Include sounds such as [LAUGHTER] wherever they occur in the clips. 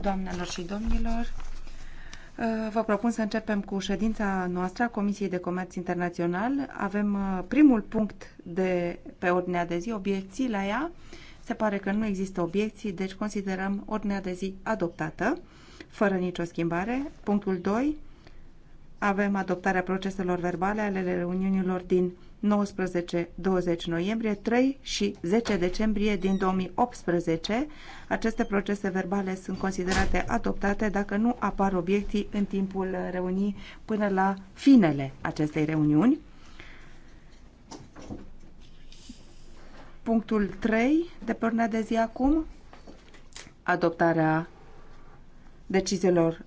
Doamnelor și domnilor, uh, vă propun să începem cu ședința noastră a Comisiei de Comerț Internațional. Avem uh, primul punct de pe ordinea de zi, obiecții la ea. Se pare că nu există obiecții, deci considerăm ordinea de zi adoptată, fără nicio schimbare. Punctul 2, avem adoptarea proceselor verbale ale reuniunilor din 19-20 noiembrie, 3 și 10 decembrie din 2018. Aceste procese verbale sunt considerate adoptate dacă nu apar obiectii în timpul reunii până la finele acestei reuniuni. Punctul 3 de pe de zi acum, adoptarea deciziilor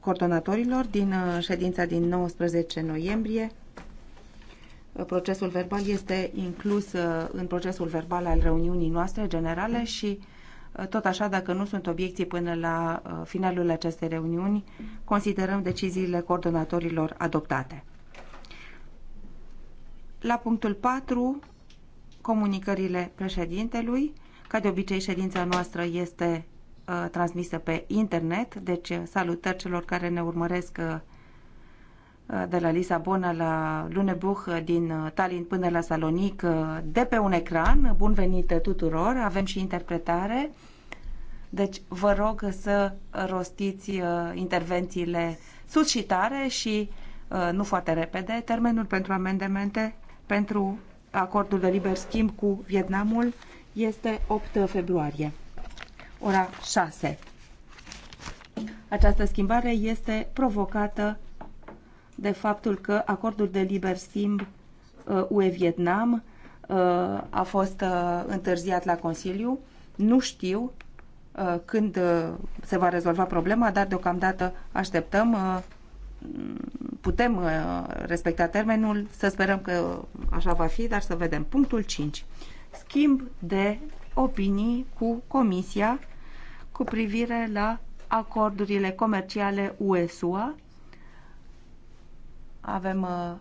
coordonatorilor din uh, ședința din 19 noiembrie procesul verbal este inclus uh, în procesul verbal al reuniunii noastre generale și uh, tot așa, dacă nu sunt obiecții până la uh, finalul acestei reuniuni, considerăm deciziile coordonatorilor adoptate. La punctul 4, comunicările președintelui. Ca de obicei, ședința noastră este transmisă pe internet, deci salutări celor care ne urmăresc Uh, de la Lisabona la Lunebuch, uh, din uh, Tallinn până la Salonic, de pe un ecran. Bun venit tuturor! Avem și interpretare. Deci vă rog să rostiți intervențiile sus și tare și nu foarte repede. Termenul pentru amendamente pentru acordul de liber schimb cu Vietnamul este 8 februarie, ora 6. Această schimbare este provocată de faptul că acordul de liber schimb uh, UE-Vietnam uh, a fost uh, întârziat la Consiliu. Nu știu când se va rezolva problema, dar deocamdată așteptăm, putem respecta termenul, să sperăm că așa va fi, dar să vedem. Punctul 5. Schimb de opinii cu Comisia cu privire la acordurile comerciale USUA avem uh,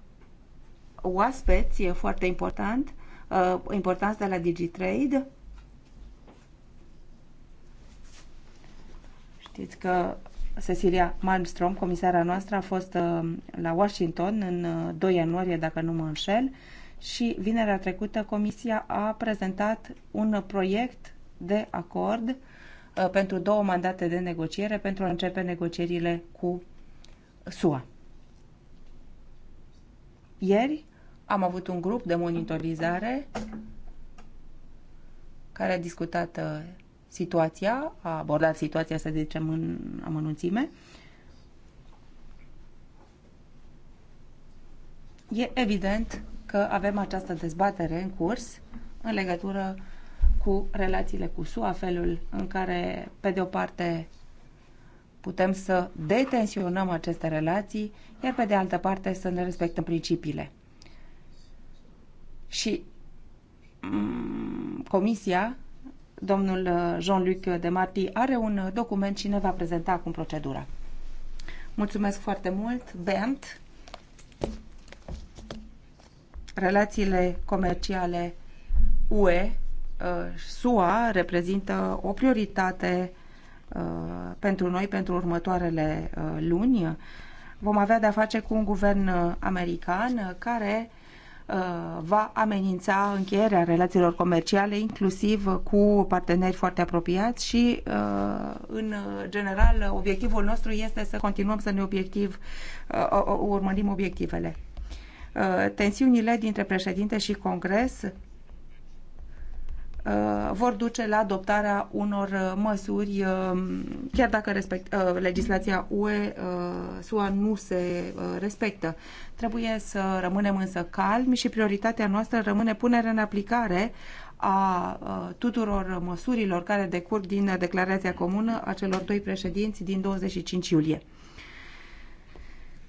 oaspeți foarte important, uh, importanța de la DigiTrade. Știți că Cecilia Malmstrom, comisara noastră, a fost uh, la Washington în 2 ianuarie, dacă nu mă înșel, și vinerea trecută Comisia a prezentat un proiect de acord pentru două mandate de negociere pentru a începe negocierile cu SUA. Ieri am avut un grup de monitorizare care a discutat uh, situația, a abordat situația, să zicem, în amănunțime. E evident că avem această dezbatere în curs în legătură cu relațiile cu SUA, felul în care, pe de o parte, putem să detensionăm aceste relații, iar pe de altă parte să ne respectăm principiile. Și mm, comisia, domnul uh, Jean-Luc Demarti, are un uh, document și ne va prezenta acum procedura. Mulțumesc foarte mult, Bernd. Relațiile comerciale UE-SUA uh, reprezintă o prioritate Uh, pentru noi pentru următoarele uh, luni. Vom avea de-a face cu un guvern uh, american care va amenința încheierea relațiilor comerciale, inclusiv cu parteneri foarte apropiați și, în general, obiectivul nostru este să continuăm să ne obiectiv, urmărim obiectivele. Tensiunile dintre președinte și Congres Uh, vor duce la adoptarea unor uh, măsuri, uh, chiar dacă respect, legislația UE SUA nu se respectă. Trebuie să rămânem însă calmi și prioritatea noastră rămâne punerea în aplicare a tuturor măsurilor care decurg din declarația comună a celor doi președinți din 25 iulie.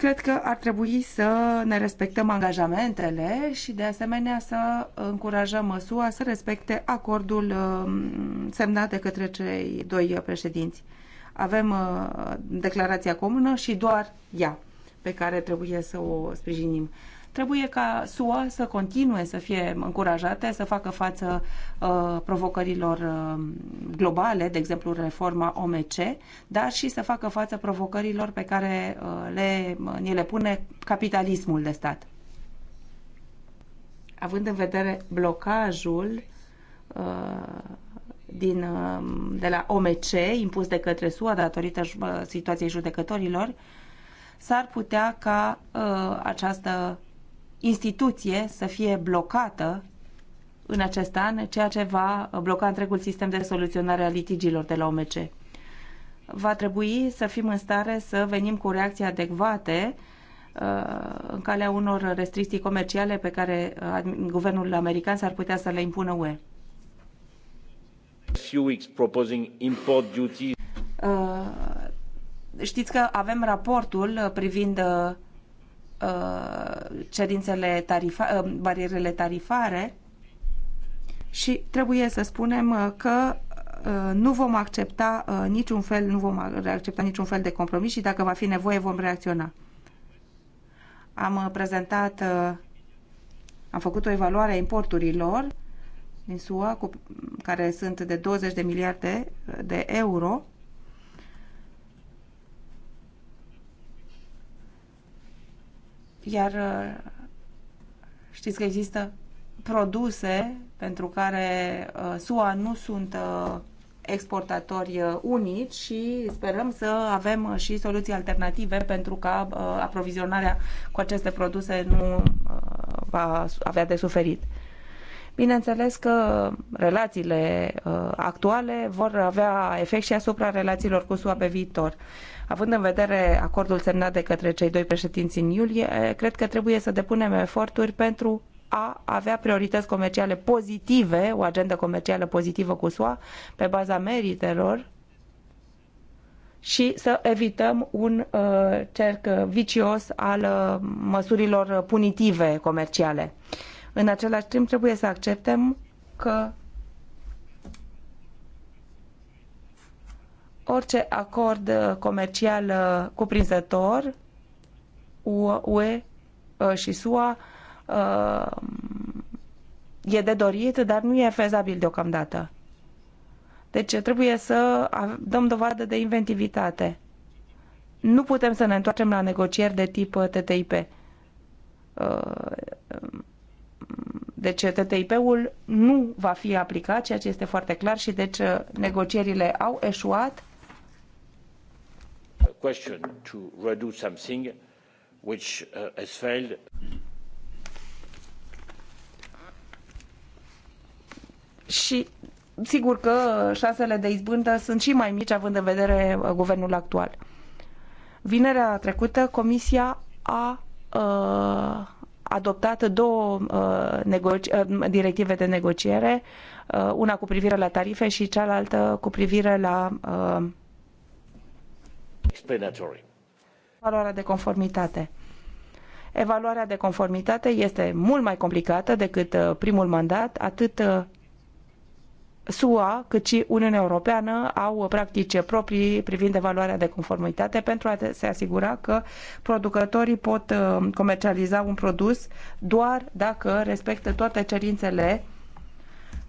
Cred că ar trebui să ne respectăm angajamentele și de asemenea să încurajăm SUA să respecte acordul um, semnat de către cei doi președinți. Avem uh, declarația comună și doar ea pe care trebuie să o sprijinim. Trebuie ca SUA să continue să fie încurajate să facă față uh, provocărilor uh, globale, de exemplu reforma OMC, dar și să facă față provocărilor pe care uh, le, ni le pune capitalismul de stat. Având în vedere blocajul uh, din, um, de la OMC, impus de către SUA datorită uh, situației judecătorilor, s-ar putea ca uh, această instituție să fie blocată în acest an, ceea ce va bloca întregul sistem de soluționare a litigilor de la OMC. Va trebui să fim în stare să venim cu reacții adecvate uh, în calea unor restricții comerciale pe care uh, guvernul american s-ar putea să le impună UE. Uh, știți că avem raportul privind Uh, cerințele tarifa, uh, barierele tarifare și trebuie să spunem uh, că nu vom accepta niciun fel, nu vom accepta niciun fel de compromis și dacă va fi nevoie vom reacționa. Am prezentat, am făcut o evaluare a importurilor din SUA cu, care sunt de 20 de miliarde de euro Iar uh, știți că există produse pentru care uh, SUA nu sunt uh, exportatori unici și sperăm să avem și soluții alternative pentru ca aprovizionarea cu aceste produse nu va avea de suferit. Bineînțeles că relațiile actuale vor avea efect și asupra relațiilor cu SUA pe viitor. Având în vedere acordul semnat de către cei doi președinți în iulie, eh, cred că trebuie să depunem eforturi pentru a avea priorități comerciale pozitive, o agendă comercială pozitivă cu SUA, pe baza meritelor și să evităm un uh, cerc vicios al uh, măsurilor punitive comerciale. În același timp, trebuie să acceptăm că orice acord uh, comercial uh, cuprinzător UE uh, și SUA e de dorit, dar nu e fezabil deocamdată. Deci trebuie să dăm dovadă de inventivitate. Nu putem să ne întoarcem la negocieri de tip TTIP. Um, deci TTIP-ul nu va fi aplicat, ceea ce este foarte clar și deci negocierile au eșuat question to redo something which uh, has failed. Și sigur că șansele de izbândă sunt și mai mici având în vedere uh, guvernul actual. Vinerea trecută, Comisia a uh, adoptat două uh, uh, directive de negociere, uh, una cu privire la tarife și cealaltă cu privire la uh, Explanatory. Valoarea de conformitate. Evaluarea de conformitate este mult mai complicată decât uh, primul mandat, atât uh, SUA cât și Uniunea Europeană au uh, practici proprii privind evaluarea de conformitate pentru a se asigura că producătorii pot comercializa un produs doar dacă respectă toate cerințele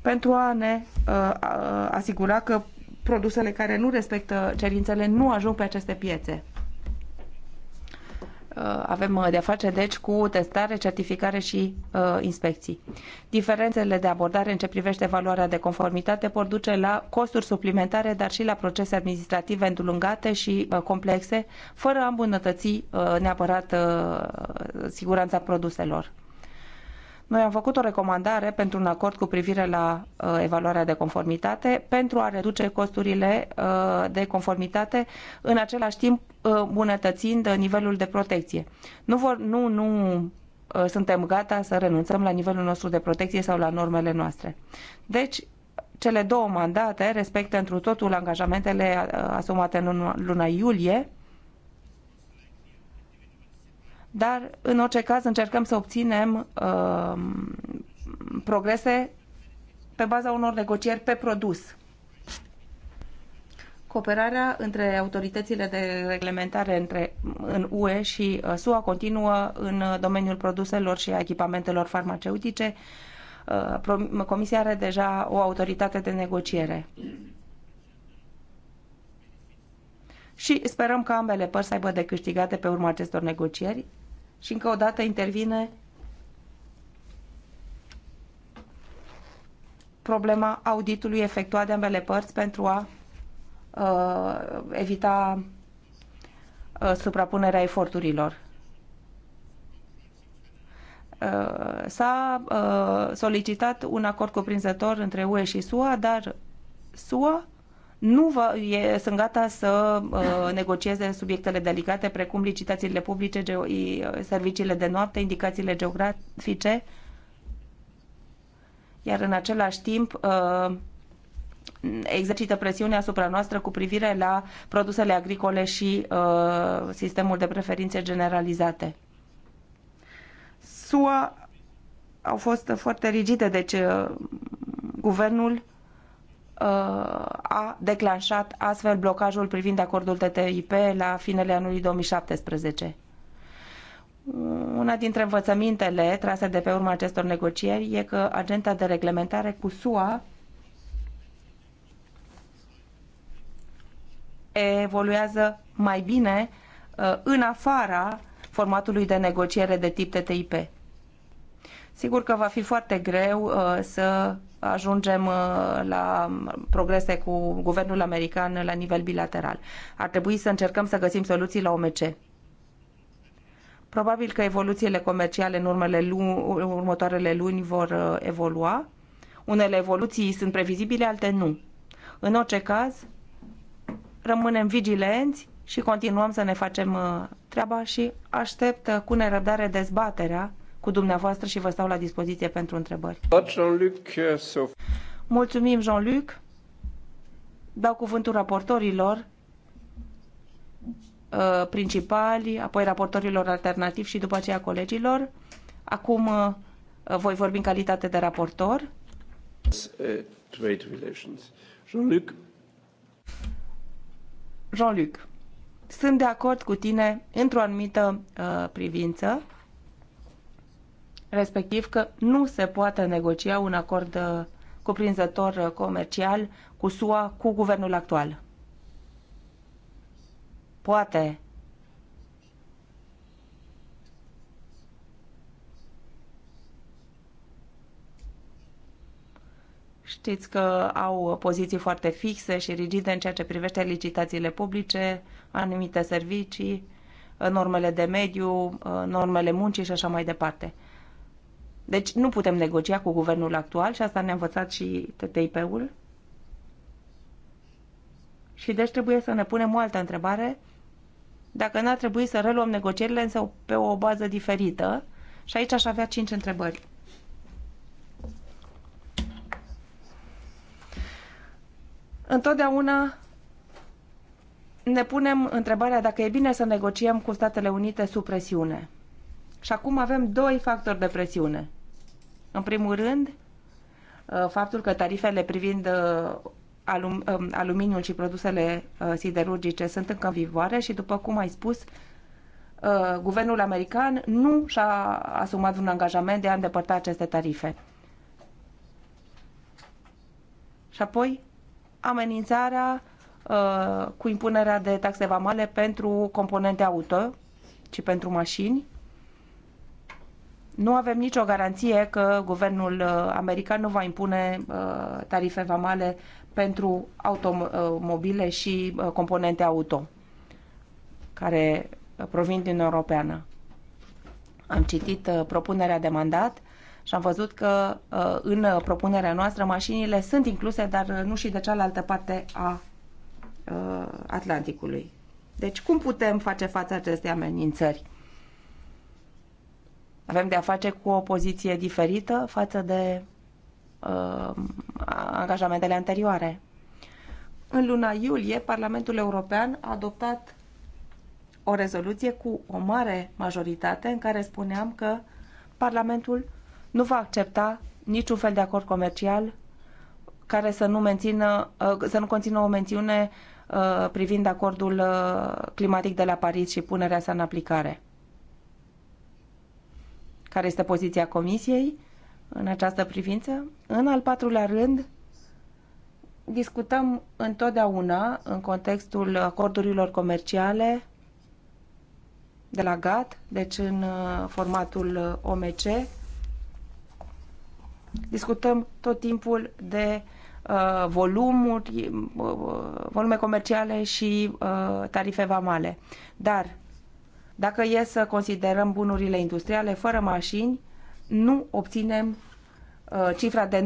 pentru a ne asigura că produsele care nu respectă cerințele nu ajung pe aceste piețe. Uh, avem uh, de-a face, deci, cu testare, certificare și uh, inspecții. Diferențele de abordare în ce privește valoarea de conformitate pot duce la costuri suplimentare, dar și la procese administrative îndulungate și uh, complexe, fără a îmbunătăți uh, neapărat uh, siguranța produselor. Noi am făcut o recomandare pentru un acord cu privire la uh, evaluarea de conformitate pentru a reduce costurile uh, de conformitate, în același timp uh, îmbunătățind uh, nivelul de protecție. Nu, vor, nu, nu uh, suntem gata să renunțăm la nivelul nostru de protecție sau la normele noastre. Deci, cele două mandate respectă întru totul angajamentele uh, asumate în luna iulie dar în orice caz încercăm să obținem uh, progrese pe baza unor negocieri pe produs. Cooperarea între autoritățile de reglementare între, în UE și uh, SUA continuă în domeniul produselor și echipamentelor farmaceutice. Uh, Comisia are deja o autoritate de negociere și sperăm că ambele părți să aibă de câștigate pe urma acestor negocieri, și încă o dată intervine problema auditului efectuat de ambele părți pentru a uh, evita uh, suprapunerea eforturilor. Uh, S-a uh, solicitat un acord cuprinzător între UE și SUA, dar SUA nu vă, e, sunt gata să uh, negocieze subiectele delicate, precum licitațiile publice, geo- serviciile de noapte, indicațiile geografice, iar în același timp uh, exercită presiune asupra noastră cu privire la produsele agricole și uh, sistemul de preferințe generalizate. SUA au fost foarte rigide, deci uh, guvernul Uh, a declanșat astfel blocajul privind acordul TTIP la finele anului 2017. Una dintre învățămintele trase de pe urma acestor negocieri e că agenta de reglementare cu SUA evoluează mai bine uh, în afara formatului de negociere de tip TTIP. Sigur că va fi foarte greu uh, să ajungem uh, la progrese cu guvernul american la nivel bilateral. Ar trebui să încercăm să găsim soluții la OMC. Probabil că evoluțiile comerciale în urmele luni, următoarele luni vor uh, evolua. Unele evoluții sunt previzibile, alte nu. În orice caz, rămânem vigilenți și continuăm să ne facem treaba și aștept cu nerăbdare dezbaterea cu dumneavoastră și vă stau la dispoziție pentru întrebări. Uh, Mulțumim, Jean-Luc. Dau cuvântul raportorilor uh, principali, apoi raportorilor alternativi și după aceea colegilor. Acum uh, voi vorbi în calitate de raportor. Jean-Luc. Jean-Luc, sunt de acord cu tine într-o anumită uh, privință respectiv că nu se poate negocia un acord uh, cuprinzător uh, comercial cu SUA, cu guvernul actual. Poate Știți că au poziții foarte fixe și rigide în ceea ce privește licitațiile publice, anumite servicii, uh, normele de mediu, normele muncii și așa mai departe. Deci nu putem negocia cu guvernul actual și asta ne-a învățat și TTIP-ul. Și deci trebuie să ne punem o altă întrebare, dacă n-ar trebui să reluăm negocierile, însă pe o bază diferită. Și aici aș avea cinci întrebări. Întotdeauna ne punem întrebarea dacă e bine să negociem cu Statele Unite sub presiune. Și acum avem doi factori de presiune. În primul rând, uh, faptul că tarifele privind uh, alum, uh, aluminiul și produsele siderurgice sunt încă în vigoare și, după cum ai spus, guvernul american nu și-a asumat un angajament de a îndepărta aceste tarife. Și apoi, amenințarea cu impunerea de taxe vamale pentru componente auto și pentru mașini nu avem nicio garanție că guvernul uh, american nu va impune uh, tarife vamale pentru automobile și uh, componente auto care provin din Europeană. Am citit propunerea de mandat și am văzut că în propunerea noastră mașinile sunt incluse, dar nu și de cealaltă parte a Atlanticului. Deci cum putem face față acestei amenințări? Avem de a face cu o poziție diferită față de uh, angajamentele anterioare. În luna iulie, Parlamentul European a adoptat o rezoluție cu o mare majoritate în care spuneam că Parlamentul nu va accepta niciun fel de acord comercial care să nu, mențină, uh, să nu conțină o mențiune uh, privind acordul uh, climatic de la Paris și punerea sa în aplicare care este poziția Comisiei în această privință. În al patrulea rând, discutăm întotdeauna în contextul acordurilor comerciale de la GATT, deci în uh, formatul uh, OMC. Discutăm tot timpul de uh, volumuri, uh, volume comerciale și uh, tarife vamale. Dar dacă e să considerăm bunurile industriale fără mașini, nu obținem uh, cifra de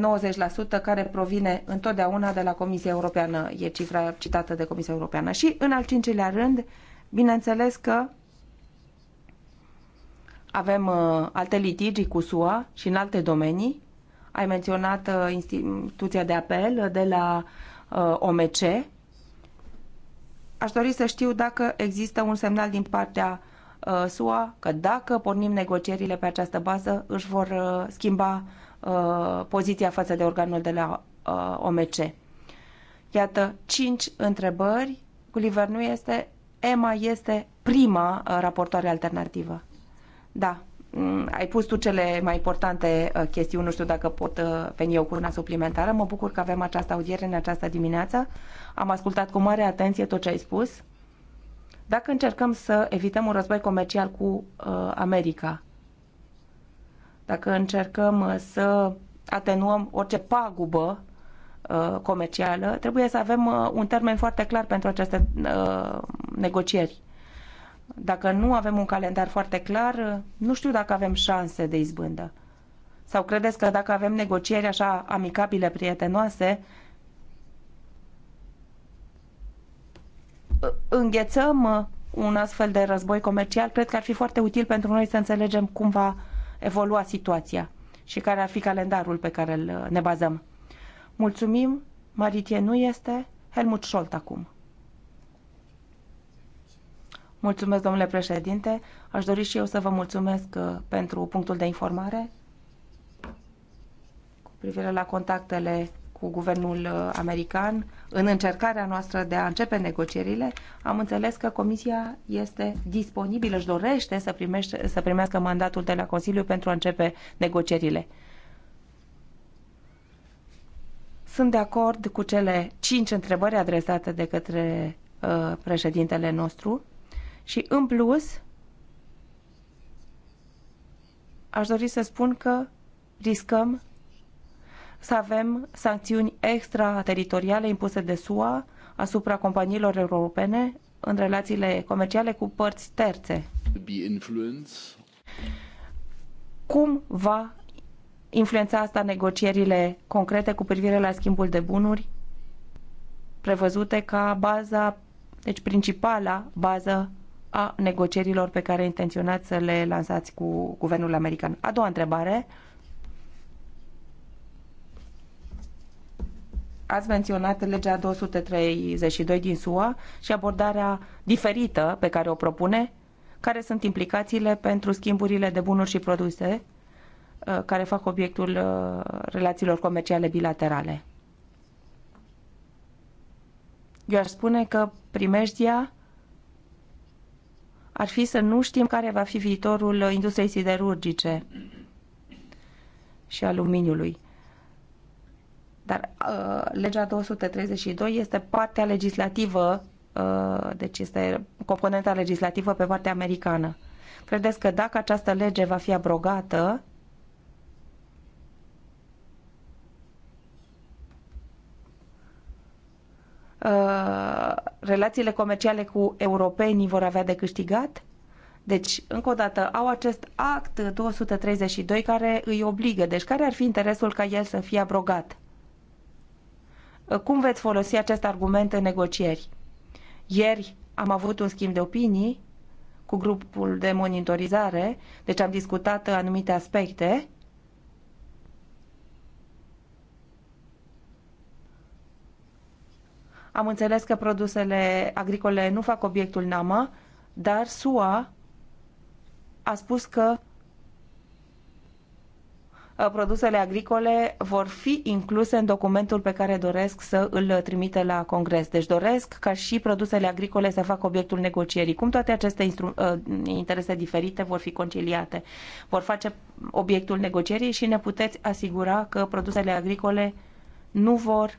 90% care provine întotdeauna de la Comisia Europeană. E cifra citată de Comisia Europeană. Și în al cincilea rând, bineînțeles că avem uh, alte litigi cu SUA și în alte domenii. Ai menționat uh, instituția de apel de la OMC. Aș dori să știu dacă există un semnal din partea Uh, SUA că dacă pornim negocierile pe această bază, își vor uh, schimba uh, poziția față de organul de la OMC. Iată, cinci întrebări. Gulliver nu este, Emma este prima raportoare alternativă. Da, mm, ai pus tu cele mai importante chestiuni, nu știu dacă pot veni eu cu una suplimentară. Mă bucur că avem această audiere în această dimineață. Am ascultat cu mare atenție tot ce ai spus. Dacă încercăm să evităm un război comercial cu uh, America, dacă încercăm uh, să atenuăm orice pagubă uh, comercială, trebuie să avem uh, un termen foarte clar pentru aceste uh, negocieri. Dacă nu avem un calendar foarte clar, uh, nu știu dacă avem șanse de izbândă. Sau credeți că dacă avem negocieri așa amicabile, prietenoase, înghețăm uh, un astfel de război comercial, cred că ar fi foarte util pentru noi să înțelegem cum va evolua situația și care ar fi calendarul pe care îl uh, ne bazăm. Mulțumim, Maritie nu este, Helmut Scholt acum. Mulțumesc, domnule președinte. Aș dori și eu să vă mulțumesc uh, pentru punctul de informare cu privire la contactele cu guvernul uh, american în încercarea noastră de a începe negocierile, am înțeles că Comisia este disponibilă, își dorește să, primește, să primească mandatul de la Consiliu pentru a începe negocierile. Sunt de acord cu cele cinci întrebări adresate de către uh, președintele nostru și, în plus, aș dori să spun că riscăm să avem sancțiuni extrateritoriale impuse de SUA asupra companiilor europene în relațiile comerciale cu părți terțe. Cum va influența asta negocierile concrete cu privire la schimbul de bunuri prevăzute ca baza, deci principala bază a negocierilor pe care intenționați să le lansați cu guvernul american? A doua întrebare ați menționat legea 232 din SUA și abordarea diferită pe care o propune, care sunt implicațiile pentru schimburile de bunuri și produse uh, care fac obiectul uh, relațiilor comerciale bilaterale. Eu aș spune că primejdia ar fi să nu știm care va fi viitorul industriei siderurgice și aluminiului. Dar uh, legea 232 este partea legislativă, uh, deci este componenta legislativă pe partea americană. Credeți că dacă această lege va fi abrogată, Uh, relațiile comerciale cu europenii vor avea de câștigat? Deci, încă o dată, au acest act 232 care îi obligă. Deci, care ar fi interesul ca el să fie abrogat? cum veți folosi acest argument în negocieri. Ieri am avut un schimb de opinii cu grupul de monitorizare, deci am discutat anumite aspecte. Am înțeles că produsele agricole nu fac obiectul NAMA, dar SUA a spus că Uh, produsele agricole vor fi incluse în documentul pe care doresc să îl trimite la Congres. Deci doresc ca și produsele agricole să facă obiectul negocierii. Cum toate aceste uh, interese diferite vor fi conciliate? Vor face obiectul negocierii și ne puteți asigura că produsele agricole nu vor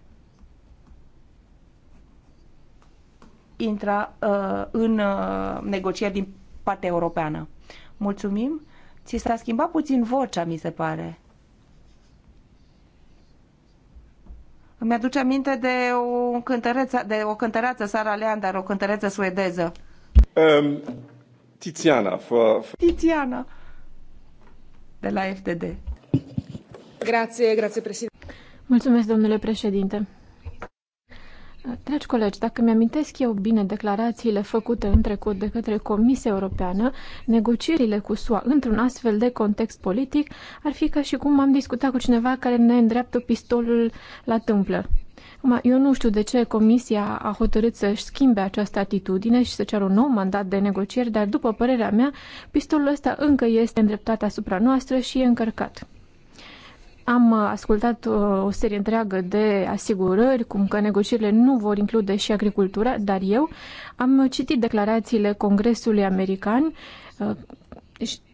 intra uh, în uh, negocieri din partea europeană. Mulțumim. Ți s-a schimbat puțin vocea, mi se pare. Îmi aduce aminte de o cântăreță, de o cântăreață Sara Leandar, o cântăreță suedeză. Um, Tiziana. Tiziana. De la FTD. Grazie, grazie, președinte. Mulțumesc, domnule președinte. Dragi colegi, dacă mi-amintesc eu bine declarațiile făcute în trecut de către Comisia Europeană, negocierile cu SUA într-un astfel de context politic ar fi ca și cum am discutat cu cineva care ne îndreaptă pistolul la tâmplă. Eu nu știu de ce Comisia a hotărât să-și schimbe această atitudine și să ceară un nou mandat de negocieri, dar, după părerea mea, pistolul ăsta încă este îndreptat asupra noastră și e încărcat. Am uh, ascultat uh, o serie întreagă de asigurări, cum că negocierile nu vor include și agricultura, dar eu am citit declarațiile Congresului American uh,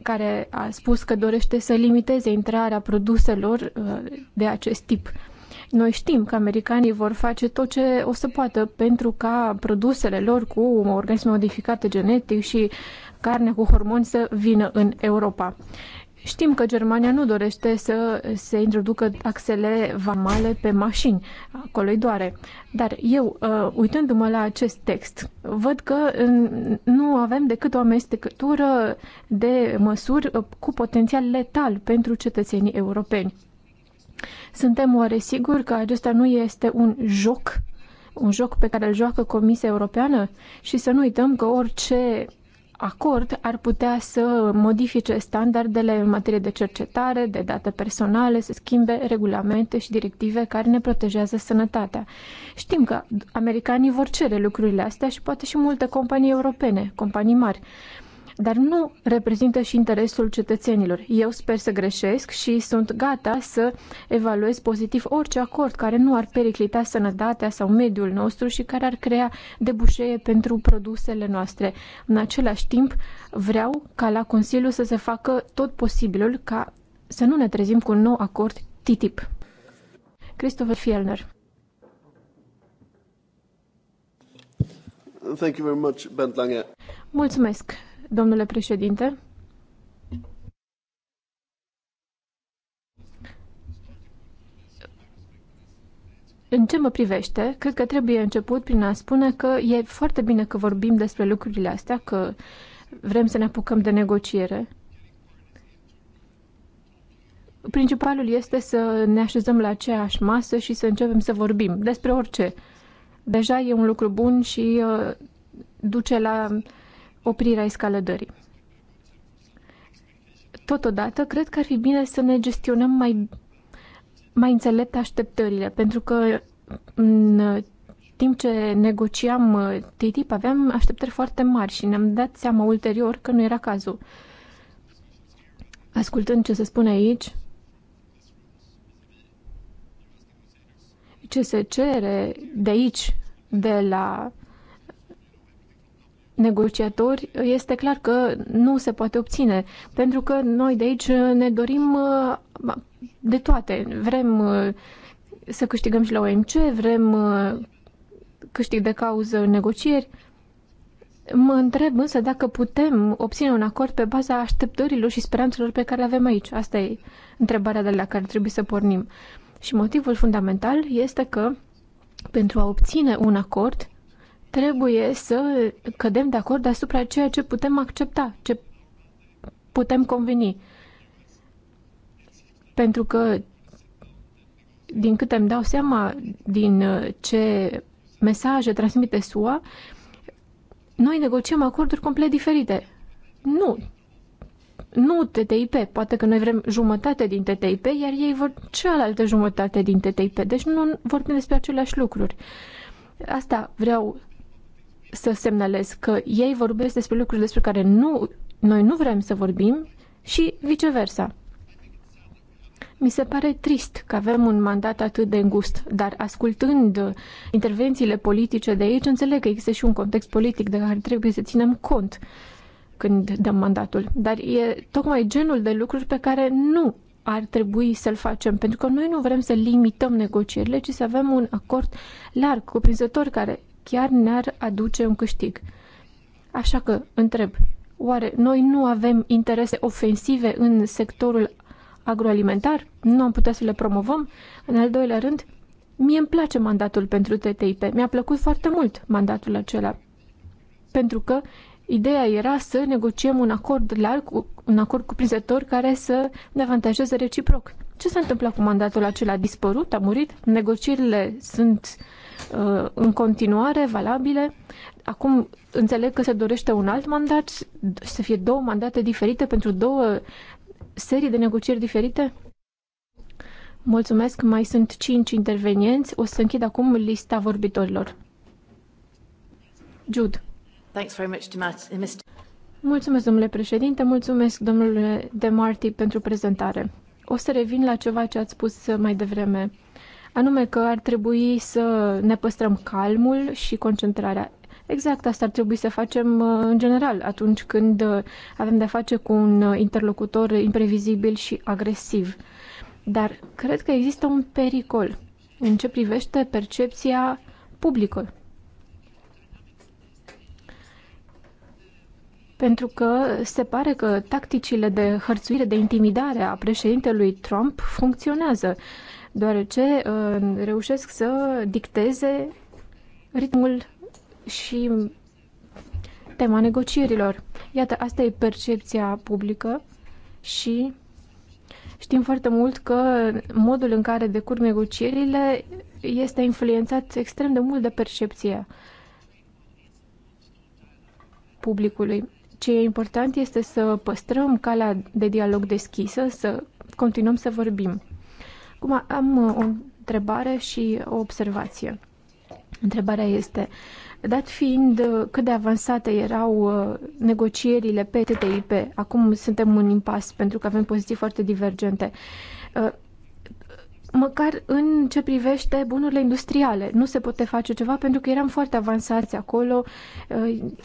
care a spus că dorește să limiteze intrarea produselor de acest tip. Noi știm că americanii vor face tot ce o să poată pentru ca produsele lor cu organisme modificate genetic și carne cu hormoni să vină în Europa. Știm că Germania nu dorește să se introducă taxele vamale pe mașini, acolo îi doare. Dar eu, uh, uitându-mă la acest text, văd că uh, nu avem decât o amestecătură de măsuri uh, cu potențial letal pentru cetățenii europeni. Suntem oare siguri că acesta nu este un joc un joc pe care îl joacă Comisia Europeană și să nu uităm că orice acord ar putea să modifice standardele în materie de cercetare, de date personale, să schimbe regulamente și directive care ne protejează sănătatea. Știm că americanii vor cere lucrurile astea și poate și multe companii europene, companii mari dar nu reprezintă și interesul cetățenilor. Eu sper să greșesc și sunt gata să evaluez pozitiv orice acord care nu ar periclita sănătatea sau mediul nostru și care ar crea debușee pentru produsele noastre. În același timp, vreau ca la Consiliu să se facă tot posibilul ca să nu ne trezim cu un nou acord TTIP. Christopher Fielner Thank you very much, Bent Lange. Mulțumesc domnule președinte. În ce mă privește, cred că trebuie început prin a spune că e foarte bine că vorbim despre lucrurile astea, că vrem să ne apucăm de negociere. Principalul este să ne așezăm la aceeași masă și să începem să vorbim despre orice. Deja e un lucru bun și uh, duce la uh, oprirea escaladării. Totodată, cred că ar fi bine să ne gestionăm mai, mai înțelept așteptările, pentru că în timp ce negociam uh, TTIP aveam așteptări foarte mari și ne-am dat seama ulterior că nu era cazul. Ascultând ce se spune aici, ce se cere de aici, de la negociatori, este clar că nu se poate obține, pentru că noi de aici ne dorim uh, de toate. Vrem uh, să câștigăm și la OMC, vrem uh, câștig de cauză în negocieri. Mă întreb însă dacă putem obține un acord pe baza așteptărilor și speranțelor pe care le avem aici. Asta e întrebarea de la care trebuie să pornim. Și motivul fundamental este că pentru a obține un acord Trebuie să cădem de acord asupra ceea ce putem accepta, ce putem conveni. Pentru că, din câte îmi dau seama, din uh, ce mesaje transmite SUA, noi negociem acorduri complet diferite. Nu. Nu TTIP. Poate că noi vrem jumătate din TTIP, iar ei vor cealaltă jumătate din TTIP. Deci nu vorbim despre aceleași lucruri. Asta vreau să semnalez că ei vorbesc despre lucruri despre care nu, noi nu vrem să vorbim și viceversa. Mi se pare trist că avem un mandat atât de îngust, dar ascultând intervențiile politice de aici, înțeleg că există și un context politic de care trebuie să ținem cont când dăm mandatul. Dar e tocmai genul de lucruri pe care nu ar trebui să-l facem, pentru că noi nu vrem să limităm negocierile, ci să avem un acord larg, cuprinzător, care chiar ne-ar aduce un câștig. Așa că întreb, oare noi nu avem interese ofensive în sectorul agroalimentar? Nu am putea să le promovăm? În al doilea rând, mie îmi place mandatul pentru TTIP. Mi-a plăcut foarte mult mandatul acela. Pentru că ideea era să negociem un acord larg, un acord cuprinzător care să ne avantajeze reciproc. Ce s-a întâmplat cu mandatul acela? A dispărut? A murit? Negocierile sunt uh, Uh, în continuare valabile. Acum înțeleg că se dorește un alt mandat, să fie două mandate diferite pentru două serii de negocieri diferite? Mulțumesc, mai sunt cinci intervenienți. O să închid acum lista vorbitorilor. Jude. Thanks very much to Mr. Mulțumesc, domnule președinte, mulțumesc, domnule De Marti, pentru prezentare. O să revin la ceva ce ați spus mai devreme anume că ar trebui să ne păstrăm calmul și concentrarea. Exact asta ar trebui să facem uh, în general atunci când uh, avem de-a face cu un uh, interlocutor imprevizibil și agresiv. Dar cred că există un pericol în ce privește percepția publică. Pentru că se pare că tacticile de hărțuire, de intimidare a președintelui Trump funcționează deoarece uh, reușesc să dicteze ritmul și tema negocierilor. Iată, asta e percepția publică și știm foarte mult că modul în care decurg negocierile este influențat extrem de mult de percepția publicului. Ce e important este să păstrăm calea de dialog deschisă, să continuăm să vorbim. Acum am uh, o întrebare și o observație. Întrebarea este, dat fiind uh, cât de avansate erau uh, negocierile pe TTIP, acum suntem în impas pentru că avem poziții foarte divergente, măcar în ce privește bunurile industriale. Nu se poate face ceva pentru că eram foarte avansați acolo,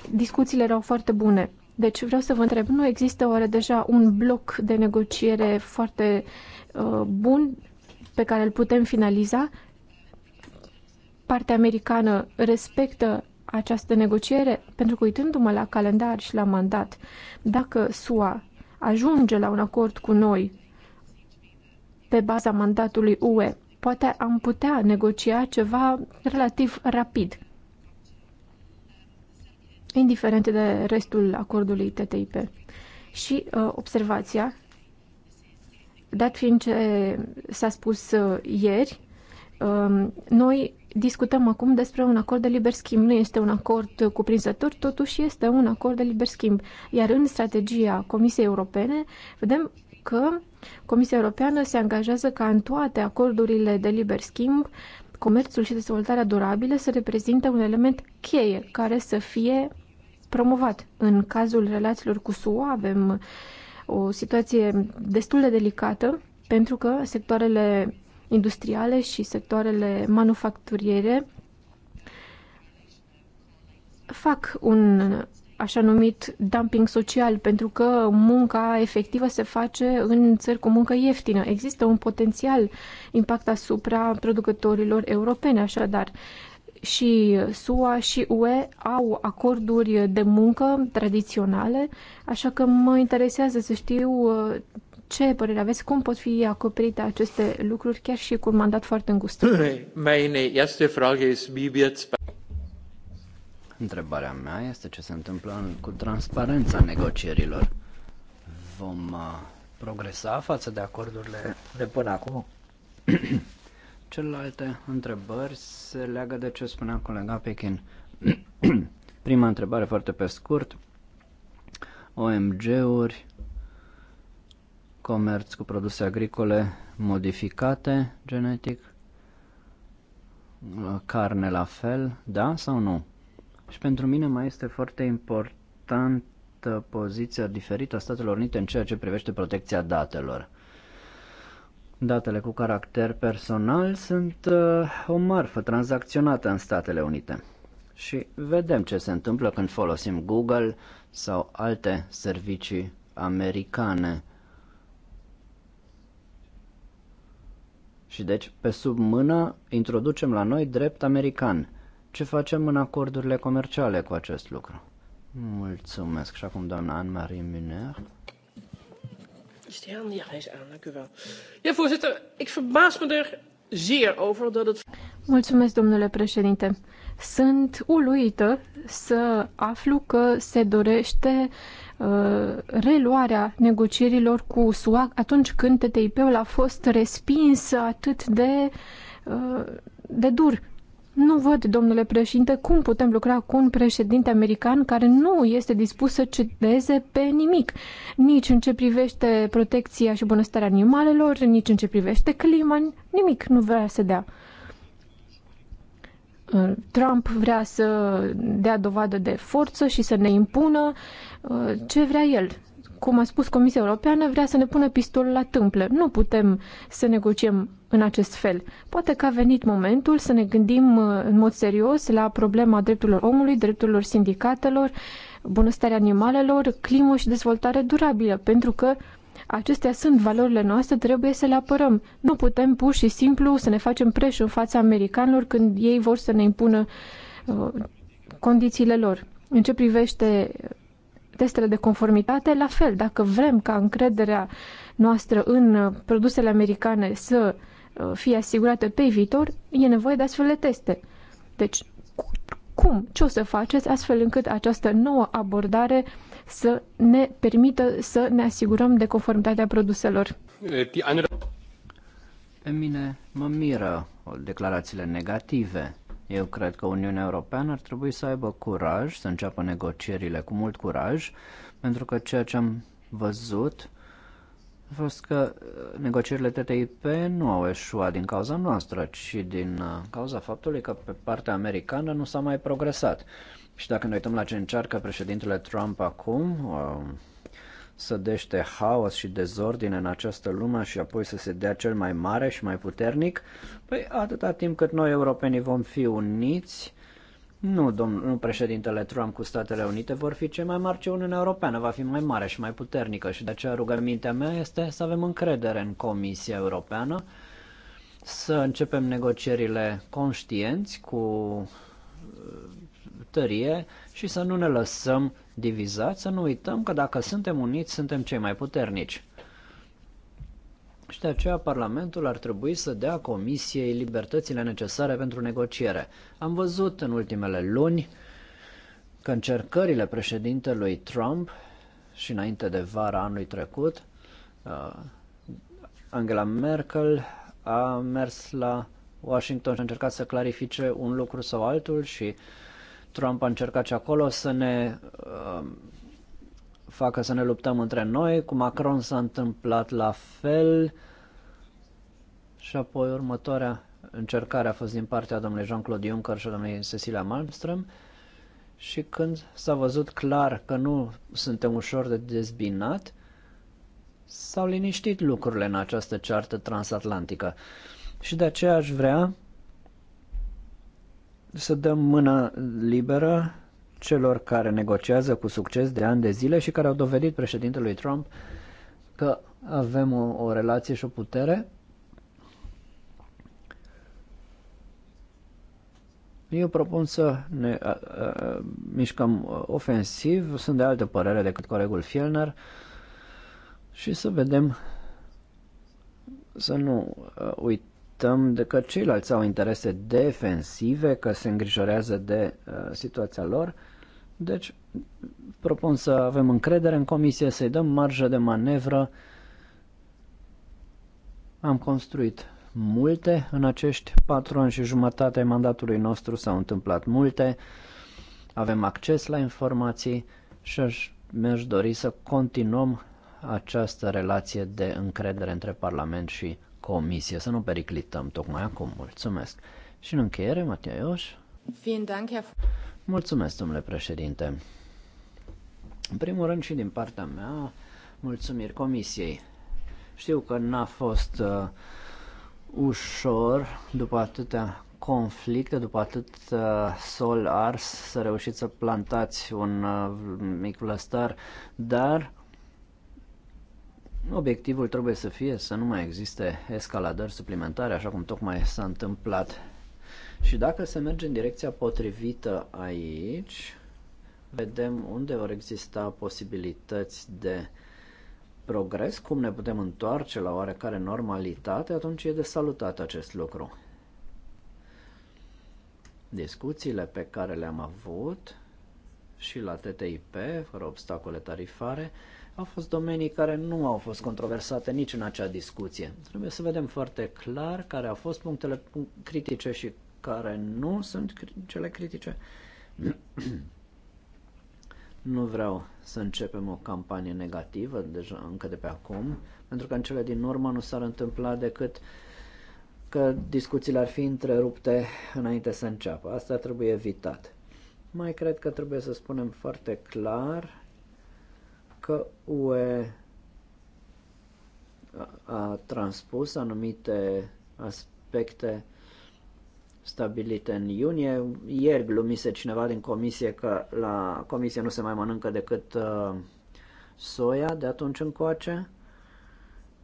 discuțiile erau foarte bune. Deci vreau să vă întreb, nu există oare deja un bloc de negociere foarte uh, bun pe care îl putem finaliza. Partea americană respectă această negociere, pentru că uitându-mă la calendar și la mandat, dacă SUA ajunge la un acord cu noi pe baza mandatului UE, poate am putea negocia ceva relativ rapid, indiferent de restul acordului TTIP. Și uh, observația dat fiind ce s-a spus uh, ieri, um, noi discutăm acum despre un acord de liber schimb. Nu este un acord cuprinzător, totuși este un acord de liber schimb. Iar în strategia Comisiei Europene vedem că Comisia Europeană se angajează ca în toate acordurile de liber schimb comerțul și dezvoltarea durabilă să reprezinte un element cheie care să fie promovat. În cazul relațiilor cu SUA avem uh, o situație destul de delicată, pentru că sectoarele industriale și sectoarele manufacturiere fac un așa numit dumping social, pentru că munca efectivă se face în țări cu muncă ieftină. Există un potențial impact asupra producătorilor europene, așadar și SUA și UE au acorduri de muncă tradiționale, așa că mă interesează să știu uh, ce părere aveți, cum pot fi acoperite aceste lucruri chiar și cu un mandat foarte îngust. Întrebarea mea este ce se întâmplă cu transparența negocierilor. Vom uh, progresa față de acordurile de până acum? [CLEARS THROAT] Celelalte întrebări se leagă de ce spunea colega Pekin. [CLEARS THROAT] Prima întrebare foarte pe scurt. OMG-uri, comerț cu produse agricole modificate genetic, carne la fel, da sau nu? Și pentru mine mai este foarte importantă poziția diferită a Statelor Unite în ceea ce privește protecția datelor. Datele cu caracter personal sunt uh, o marfă tranzacționată în Statele Unite. Și vedem ce se întâmplă când folosim Google sau alte servicii americane. Și deci, pe sub mână, introducem la noi drept american. Ce facem în acordurile comerciale cu acest lucru? Mulțumesc. Și acum doamna Anne-Marie Muner. Is die aan? Ja, hij is aan. Dank u wel. Ja, voorzitter, ik verbaas me er zeer over dat het... Mulțumesc, domnule președinte. Sunt uluită să aflu că se dorește uh, reluarea negocierilor cu SUA atunci când TTIP-ul a fost respins atât de, uh, de dur. Nu văd, domnule președinte, cum putem lucra cu un președinte american care nu este dispus să cedeze pe nimic, nici în ce privește protecția și bunăstarea animalelor, nici în ce privește clima, nimic nu vrea să dea. Uh, Trump vrea să dea dovadă de forță și să ne impună uh, ce vrea el cum a spus Comisia Europeană, vrea să ne pună pistolul la tâmplă. Nu putem să negociem în acest fel. Poate că a venit momentul să ne gândim uh, în mod serios la problema drepturilor omului, drepturilor sindicatelor, bunăstarea animalelor, climă și dezvoltare durabilă, pentru că acestea sunt valorile noastre, trebuie să le apărăm. Nu putem pur și simplu să ne facem preș în fața americanilor când ei vor să ne impună uh, condițiile lor. În ce privește testele de conformitate, la fel, dacă vrem ca încrederea noastră în uh, produsele americane să uh, fie asigurată pe viitor, e nevoie de astfel de teste. Deci, cum, ce o să faceți astfel încât această nouă abordare să ne permită să ne asigurăm de conformitatea produselor? Eh, pe mine mă miră declarațiile negative eu cred că Uniunea Europeană ar trebui să aibă curaj, să înceapă negocierile cu mult curaj, pentru că ceea ce am văzut a fost că uh, negocierile TTIP nu au eșuat din cauza noastră, ci din uh, cauza faptului că pe partea americană nu s-a mai progresat. Și dacă ne uităm la ce încearcă președintele Trump acum, um, să dește haos și dezordine în această lume și apoi să se dea cel mai mare și mai puternic, Păi atâta timp cât noi europenii vom fi uniți, nu, domnul președintele Trump cu Statele Unite vor fi cei mai mari ce Uniunea Europeană va fi mai mare și mai puternică și de aceea rugămintea mea este să avem încredere în Comisia Europeană, să începem negocierile conștienți cu uh, tărie și să nu ne lăsăm divizați, să nu uităm că dacă suntem uniți, suntem cei mai puternici și de aceea Parlamentul ar trebui să dea Comisiei libertățile necesare pentru negociere. Am văzut în ultimele luni că încercările președintelui Trump și înainte de vara anului trecut, uh, Angela Merkel a mers la Washington și a încercat să clarifice un lucru sau altul și Trump a încercat și acolo să ne uh, facă să ne luptăm între noi. Cu Macron s-a întâmplat la fel. Și apoi următoarea încercare a fost din partea domnului Jean-Claude Juncker și domnului Cecilia Malmström. Și când s-a văzut clar că nu suntem ușor de dezbinat, s-au liniștit lucrurile în această ceartă transatlantică. Și de aceea aș vrea să dăm mână liberă celor care negociază cu succes de ani de zile și care au dovedit președintelui Trump că avem o, o relație și o putere. Eu propun să ne a, a, mișcăm ofensiv, sunt de altă părere decât colegul Fielner și să vedem să nu a, uit, uităm de că ceilalți au interese defensive, că se îngrijorează de uh, situația lor deci propun să avem încredere în comisie, să-i dăm marjă de manevră. Am construit multe în acești patru ani și jumătate ai mandatului nostru, s-au întâmplat multe, avem acces la informații și mi-aș dori să continuăm această relație de încredere între Parlament și Comisie, să nu periclităm tocmai acum. Mulțumesc! Și în încheiere, Matia Ioș. Mulțumesc, domnule președinte. În primul rând și din partea mea, mulțumiri comisiei. Știu că n-a fost uh, ușor, după atâtea conflicte, după atât uh, sol ars, să reușiți să plantați un uh, mic vlăstar, dar obiectivul trebuie să fie să nu mai existe escaladări suplimentare, așa cum tocmai s-a întâmplat și dacă se merge în direcția potrivită aici, vedem unde vor exista posibilități de progres, cum ne putem întoarce la oarecare normalitate, atunci e de salutat acest lucru. Discuțiile pe care le-am avut și la TTIP, fără obstacole tarifare, au fost domenii care nu au fost controversate nici în acea discuție. Trebuie să vedem foarte clar care au fost punctele critice și care nu sunt cele critice. [CLEARS THROAT] Nu vreau să începem o campanie negativă deja încă de pe acum, pentru că în cele din urmă nu s-ar întâmpla decât că discuțiile ar fi întrerupte înainte să înceapă. Asta trebuie evitat. Mai cred că trebuie să spunem foarte clar că UE a transpus anumite aspecte stabilite în iunie. Ieri glumise cineva din comisie că la comisie nu se mai mănâncă decât uh, soia de atunci încoace.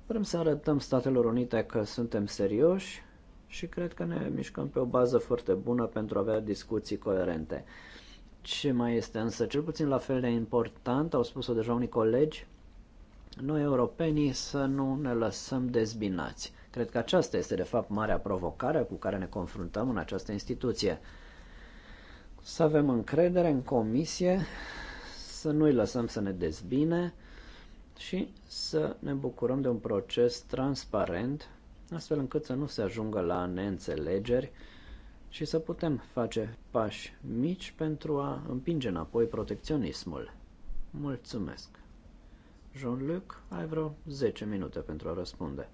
Vrem să arătăm Statelor Unite că suntem serioși și cred că ne mișcăm pe o bază foarte bună pentru a avea discuții coerente. Ce mai este însă cel puțin la fel de important, au spus-o deja unii colegi, noi europenii să nu ne lăsăm dezbinați. Cred că aceasta este, de fapt, marea provocare cu care ne confruntăm în această instituție. Să avem încredere în comisie, să nu-i lăsăm să ne dezbine și să ne bucurăm de un proces transparent, astfel încât să nu se ajungă la neînțelegeri și să putem face pași mici pentru a împinge înapoi protecționismul. Mulțumesc! Jean-Luc, ai vreo 10 minute pentru a răspunde.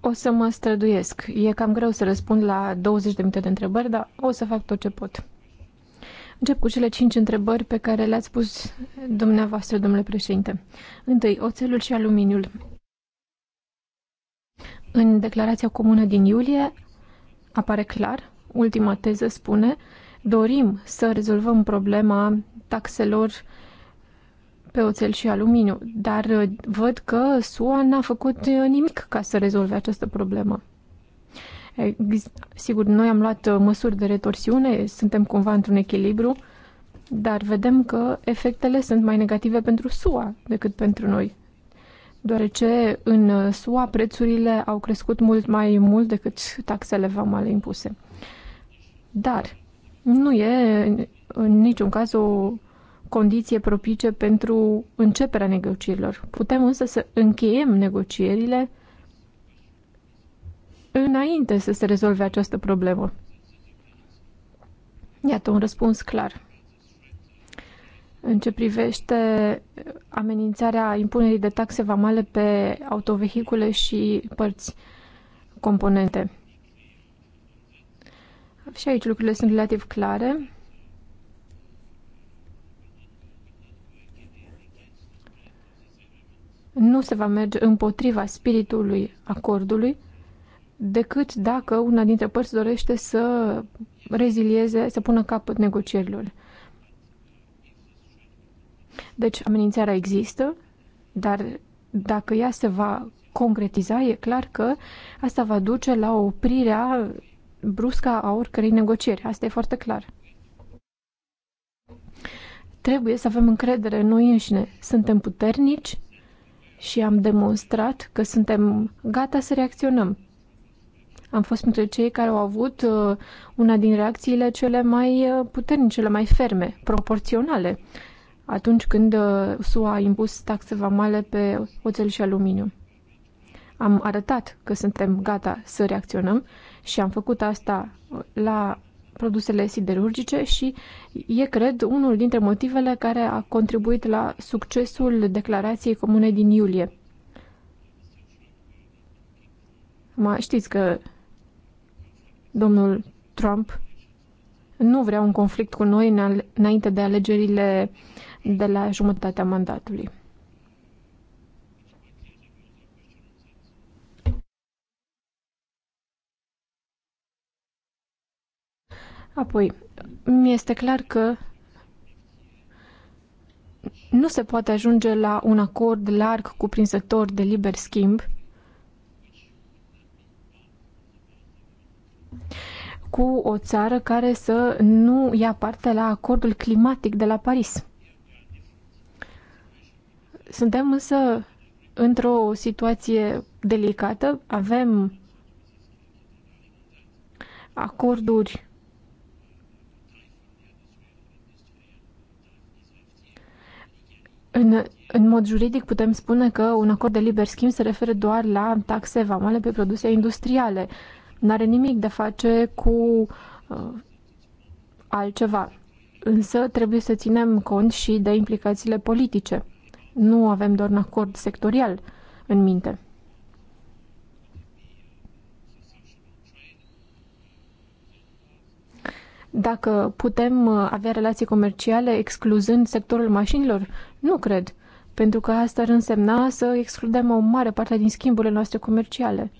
O să mă străduiesc. E cam greu să răspund la 20 de minute de întrebări, dar o să fac tot ce pot. Încep cu cele cinci întrebări pe care le-ați pus dumneavoastră, domnule președinte. Întâi, oțelul și aluminiul. În declarația comună din iulie apare clar, ultima teză spune, dorim să rezolvăm problema taxelor pe oțel și aluminiu, dar uh, văd că SUA n-a făcut uh, nimic ca să rezolve această problemă. Sigur, noi am luat uh, măsuri de retorsiune, suntem cumva într-un echilibru, dar vedem că efectele sunt mai negative pentru SUA decât pentru noi, deoarece în SUA prețurile au crescut mult mai mult decât taxele vamale impuse. Dar nu e în niciun caz o condiție propice pentru începerea negocierilor. Putem însă să încheiem negocierile înainte să se rezolve această problemă. Iată un răspuns clar. În ce privește amenințarea impunerii de taxe vamale pe autovehicule și părți componente. Și aici lucrurile sunt relativ clare. nu se va merge împotriva spiritului acordului decât dacă una dintre părți dorește să rezilieze, să pună capăt negocierilor. Deci amenințarea există, dar dacă ea se va concretiza, e clar că asta va duce la oprirea bruscă a oricărei negocieri. Asta e foarte clar. Trebuie să avem încredere în noi înșine. Suntem puternici, și am demonstrat că suntem gata să reacționăm. Am fost printre cei care au avut uh, una din reacțiile cele mai uh, puternice, cele mai ferme, proporționale, atunci când uh, SUA a impus taxe vamale pe oțel și aluminiu. Am arătat că suntem gata să reacționăm și am făcut asta la produsele siderurgice și e, cred, unul dintre motivele care a contribuit la succesul declarației comune din iulie. Ma, știți că domnul Trump nu vrea un conflict cu noi înainte de alegerile de la jumătatea mandatului. Apoi, mi este clar că nu se poate ajunge la un acord larg cuprinzător de liber schimb cu o țară care să nu ia parte la acordul climatic de la Paris. Suntem însă într-o situație delicată, avem acorduri În, în mod juridic putem spune că un acord de liber schimb se referă doar la taxe vamale pe produse industriale. N-are nimic de face cu uh, altceva. Însă trebuie să ținem cont și de implicațiile politice. Nu avem doar un acord sectorial în minte. Dacă putem uh, avea relații comerciale excluzând sectorul mașinilor? Nu cred, pentru că asta ar însemna să excludem o mare parte din schimburile noastre comerciale.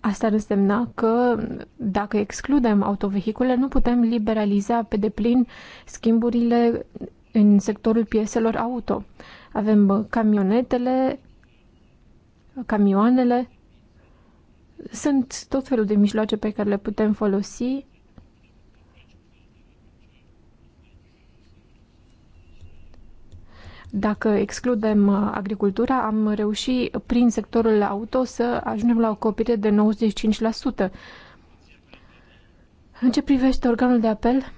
Asta ar însemna că dacă excludem autovehicule, nu putem liberaliza pe deplin schimburile în sectorul pieselor auto. Avem uh, camionetele, camioanele. Sunt tot felul de mijloace pe care le putem folosi. Dacă excludem uh, agricultura, am reușit prin sectorul auto să ajungem la o copire de 95%. În ce privește organul de apel,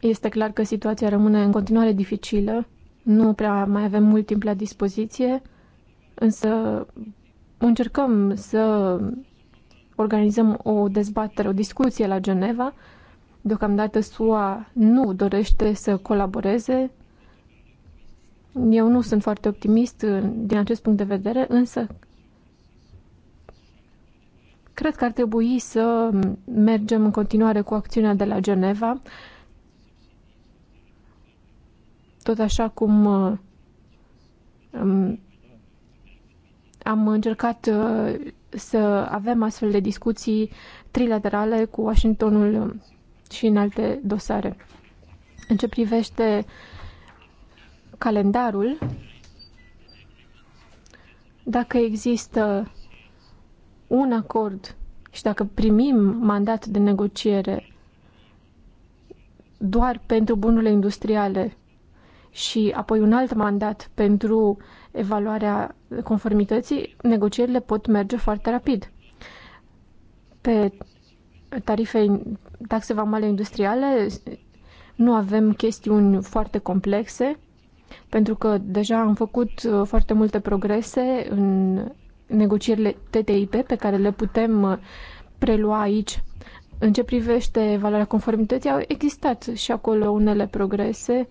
este clar că situația rămâne în continuare dificilă. Nu prea mai avem mult timp la dispoziție, însă încercăm să organizăm o dezbatere, o discuție la Geneva. Deocamdată SUA nu dorește să colaboreze. Eu nu sunt foarte optimist din acest punct de vedere, însă cred că ar trebui să mergem în continuare cu acțiunea de la Geneva. Tot așa cum uh, am încercat uh, să avem astfel de discuții trilaterale cu Washingtonul și în alte dosare. În ce privește calendarul, dacă există un acord și dacă primim mandat de negociere doar pentru bunurile industriale și apoi un alt mandat pentru evaluarea conformității, negocierile pot merge foarte rapid. Pe tarife, taxe vamale industriale, nu avem chestiuni foarte complexe, pentru că deja am făcut uh, foarte multe progrese în negocierile TTIP pe care le putem uh, prelua aici. În ce privește valoarea conformității, au existat și acolo unele progrese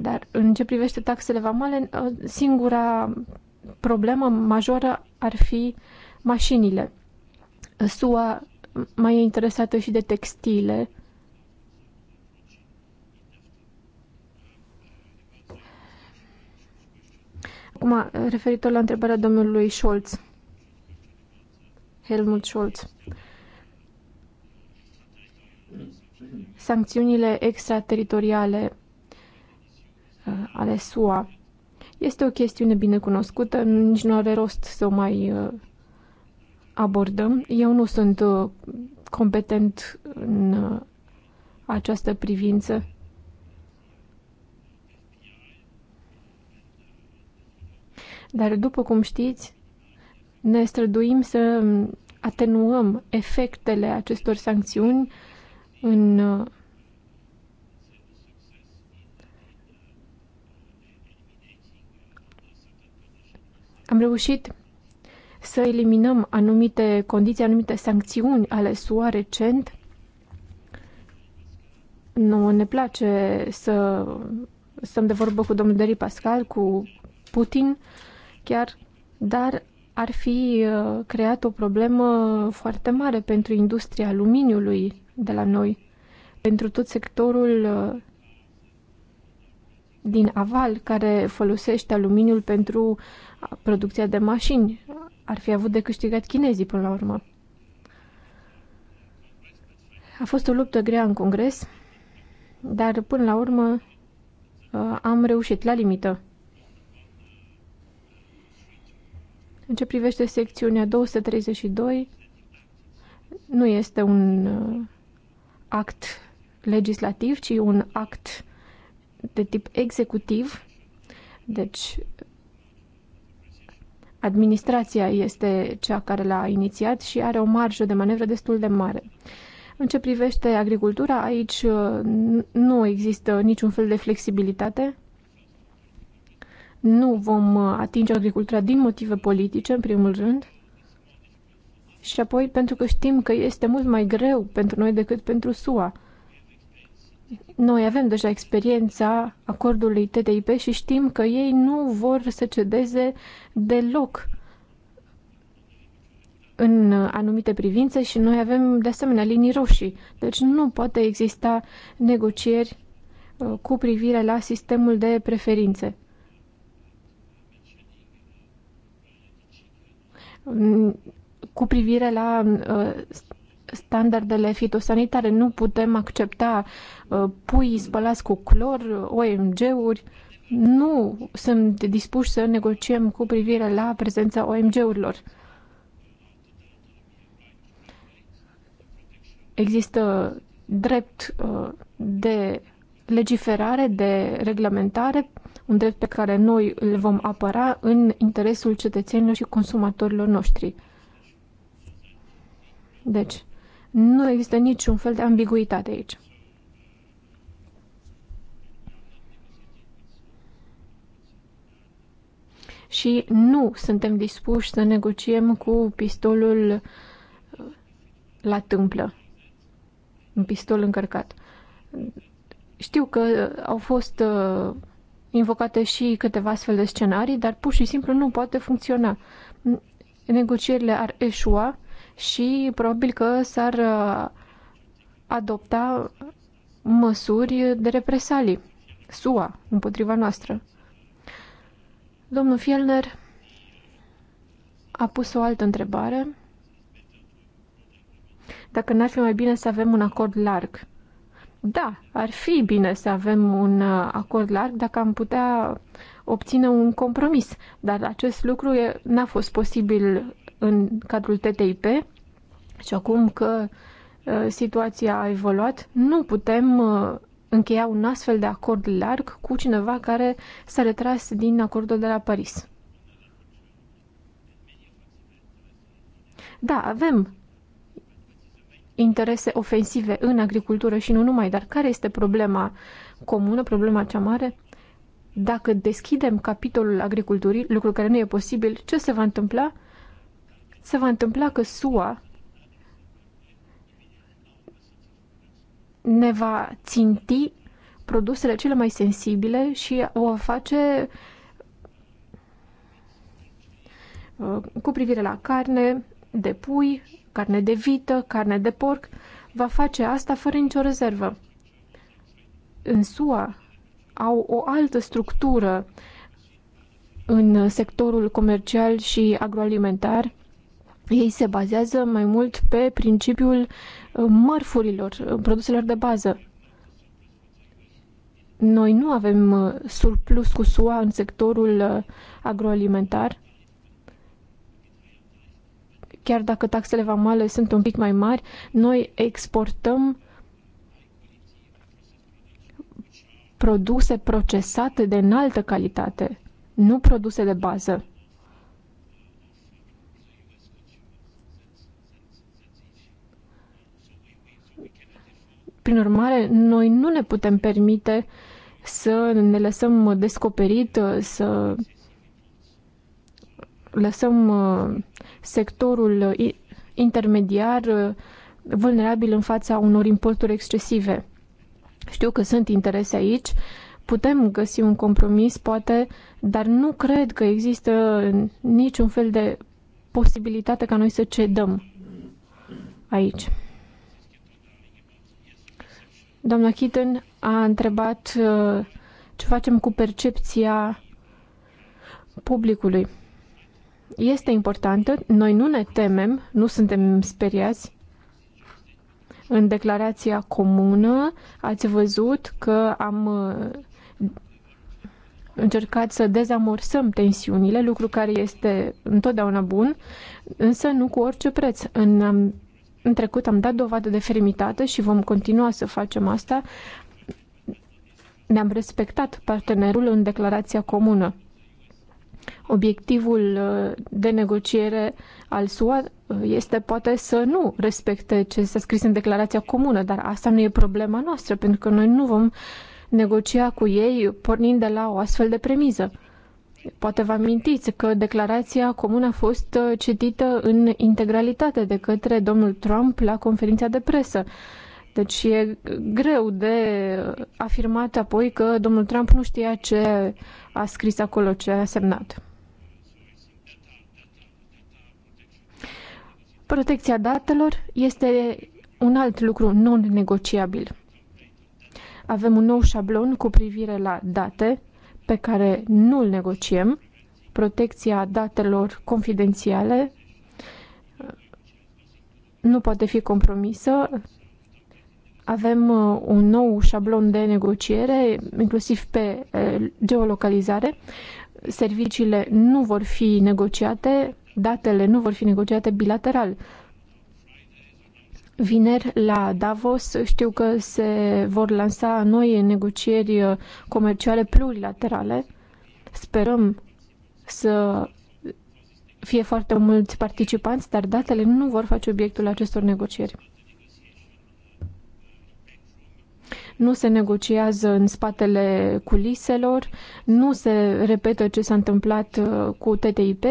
Dar în ce privește taxele vamale, uh, singura problemă majoră ar fi mașinile. SUA mai e interesată și de textile. Acum, referitor la întrebarea domnului Scholz, Helmut Scholz, sancțiunile extrateritoriale Uh, ale SUA. Este o chestiune bine cunoscută, nici nu are rost să o mai uh, abordăm. Eu nu sunt uh, competent în această privință. Dar, după cum știți, ne străduim să um, atenuăm efectele acestor sancțiuni în Am reușit să eliminăm anumite condiții, anumite sancțiuni ale SUA recent. Nu ne place să stăm de vorbă cu domnul Deri Pascal, cu Putin chiar, dar ar fi uh, creat o problemă foarte mare pentru industria aluminiului de la noi, pentru tot sectorul uh, din aval care folosește aluminiul pentru producția de mașini. Ar fi avut de câștigat chinezii până la urmă. A fost o luptă grea în Congres, dar până la urmă uh, am reușit la limită. În ce privește secțiunea 232, nu este un uh, act legislativ, ci un act de tip executiv, deci administrația este cea care l-a inițiat și are o marjă de manevră destul de mare. În ce privește agricultura, aici uh, nu există niciun fel de flexibilitate. Nu vom uh, atinge agricultura din motive politice, în primul rând. Și apoi, pentru că știm că este mult mai greu pentru noi decât pentru SUA. Noi avem deja experiența acordului TTIP și știm că ei nu vor să cedeze deloc în anumite privințe și noi avem de asemenea linii roșii. Deci nu poate exista negocieri uh, cu privire la sistemul de preferințe. Mm, cu privire la uh, standardele fitosanitare. Nu putem accepta uh, pui spălați cu clor, OMG-uri. Nu sunt dispuși să negociem cu privire la prezența OMG-urilor. Există drept uh, de legiferare, de reglementare, un drept pe care noi îl vom apăra în interesul cetățenilor și consumatorilor noștri. Deci, nu există niciun fel de ambiguitate aici. Și nu suntem dispuși să negociem cu pistolul uh, la tâmplă, un pistol încărcat. Știu că uh, au fost uh, invocate și câteva astfel de scenarii, dar pur și simplu nu poate funcționa. Negocierile ar eșua și probabil că s-ar uh, adopta măsuri de represalii, SUA, împotriva noastră. Domnul Fielner a pus o altă întrebare. Dacă n-ar fi mai bine să avem un acord larg. Da, ar fi bine să avem un uh, acord larg dacă am putea obține un compromis, dar acest lucru n-a fost posibil în cadrul TTIP și acum că ă, situația a evoluat, nu putem ă, încheia un astfel de acord larg cu cineva care s-a retras din acordul de la Paris. Da, avem interese ofensive în agricultură și nu numai, dar care este problema comună, problema cea mare? Dacă deschidem capitolul agriculturii, lucru care nu e posibil, ce se va întâmpla? se va întâmpla că SUA ne va ținti produsele cele mai sensibile și o va face uh, cu privire la carne de pui, carne de vită, carne de porc, va face asta fără nicio rezervă. În SUA au o altă structură în sectorul comercial și agroalimentar ei se bazează mai mult pe principiul uh, mărfurilor, uh, produselor de bază. Noi nu avem uh, surplus cu SUA în sectorul agroalimentar, chiar dacă taxele vamale sunt un pic mai mari, noi exportăm produse procesate de înaltă calitate, nu produse de bază. Prin urmare, noi nu ne putem permite să ne lăsăm descoperit, să lăsăm uh, sectorul uh, intermediar uh, vulnerabil în fața unor importuri excesive. Știu că sunt interese aici, putem găsi un compromis, poate, dar nu cred că există niciun fel de posibilitate ca noi să cedăm aici. Doamna Keaton a întrebat uh, ce facem cu percepția publicului. Este importantă, noi nu ne temem, nu suntem speriați. În declarația comună ați văzut că am uh, încercat să dezamorsăm tensiunile, lucru care este întotdeauna bun, însă nu cu orice preț. În în trecut am dat dovadă de fermitate și vom continua să facem asta. Ne-am respectat partenerul în declarația comună. Obiectivul uh, de negociere al SUA uh, este poate să nu respecte ce s-a scris în declarația comună, dar asta nu e problema noastră, pentru că noi nu vom negocia cu ei pornind de la o astfel de premiză. Poate vă amintiți că declarația comună a fost uh, citită în integralitate de către domnul Trump la conferința de presă. Deci e greu de afirmat apoi că domnul Trump nu știa ce a scris acolo, ce a semnat. Protecția datelor este un alt lucru non-negociabil. Avem un nou șablon cu privire la date pe care nu îl negociem, protecția datelor confidențiale nu poate fi compromisă. Avem uh, un nou șablon de negociere, inclusiv pe uh, geolocalizare. Serviciile nu vor fi negociate, datele nu vor fi negociate bilateral. Vineri la Davos știu că se vor lansa noi negocieri uh, comerciale plurilaterale. Sperăm să fie foarte mulți participanți, dar datele nu vor face obiectul acestor negocieri. Nu se negociază în spatele culiselor, nu se repetă ce s-a întâmplat uh, cu TTIP,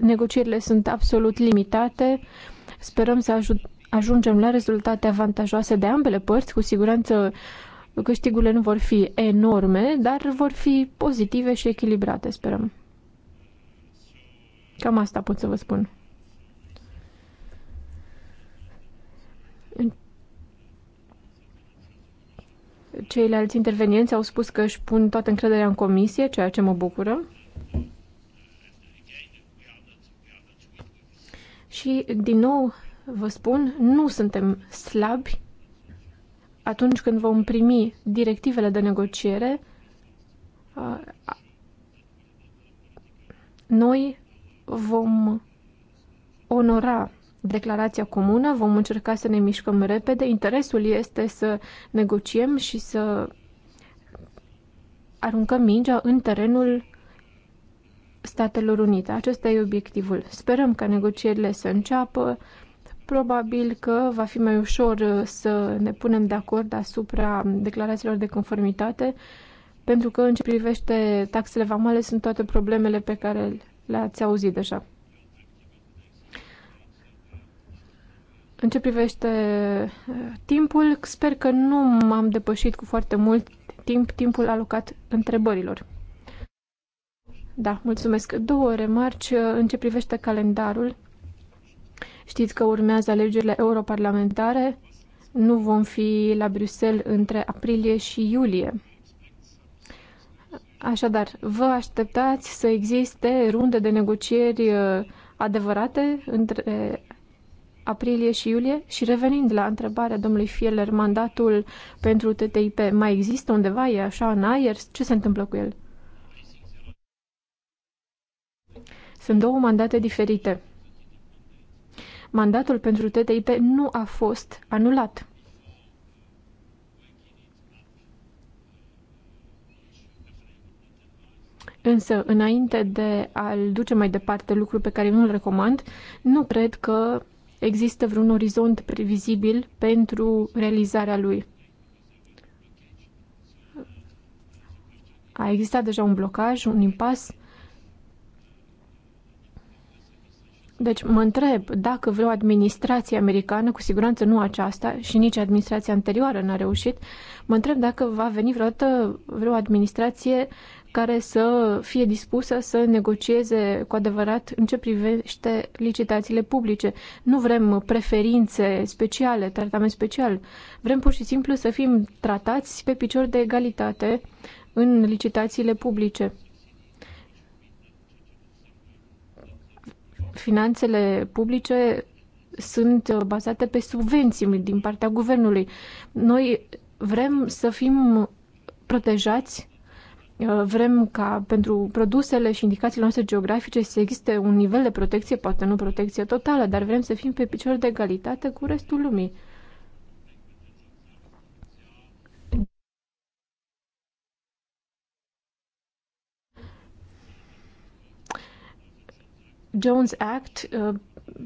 negocierile sunt absolut limitate. Sperăm să ajut, ajungem la rezultate avantajoase de ambele părți, cu siguranță câștigurile nu vor fi enorme, dar vor fi pozitive și echilibrate, sperăm. Cam asta pot să vă spun. Ceilalți intervenienți au spus că își pun toată încrederea în comisie, ceea ce mă bucură. Și, din nou, vă spun, nu suntem slabi atunci când vom primi directivele de negociere. Noi vom onora declarația comună, vom încerca să ne mișcăm repede. Interesul este să negociem și să aruncăm mingea în terenul Statelor Unite. Acesta e obiectivul. Sperăm ca negocierile să înceapă Probabil că va fi mai ușor uh, să ne punem de acord asupra declarațiilor de conformitate, pentru că în ce privește taxele vamale sunt toate problemele pe care le-ați auzit deja. În ce privește uh, timpul, sper că nu m-am depășit cu foarte mult timp timpul alocat întrebărilor. Da, mulțumesc. Două remarci uh, în ce privește calendarul. Știți că urmează alegerile europarlamentare. Nu vom fi la Bruxelles între aprilie și iulie. Așadar, vă așteptați să existe runde de negocieri uh, adevărate între aprilie și iulie? Și revenind la întrebarea domnului Fieler, mandatul pentru TTIP mai există undeva? E așa în aer? Ce se întâmplă cu el? Sunt două mandate diferite mandatul pentru TTIP nu a fost anulat. Însă, înainte de a-l duce mai departe lucru pe care nu îl recomand, nu cred că există vreun orizont previzibil pentru realizarea lui. A existat deja un blocaj, un impas, Deci mă întreb dacă vreo administrație americană, cu siguranță nu aceasta și nici administrația anterioară n-a reușit, mă întreb dacă va veni vreodată vreo administrație care să fie dispusă să negocieze cu adevărat în ce privește licitațiile publice. Nu vrem preferințe speciale, tratament special. Vrem pur și simplu să fim tratați pe picior de egalitate în licitațiile publice. finanțele publice sunt uh, bazate pe subvenții din partea guvernului. Noi vrem să fim protejați, uh, vrem ca pentru produsele și indicațiile noastre geografice să existe un nivel de protecție, poate nu protecție totală, dar vrem să fim pe picior de egalitate cu restul lumii. Jones Act uh,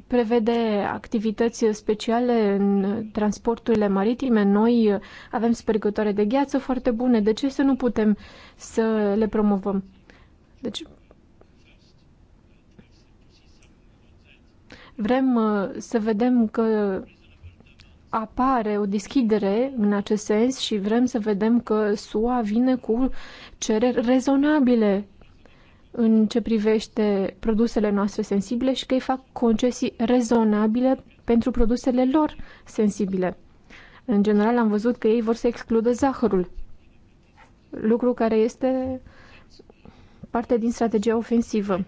prevede activități speciale în transporturile maritime. Noi uh, avem spărgătoare de gheață foarte bune. De ce să nu putem să le promovăm? Deci vrem uh, să vedem că apare o deschidere în acest sens și vrem să vedem că SUA vine cu cereri rezonabile în ce privește produsele noastre sensibile și că îi fac concesii rezonabile pentru produsele lor sensibile. În general am văzut că ei vor să excludă zahărul, lucru care este parte din strategia ofensivă.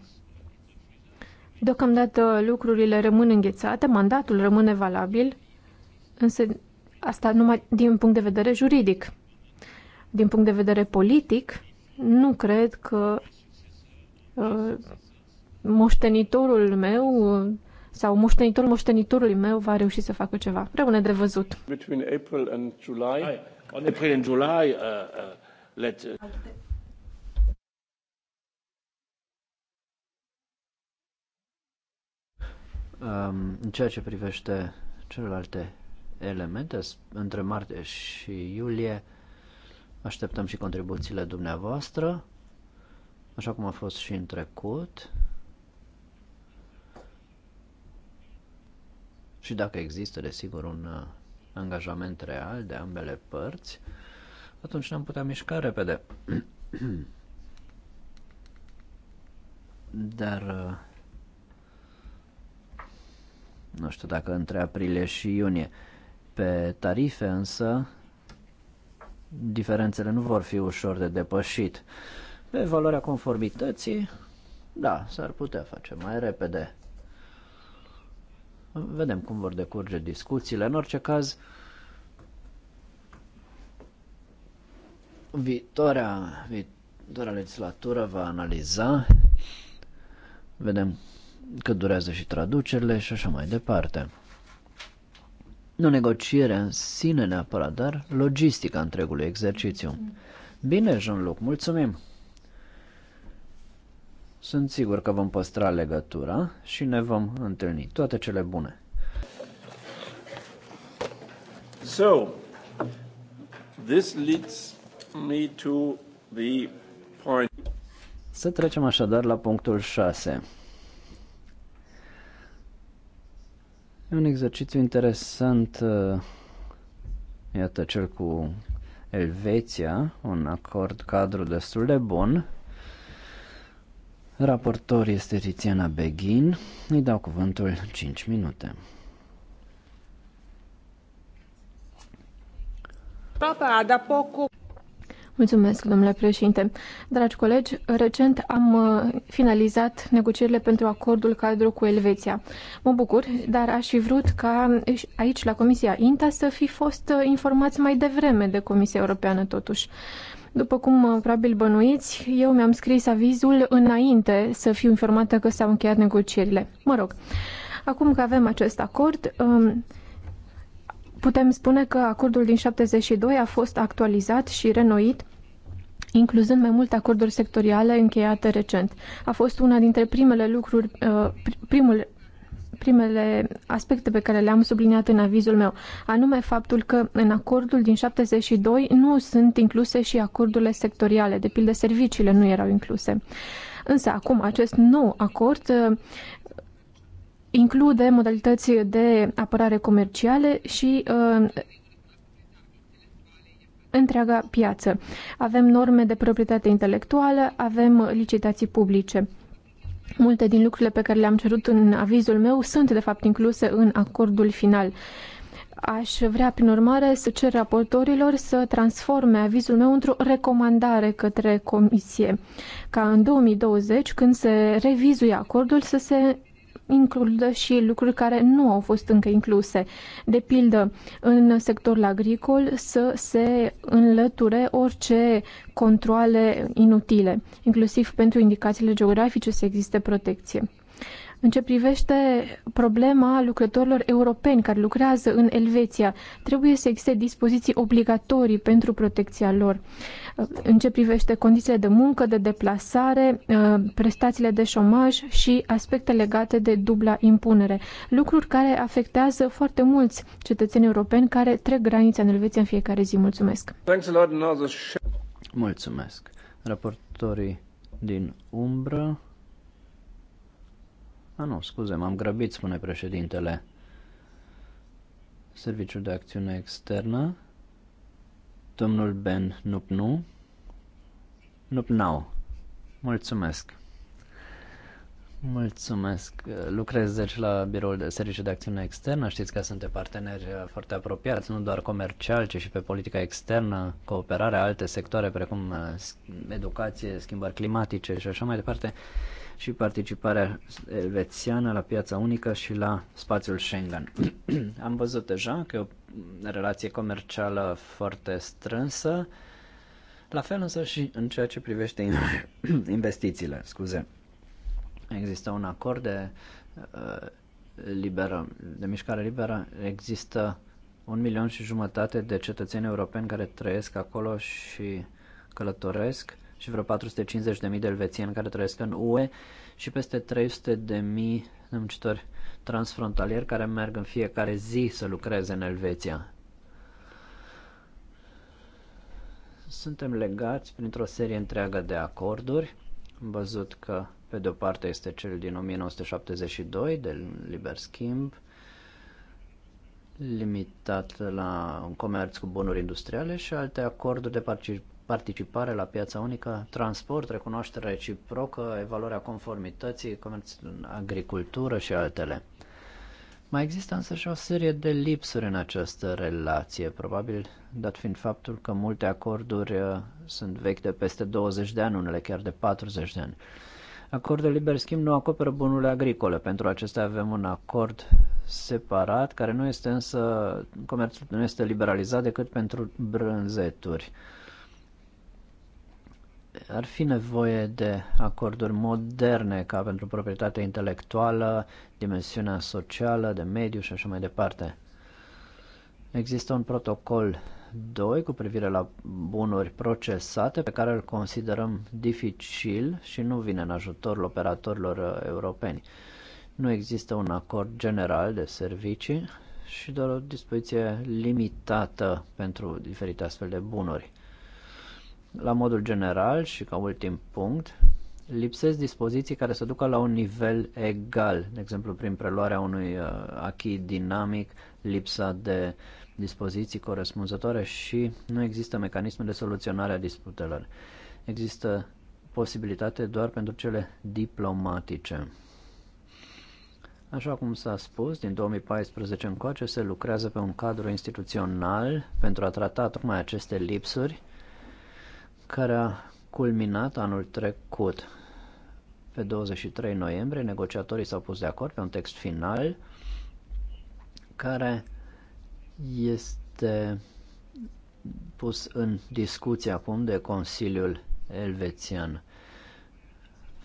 Deocamdată lucrurile rămân înghețate, mandatul rămâne valabil, însă asta numai din punct de vedere juridic. Din punct de vedere politic, nu cred că Uh, moștenitorul meu uh, sau moștenitorul moștenitorului meu va reuși să facă ceva. Rămâne de văzut. Between April and July. On April and July, uh, uh, let, uh... Um, în ceea ce privește celelalte elemente, între martie și iulie, așteptăm și contribuțiile dumneavoastră așa cum a fost și în trecut. Și dacă există, desigur, un uh, angajament real de ambele părți, atunci ne-am putea mișca repede. [CLEARS THROAT] Dar uh, nu știu dacă între aprilie și iunie. Pe tarife însă diferențele nu vor fi ușor de depășit. Pe valoarea conformității, da, s-ar putea face mai repede. Vedem cum vor decurge discuțiile. În orice caz, viitoarea, viitoarea legislatură va analiza, vedem cât durează și traducerile și așa mai departe. Nu negocierea în sine neapărat, dar logistica întregului exercițiu. Bine, Jean-Luc, mulțumim! Sunt sigur că vom păstra legătura și ne vom întâlni. Toate cele bune! So, this leads me to the point. Să trecem așadar la punctul 6. E un exercițiu interesant, uh, iată cel cu Elveția, un acord cadru destul de bun, Raportor este Tiziana Beghin. Îi dau cuvântul 5 minute. Papa, da poco. Mulțumesc, domnule președinte. Dragi colegi, recent am uh, finalizat negocierile pentru acordul cadru cu Elveția. Mă bucur, dar aș fi vrut ca aici, la Comisia INTA, să fi fost uh, informați mai devreme de Comisia Europeană, totuși. După cum uh, probabil bănuiți, eu mi-am scris avizul înainte să fiu informată că s-au încheiat negocierile. Mă rog, acum că avem acest acord, um, putem spune că acordul din 72 a fost actualizat și renoit incluzând mai multe acorduri sectoriale încheiate recent. A fost una dintre primele lucruri, uh, primul primele aspecte pe care le-am subliniat în avizul meu, anume faptul că în acordul din 72 nu sunt incluse și acordurile sectoriale, de pildă serviciile nu erau incluse. Însă acum acest nou acord uh, include modalități de apărare comerciale și uh, întreaga piață. Avem norme de proprietate intelectuală, avem licitații publice. Multe din lucrurile pe care le-am cerut în avizul meu sunt, de fapt, incluse în acordul final. Aș vrea, prin urmare, să cer raportorilor să transforme avizul meu într-o recomandare către Comisie, ca în 2020, când se revizuie acordul, să se includă și lucruri care nu au fost încă incluse. De pildă, în sectorul agricol să se înlăture orice controle inutile, inclusiv pentru indicațiile geografice să existe protecție. În ce privește problema lucrătorilor europeni care lucrează în Elveția, trebuie să existe dispoziții obligatorii pentru protecția lor. În ce privește condițiile de muncă, de deplasare, uh, prestațiile de șomaj și aspecte legate de dubla impunere. Lucruri care afectează foarte mulți cetățeni europeni care trec granița în Elveția în fiecare zi. Mulțumesc! Mulțumesc! Raportorii din umbră a, ah, nu, scuze, m-am grăbit, spune președintele. Serviciul de acțiune externă. Domnul Ben Nupnu. Nupnau. Mulțumesc. Mulțumesc. Lucrez deci la biroul de serviciu de acțiune externă. Știți că suntem parteneri uh, foarte apropiați, nu doar comercial, ci și pe politica externă, cooperare, alte sectoare precum uh, educație, schimbări climatice și așa mai departe și participarea elvețiană la piața unică și la spațiul Schengen. [CLEARS THROAT] Am văzut deja că e o relație comercială foarte strânsă, la fel însă și în ceea ce privește [CLEARS THROAT] investițiile, scuze. Există un acord de, uh, liberă, de mișcare liberă, există un milion și jumătate de cetățeni europeni care trăiesc acolo și călătoresc și vreo 450 de mii de elvețieni care trăiesc în UE și peste mii de muncitori transfrontalieri care merg în fiecare zi să lucreze în Elveția. Suntem legați printr-o serie întreagă de acorduri. Am văzut că pe de o parte este cel din 1972 de liber schimb, limitat la un comerț cu bunuri industriale și alte acorduri de participare la piața unică, transport, recunoaștere reciprocă, evaluarea conformității, comerț în agricultură și altele. Mai există însă și o serie de lipsuri în această relație, probabil dat fiind faptul că multe acorduri uh, sunt vechi de peste 20 de ani, unele chiar de 40 de ani. Acordul de liber schimb nu acoperă bunurile agricole. Pentru acestea avem un acord separat, care nu este însă, comerțul nu este liberalizat decât pentru brânzeturi. Ar fi nevoie de acorduri moderne ca pentru proprietatea intelectuală, dimensiunea socială, de mediu și așa mai departe. Există un protocol 2 cu privire la bunuri procesate pe care îl considerăm dificil și nu vine în ajutorul operatorilor uh, europeni. Nu există un acord general de servicii și doar o dispoziție limitată pentru diferite astfel de bunuri. La modul general și ca ultim punct, lipsesc dispoziții care să ducă la un nivel egal, de exemplu prin preluarea unui uh, achi dinamic, lipsa de uh, dispoziții corespunzătoare și nu există mecanisme de soluționare a disputelor. Există posibilitate doar pentru cele diplomatice. Așa cum s-a spus, din 2014 încoace se lucrează pe un cadru instituțional pentru a trata tocmai aceste lipsuri care a culminat anul trecut. Pe 23 noiembrie, negociatorii s-au pus de acord pe un text final care este pus în discuție acum de Consiliul Elvețian.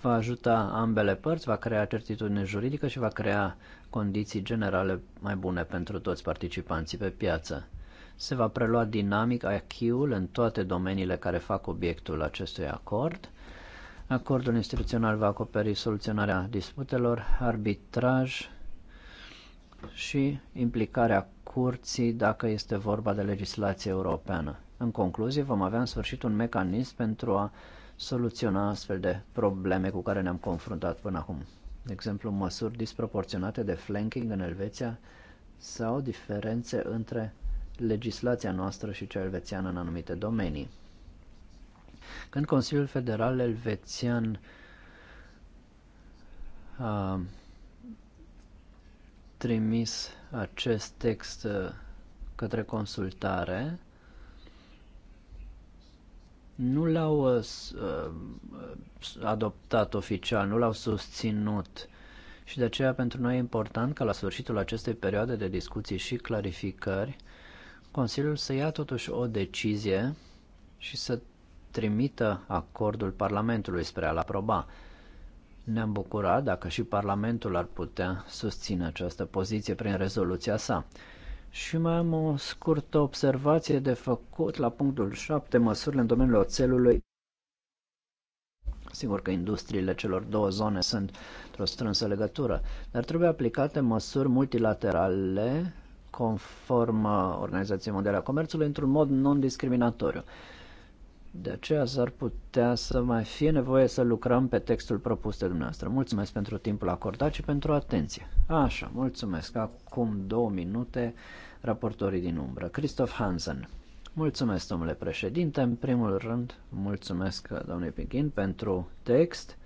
Va ajuta ambele părți, va crea certitudine juridică și va crea condiții generale mai bune pentru toți participanții pe piață. Se va prelua dinamic acquis în toate domeniile care fac obiectul acestui acord. Acordul instituțional va acoperi soluționarea disputelor, arbitraj și implicarea curții dacă este vorba de legislație europeană. În concluzie, vom avea în sfârșit un mecanism pentru a soluționa astfel de probleme cu care ne-am confruntat până acum. De exemplu, măsuri disproporționate de flanking în Elveția sau diferențe între legislația noastră și cea elvețiană în anumite domenii. Când Consiliul Federal Elvețian a uh, trimis acest text uh, către consultare, nu l-au uh, uh, adoptat oficial, nu l-au susținut. Și de aceea pentru noi e important ca la sfârșitul acestei perioade de discuții și clarificări, Consiliul să ia totuși o decizie și să trimită acordul Parlamentului spre a-l aproba. Ne-am bucurat dacă și Parlamentul ar putea susține această poziție prin rezoluția sa. Și mai am o scurtă observație de făcut la punctul 7, măsurile în domeniul oțelului. Sigur că industriile celor două zone sunt într-o strânsă legătură, dar trebuie aplicate măsuri multilaterale conform Organizației Mondiale a Comerțului într-un mod non-discriminatoriu. De aceea s-ar putea să mai fie nevoie să lucrăm pe textul propus de dumneavoastră. Mulțumesc pentru timpul acordat și pentru atenție. Așa, mulțumesc. Acum două minute, raportorii din umbră. Christoph Hansen. Mulțumesc, domnule președinte. În primul rând, mulțumesc, domnule Pichin, pentru text.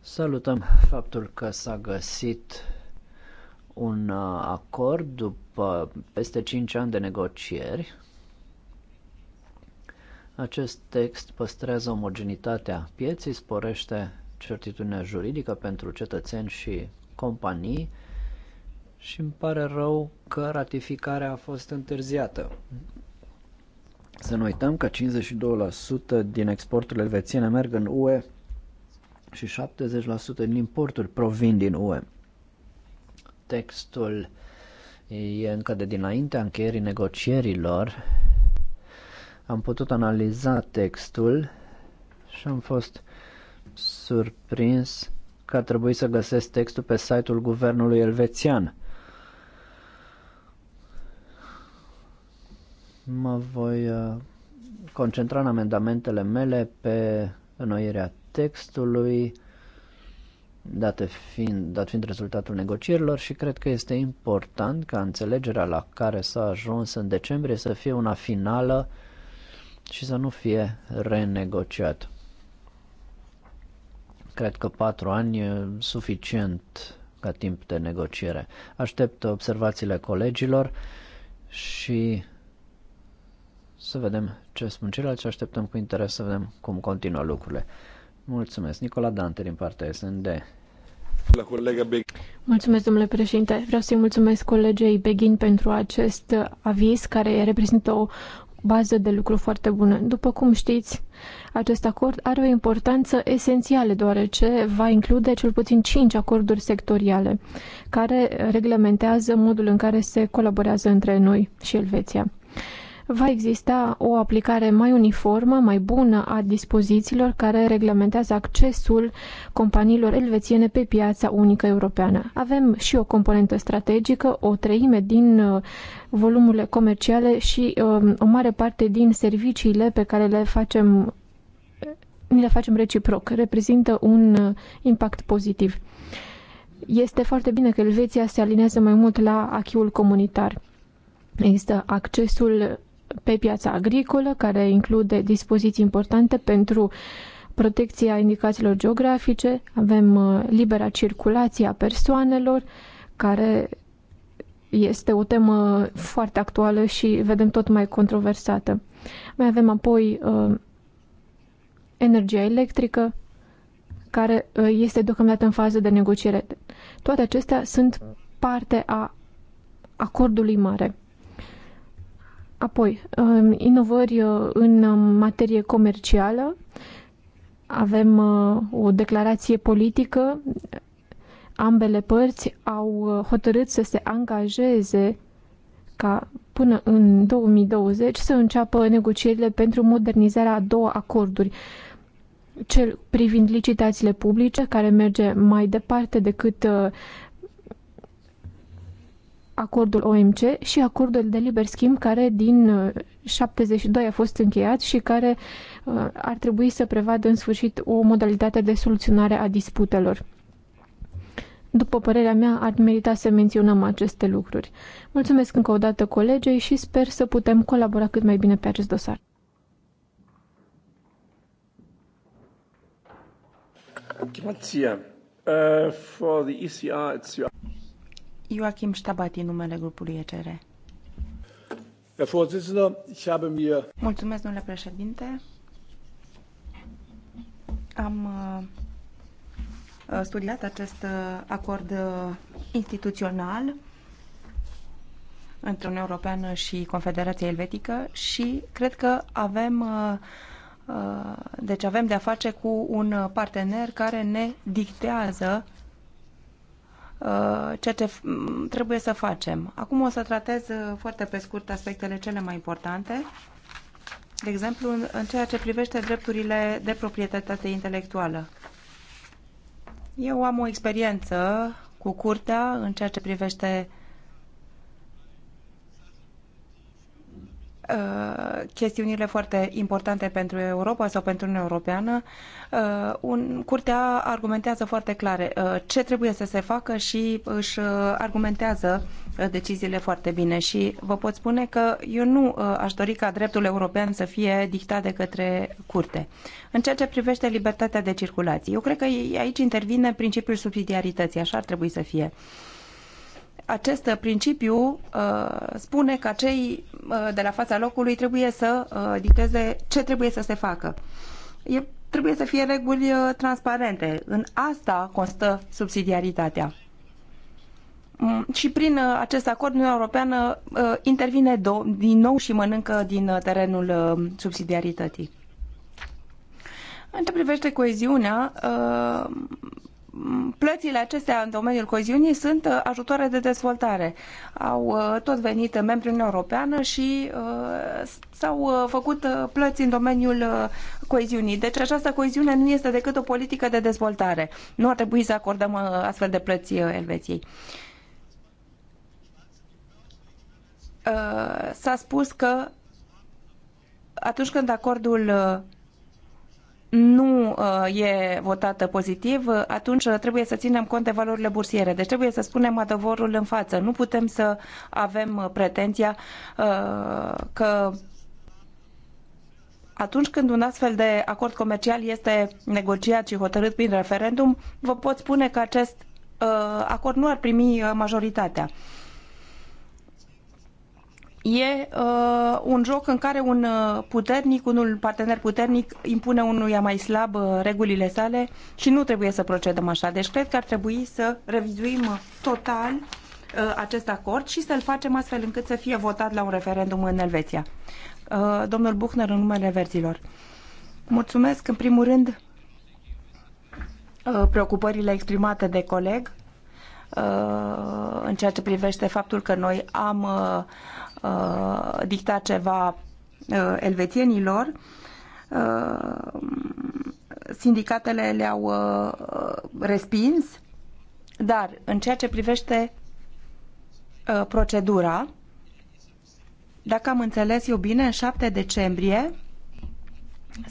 Salutăm faptul că s-a găsit un acord după peste 5 ani de negocieri acest text păstrează omogenitatea pieței, sporește certitudinea juridică pentru cetățeni și companii și îmi pare rău că ratificarea a fost întârziată. Să nu uităm că 52% din exporturile elvețiene merg în UE și 70% din importuri provin din UE. Textul e încă de dinaintea încheierii negocierilor am putut analiza textul și am fost surprins că a trebuit să găsesc textul pe site-ul guvernului elvețian. Mă voi uh, concentra în amendamentele mele pe înnoirea textului, date fiind, dat fiind rezultatul negocierilor și cred că este important ca înțelegerea la care s-a ajuns în decembrie să fie una finală și să nu fie renegociat. Cred că patru ani e suficient ca timp de negociere. Aștept observațiile colegilor și să vedem ce spun ceilalți și așteptăm cu interes să vedem cum continuă lucrurile. Mulțumesc. Nicola Dante din partea SND. La colega Be- mulțumesc, domnule președinte. Vreau să-i mulțumesc colegei Beghin pentru acest aviz care reprezintă o bază de lucru foarte bună. După cum știți, acest acord are o importanță esențială, deoarece va include cel puțin cinci acorduri sectoriale, care reglementează modul în care se colaborează între noi și Elveția va exista o aplicare mai uniformă, mai bună a dispozițiilor care reglementează accesul companiilor elvețiene pe piața unică europeană. Avem și o componentă strategică, o treime din uh, volumurile comerciale și um, o mare parte din serviciile pe care le facem ni le facem reciproc, reprezintă un uh, impact pozitiv. Este foarte bine că Elveția se alinează mai mult la achiul comunitar. Există accesul pe piața agricolă, care include dispoziții importante pentru protecția indicațiilor geografice, avem uh, libera circulație a persoanelor, care este o temă foarte actuală și vedem tot mai controversată. Mai avem apoi uh, energia electrică, care uh, este deocamdată în fază de negociere. Toate acestea sunt parte a acordului mare. Apoi, um, inovări uh, în materie comercială. Avem uh, o declarație politică. Ambele părți au uh, hotărât să se angajeze ca până în 2020 să înceapă negocierile pentru modernizarea a două acorduri. Cel privind licitațiile publice, care merge mai departe decât acordul OMC și acordul de liber schimb care din 72 uh, a fost încheiat și care uh, ar trebui să prevadă în sfârșit o modalitate de soluționare a disputelor. După părerea mea, ar merita să menționăm aceste lucruri. Mulțumesc încă o dată colegei și sper să putem colabora cât mai bine pe acest dosar. Uh, for the ECR, it's your... Joachim Stabati, numele grupului ECR. Mulțumesc, domnule președinte. Am uh, studiat acest uh, acord uh, instituțional între Uniunea Europeană și Confederația Elvetică și cred că avem deci avem de a face cu un partener care ne dictează Uh, ceea ce trebuie să facem. Acum o să tratez uh, foarte pe scurt aspectele cele mai importante. De exemplu, în ceea ce privește drepturile de proprietate intelectuală. Eu am o experiență cu curtea în ceea ce privește Uh, chestiunile foarte importante pentru Europa sau pentru Uniunea Europeană, uh, un, Curtea argumentează foarte clare uh, ce trebuie să se facă și își uh, argumentează uh, deciziile foarte bine. Și vă pot spune că eu nu uh, aș dori ca dreptul european să fie dictat de către Curte. În ceea ce privește libertatea de circulație, eu cred că aici intervine principiul subsidiarității, așa ar trebui să fie. Uh, acest principiu uh, spune că cei uh, de la fața locului trebuie să uh, dicteze ce trebuie să se facă. E, trebuie să fie reguli transparente. În asta constă subsidiaritatea. Mm, și prin acest acord, Uniunea Europeană intervine din nou și mănâncă din terenul subsidiarității. În ce privește coeziunea, plățile acestea în domeniul coeziunii sunt uh, ajutoare de dezvoltare. Au uh, tot venit membri în Europeană și uh, s-au făcut plăți în domeniul coeziunii. Deci această coeziune nu este decât o politică de dezvoltare. Nu ar trebui să acordăm astfel de plăți Elveției. S-a spus că atunci când acordul nu uh, e votată pozitiv, atunci trebuie să ținem cont de valorile bursiere. Deci trebuie să spunem adevărul în față. Nu putem să avem uh, pretenția uh, că atunci când un astfel de acord comercial este negociat și hotărât prin referendum, vă pot spune că acest acord nu ar primi majoritatea e uh, un joc în care un uh, puternic, unul partener puternic impune unuia mai slab uh, regulile sale și nu trebuie să procedăm așa. Deci cred că ar trebui să revizuim total uh, acest acord și să-l facem astfel încât să fie votat la un referendum în Elveția. Uh, domnul Buchner, în numele verzilor. Mulțumesc, în primul rând, uh, preocupările exprimate de coleg uh, în ceea ce privește faptul că noi am Uh, dicta ceva uh, elvețienilor. Uh, sindicatele le-au uh, respins, dar în ceea ce privește uh, procedura, dacă am înțeles eu bine, în 7 decembrie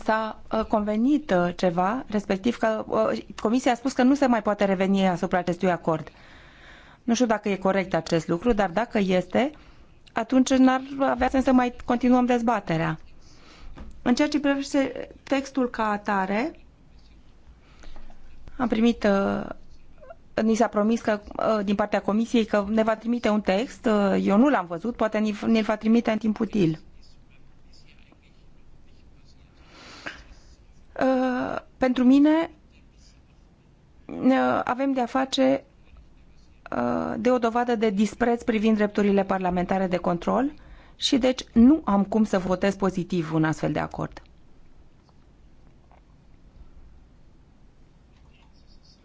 s-a uh, convenit uh, ceva, respectiv că Comisia a spus că nu se mai poate reveni asupra acestui acord. Nu știu dacă e corect acest lucru, dar dacă este, atunci n-ar avea sens să mai continuăm dezbaterea. În ceea ce privește textul ca atare, am primit, uh, ni s-a promis că, uh, din partea comisiei că ne va trimite un text, uh, eu nu l-am văzut, poate ne-l va trimite în timp util. Pentru mine avem de a face Uh, de o dovadă de dispreț privind drepturile parlamentare de control și deci nu am cum să votez pozitiv un astfel de acord.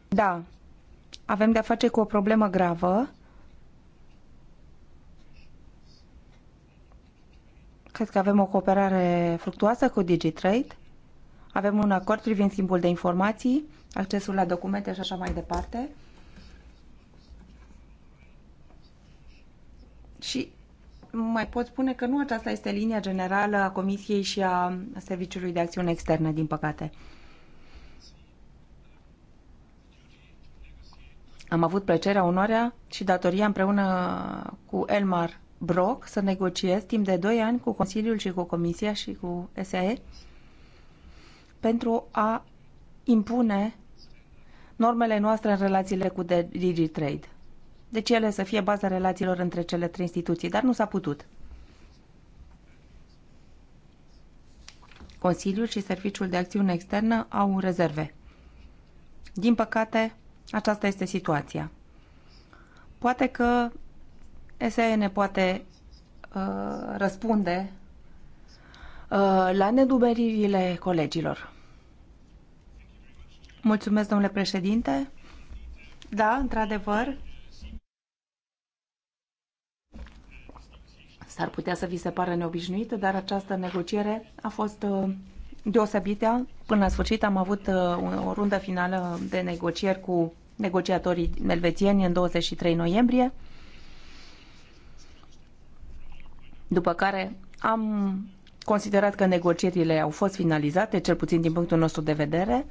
Da, avem de-a face cu o problemă gravă. Cred că avem o cooperare fructuoasă cu DigiTrade. Avem un acord privind schimbul de informații, accesul la documente și așa mai departe. Și mai pot spune că nu aceasta este linia generală a Comisiei și a Serviciului de Acțiune Externă, din păcate. Am avut plăcerea, onoarea și datoria împreună cu Elmar Brock să negociez timp de 2 ani cu Consiliul și cu Comisia și cu SAE pentru a impune normele noastre în relațiile cu DigiTrade. Deci ele să fie baza relațiilor între cele trei instituții, dar nu s-a putut. Consiliul și Serviciul de Acțiune Externă au rezerve. Din păcate, aceasta este situația. Poate că SE ne poate uh, răspunde uh, la nedumeririle colegilor. Mulțumesc, domnule președinte. Da, într-adevăr, S-ar putea să vi se pară neobișnuită, dar această negociere a fost uh, deosebită. Până la sfârșit am avut uh, o rundă finală de negocieri cu negociatorii elvețieni în 23 noiembrie, după care am considerat că negocierile au fost finalizate, cel puțin din punctul nostru de vedere.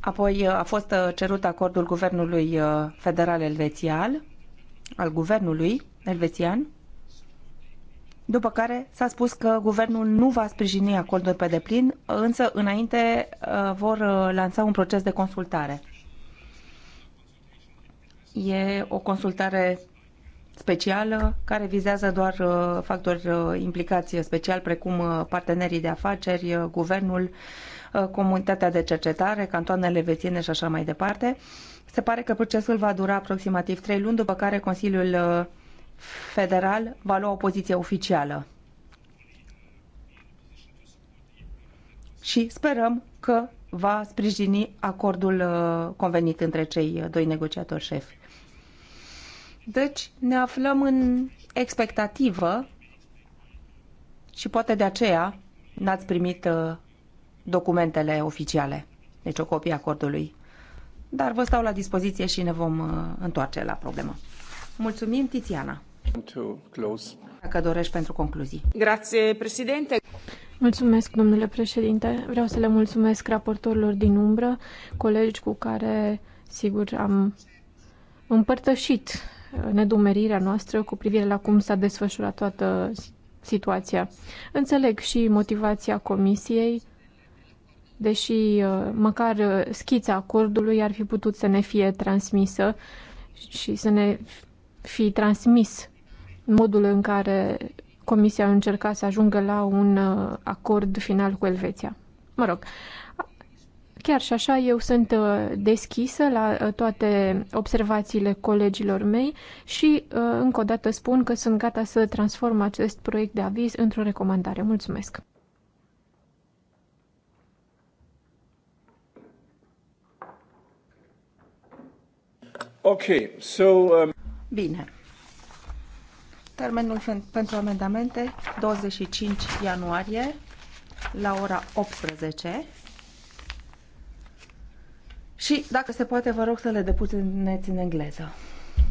Apoi uh, a fost cerut acordul Guvernului Federal Elvețial al guvernului elvețian, după care s-a spus că guvernul nu va sprijini acordul pe deplin, însă înainte uh, vor uh, lansa un proces de consultare. E o consultare specială care vizează doar uh, factori implicați special, precum partenerii de afaceri, guvernul, comunitatea de cercetare, cantoanele vețiene și așa mai departe. Se pare că procesul va dura aproximativ trei luni, după care Consiliul uh, Federal va lua o poziție oficială. Și sperăm că va sprijini acordul uh, convenit între cei uh, doi negociatori șefi. Deci ne aflăm în expectativă și poate de aceea n-ați primit documentele oficiale, deci o copie a acordului dar vă stau la dispoziție și ne vom uh, întoarce la problemă. Mulțumim, Tiziana. Dacă dorești pentru concluzii. Grație, președinte. Mulțumesc, domnule președinte. Vreau să le mulțumesc raportorilor din umbră, colegi cu care, sigur, am împărtășit uh, nedumerirea noastră cu privire la cum s-a desfășurat toată situația. Înțeleg și motivația comisiei deși uh, măcar uh, schița acordului ar fi putut să ne fie transmisă și să ne fi transmis modul în care Comisia a încercat să ajungă la un uh, acord final cu Elveția. Mă rog, chiar și așa eu sunt deschisă la toate observațiile colegilor mei și încă o dată spun că sunt gata să transform acest proiect de aviz într-o recomandare. Mulțumesc! so... Um... Bine. Termenul pentru amendamente 25 ianuarie la ora 18. Și, dacă se poate, vă rog să le depuneți în engleză.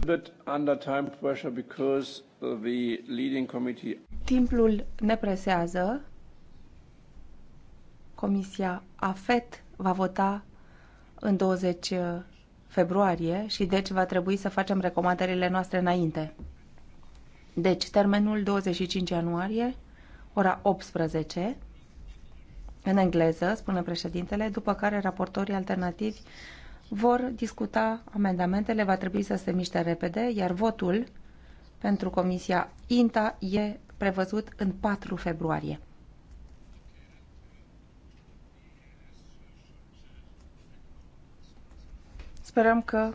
But under time pressure because the leading committee... Timpul ne presează. Comisia AFET va vota în 20 februarie și deci va trebui să facem recomandările noastre înainte. Deci, termenul 25 ianuarie, ora 18, în engleză, spune președintele, după care raportorii alternativi vor discuta amendamentele, va trebui să se miște repede, iar votul pentru Comisia INTA e prevăzut în 4 februarie. Sperăm că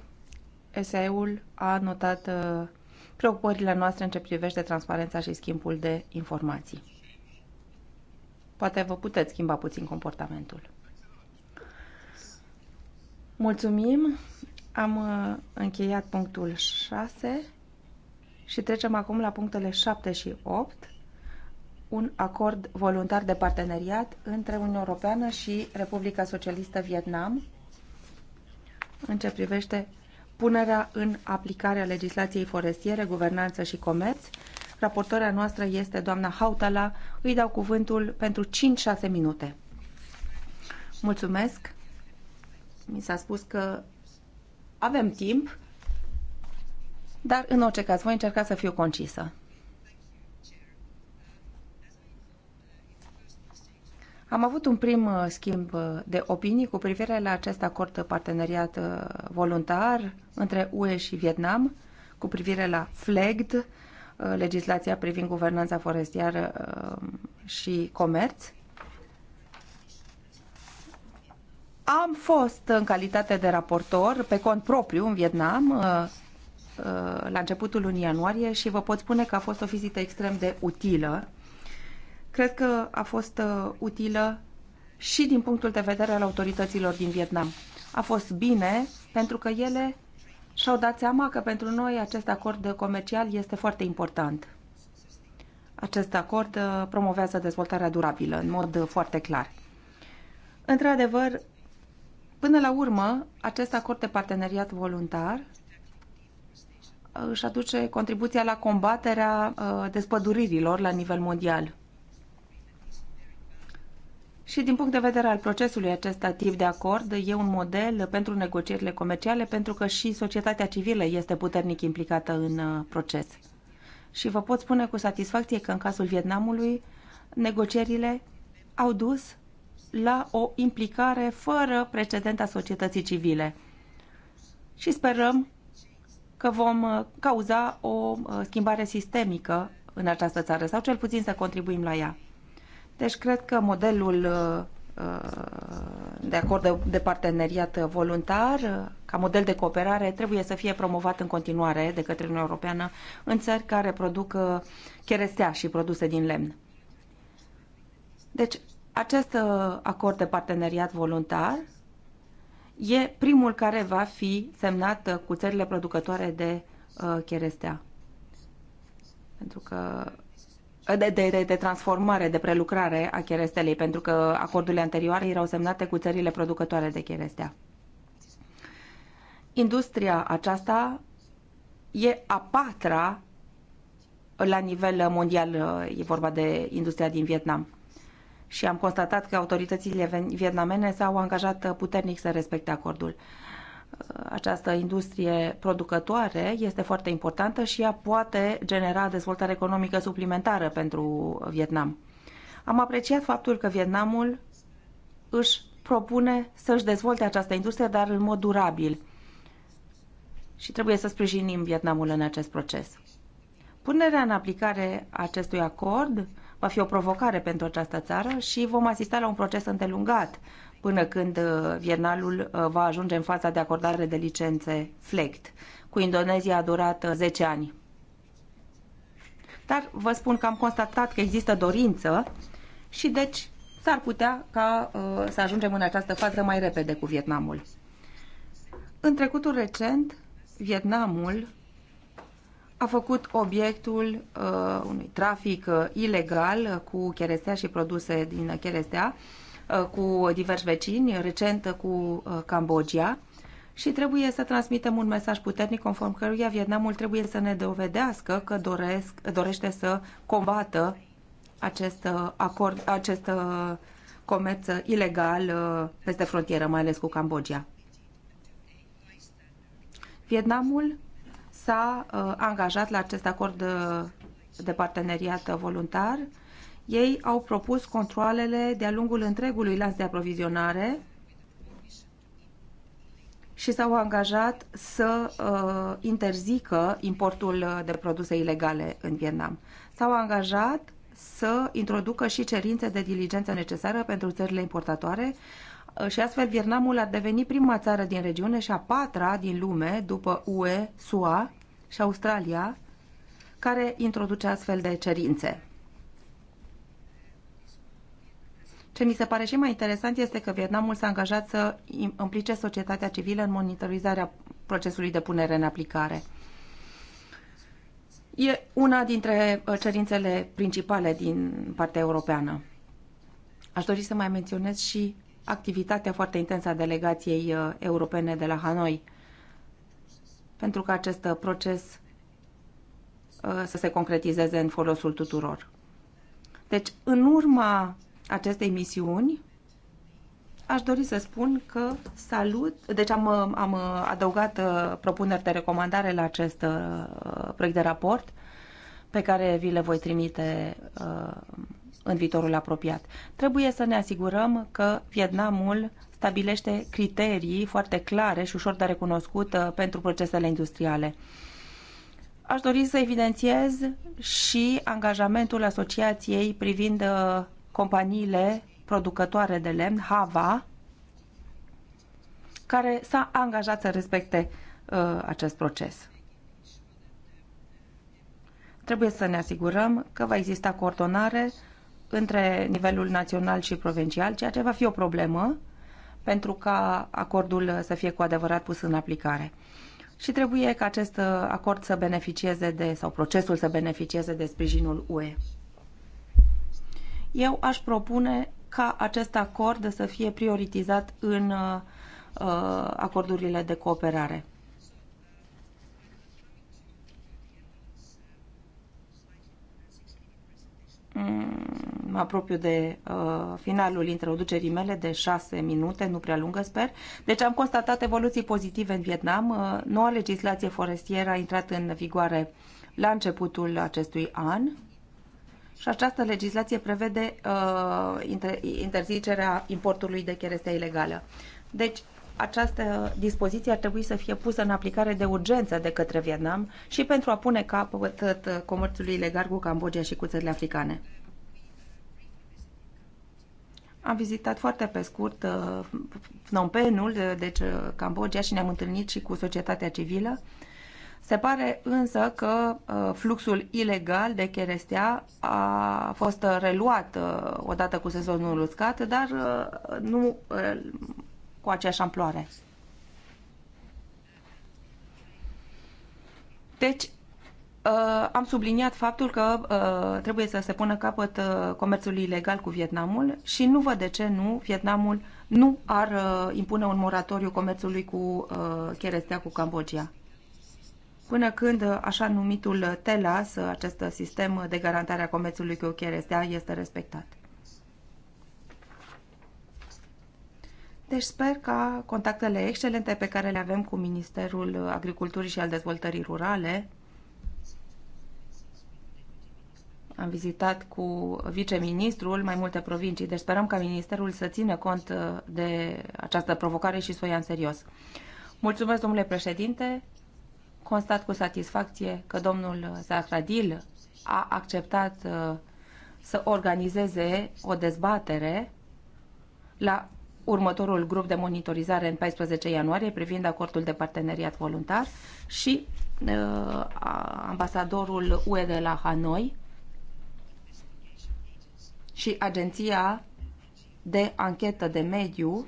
SAE-ul a notat uh, preocupările noastre în ce privește transparența și schimbul de informații. Poate vă puteți schimba puțin comportamentul. Mulțumim! Am uh, încheiat punctul 6 și trecem acum la punctele 7 și 8 un acord voluntar de parteneriat între Uniunea Europeană și Republica Socialistă Vietnam în ce privește punerea în aplicare a legislației forestiere, guvernanță și comerț. Raportoarea noastră este doamna Hautala. Îi dau cuvântul pentru 5-6 minute. Mulțumesc. Mi s-a spus că avem timp, dar în orice caz voi încerca să fiu concisă. Am avut un prim uh, schimb uh, de opinii cu privire la acest acord parteneriat uh, voluntar între UE și Vietnam, cu privire la FLEGD, legislația privind guvernanța forestieră și comerț. Am fost în calitate de raportor pe cont propriu în Vietnam la începutul lunii ianuarie și vă pot spune că a fost o vizită extrem de utilă cred că a fost uh, utilă și din punctul de vedere al autorităților din Vietnam. A fost bine pentru că ele și-au dat seama că pentru noi acest acord comercial este foarte important. Acest acord uh, promovează dezvoltarea durabilă în mod uh, foarte clar. Într-adevăr, până la urmă, acest acord de parteneriat voluntar își aduce contribuția la combaterea despăduririlor la nivel mondial. Și din punct de vedere al procesului acesta tip de acord, e un model pentru negocierile comerciale, pentru că și societatea civilă este puternic implicată în uh, proces. Și vă pot spune cu satisfacție că în cazul Vietnamului, negocierile au dus la o implicare fără precedent a societății civile. Și sperăm că vom uh, cauza o uh, schimbare sistemică în această țară, sau cel puțin să contribuim la ea. Deci cred că modelul uh, uh, de acord de parteneriat voluntar, uh, ca model de cooperare, trebuie să fie promovat în continuare de către Uniunea Europeană în țări care produc cherestea și produse din lemn. Deci, acest acord de parteneriat voluntar e primul care va fi semnat cu țările producătoare de cherestea. Pentru că de, de, de transformare, de prelucrare a cherestelei, pentru că acordurile anterioare erau semnate cu țările producătoare de cherestea. Industria aceasta e a patra la nivel mondial, e vorba de industria din Vietnam. Și am constatat că autoritățile vietnamene s-au angajat puternic să respecte acordul această industrie producătoare este foarte importantă și ea poate genera dezvoltare economică suplimentară pentru Vietnam. Am apreciat faptul că Vietnamul își propune să-și dezvolte această industrie, dar în mod durabil. Și trebuie să sprijinim Vietnamul în acest proces. Punerea în aplicare acestui acord va fi o provocare pentru această țară și vom asista la un proces îndelungat până când uh, Vietnamul uh, va ajunge în faza de acordare de licențe FLECT. Cu Indonezia a durat 10 uh, ani. Dar vă spun că am constatat că există dorință și deci s-ar putea ca uh, să ajungem în această fază mai repede cu Vietnamul. În trecutul recent, Vietnamul a făcut obiectul uh, unui trafic uh, ilegal cu cherestea și produse din cherestea, uh, Uh, cu diversi vecini, recent cu uh, Cambodgia și trebuie să transmitem un mesaj puternic conform căruia Vietnamul trebuie să ne dovedească că doresc, dorește să combată acest uh, acord, acest comerț ilegal peste frontieră, mai ales cu Cambodgia. Vietnamul s-a angajat la acest acord de parteneriat voluntar ei au propus controlele de-a lungul întregului lanț de aprovizionare și s-au angajat să uh, interzică importul uh, de produse ilegale în Vietnam. S-au angajat să introducă și cerințe de diligență necesară pentru țările importatoare uh, și astfel Vietnamul ar deveni prima țară din regiune și a patra din lume după UE, SUA și Australia, care introduce astfel de cerințe. Ce mi se pare și mai interesant este că Vietnamul s-a angajat să implice societatea civilă în monitorizarea procesului de punere în aplicare. E una dintre uh, cerințele principale din partea europeană. Aș dori să mai menționez și activitatea foarte intensă a delegației uh, europene de la Hanoi, pentru că acest uh, proces să se concretizeze în folosul tuturor. Deci, în urma acestei misiuni, aș dori să spun că salut, deci am, am adăugat uh, propuneri de recomandare la acest uh, proiect de raport pe care vi le voi trimite uh, în viitorul apropiat. Trebuie să ne asigurăm că Vietnamul stabilește criterii foarte clare și ușor de recunoscut pentru procesele industriale. Aș dori să evidențiez și angajamentul asociației privind companiile producătoare de lemn, Hava, care s-a angajat să respecte uh, acest proces. Trebuie să ne asigurăm că va exista coordonare între nivelul național și provincial, ceea ce va fi o problemă pentru ca acordul să fie cu adevărat pus în aplicare. Și trebuie ca acest uh, acord să beneficieze de, sau procesul să beneficieze de sprijinul UE. Eu aș propune ca acest acord să fie prioritizat în uh, uh, acordurile de cooperare. Mm, mă apropiu de uh, finalul introducerii mele de șase minute, nu prea lungă, sper. Deci am constatat evoluții pozitive în Vietnam. Uh, noua legislație forestieră a intrat în vigoare la începutul acestui an și această legislație prevede uh, interzicerea importului de cherestea ilegală. Deci, această dispoziție ar trebui să fie pusă în aplicare de urgență de către Vietnam și pentru a pune capăt uh, comerțului ilegal cu Cambodgia și cu țările africane. Am vizitat foarte pe scurt uh, Phnom Penhul, uh, deci Cambodgia, și ne-am întâlnit și cu societatea civilă. Se pare însă că uh, fluxul ilegal de cherestea a fost uh, reluat uh, odată cu sezonul uscat, dar nu cu aceeași amploare. Deci, am subliniat faptul că trebuie să se pună capăt comerțului ilegal cu Vietnamul și nu văd de ce nu Vietnamul nu ar impune un moratoriu comerțului cu cherestea cu Cambodgia până când așa numitul TELAS, acest sistem de garantare a comerțului cu cherestea, este respectat. Deci sper ca contactele excelente pe care le avem cu Ministerul Agriculturii și al Dezvoltării Rurale, am vizitat cu viceministrul mai multe provincii, deci sperăm ca ministerul să țină cont uh, de această provocare și să o ia în serios. Mulțumesc, domnule președinte constat cu satisfacție că domnul Zahradil a acceptat uh, să organizeze o dezbatere la următorul grup de monitorizare în 14 ianuarie privind acordul de parteneriat voluntar și uh, ambasadorul UE de la Hanoi și agenția de anchetă de mediu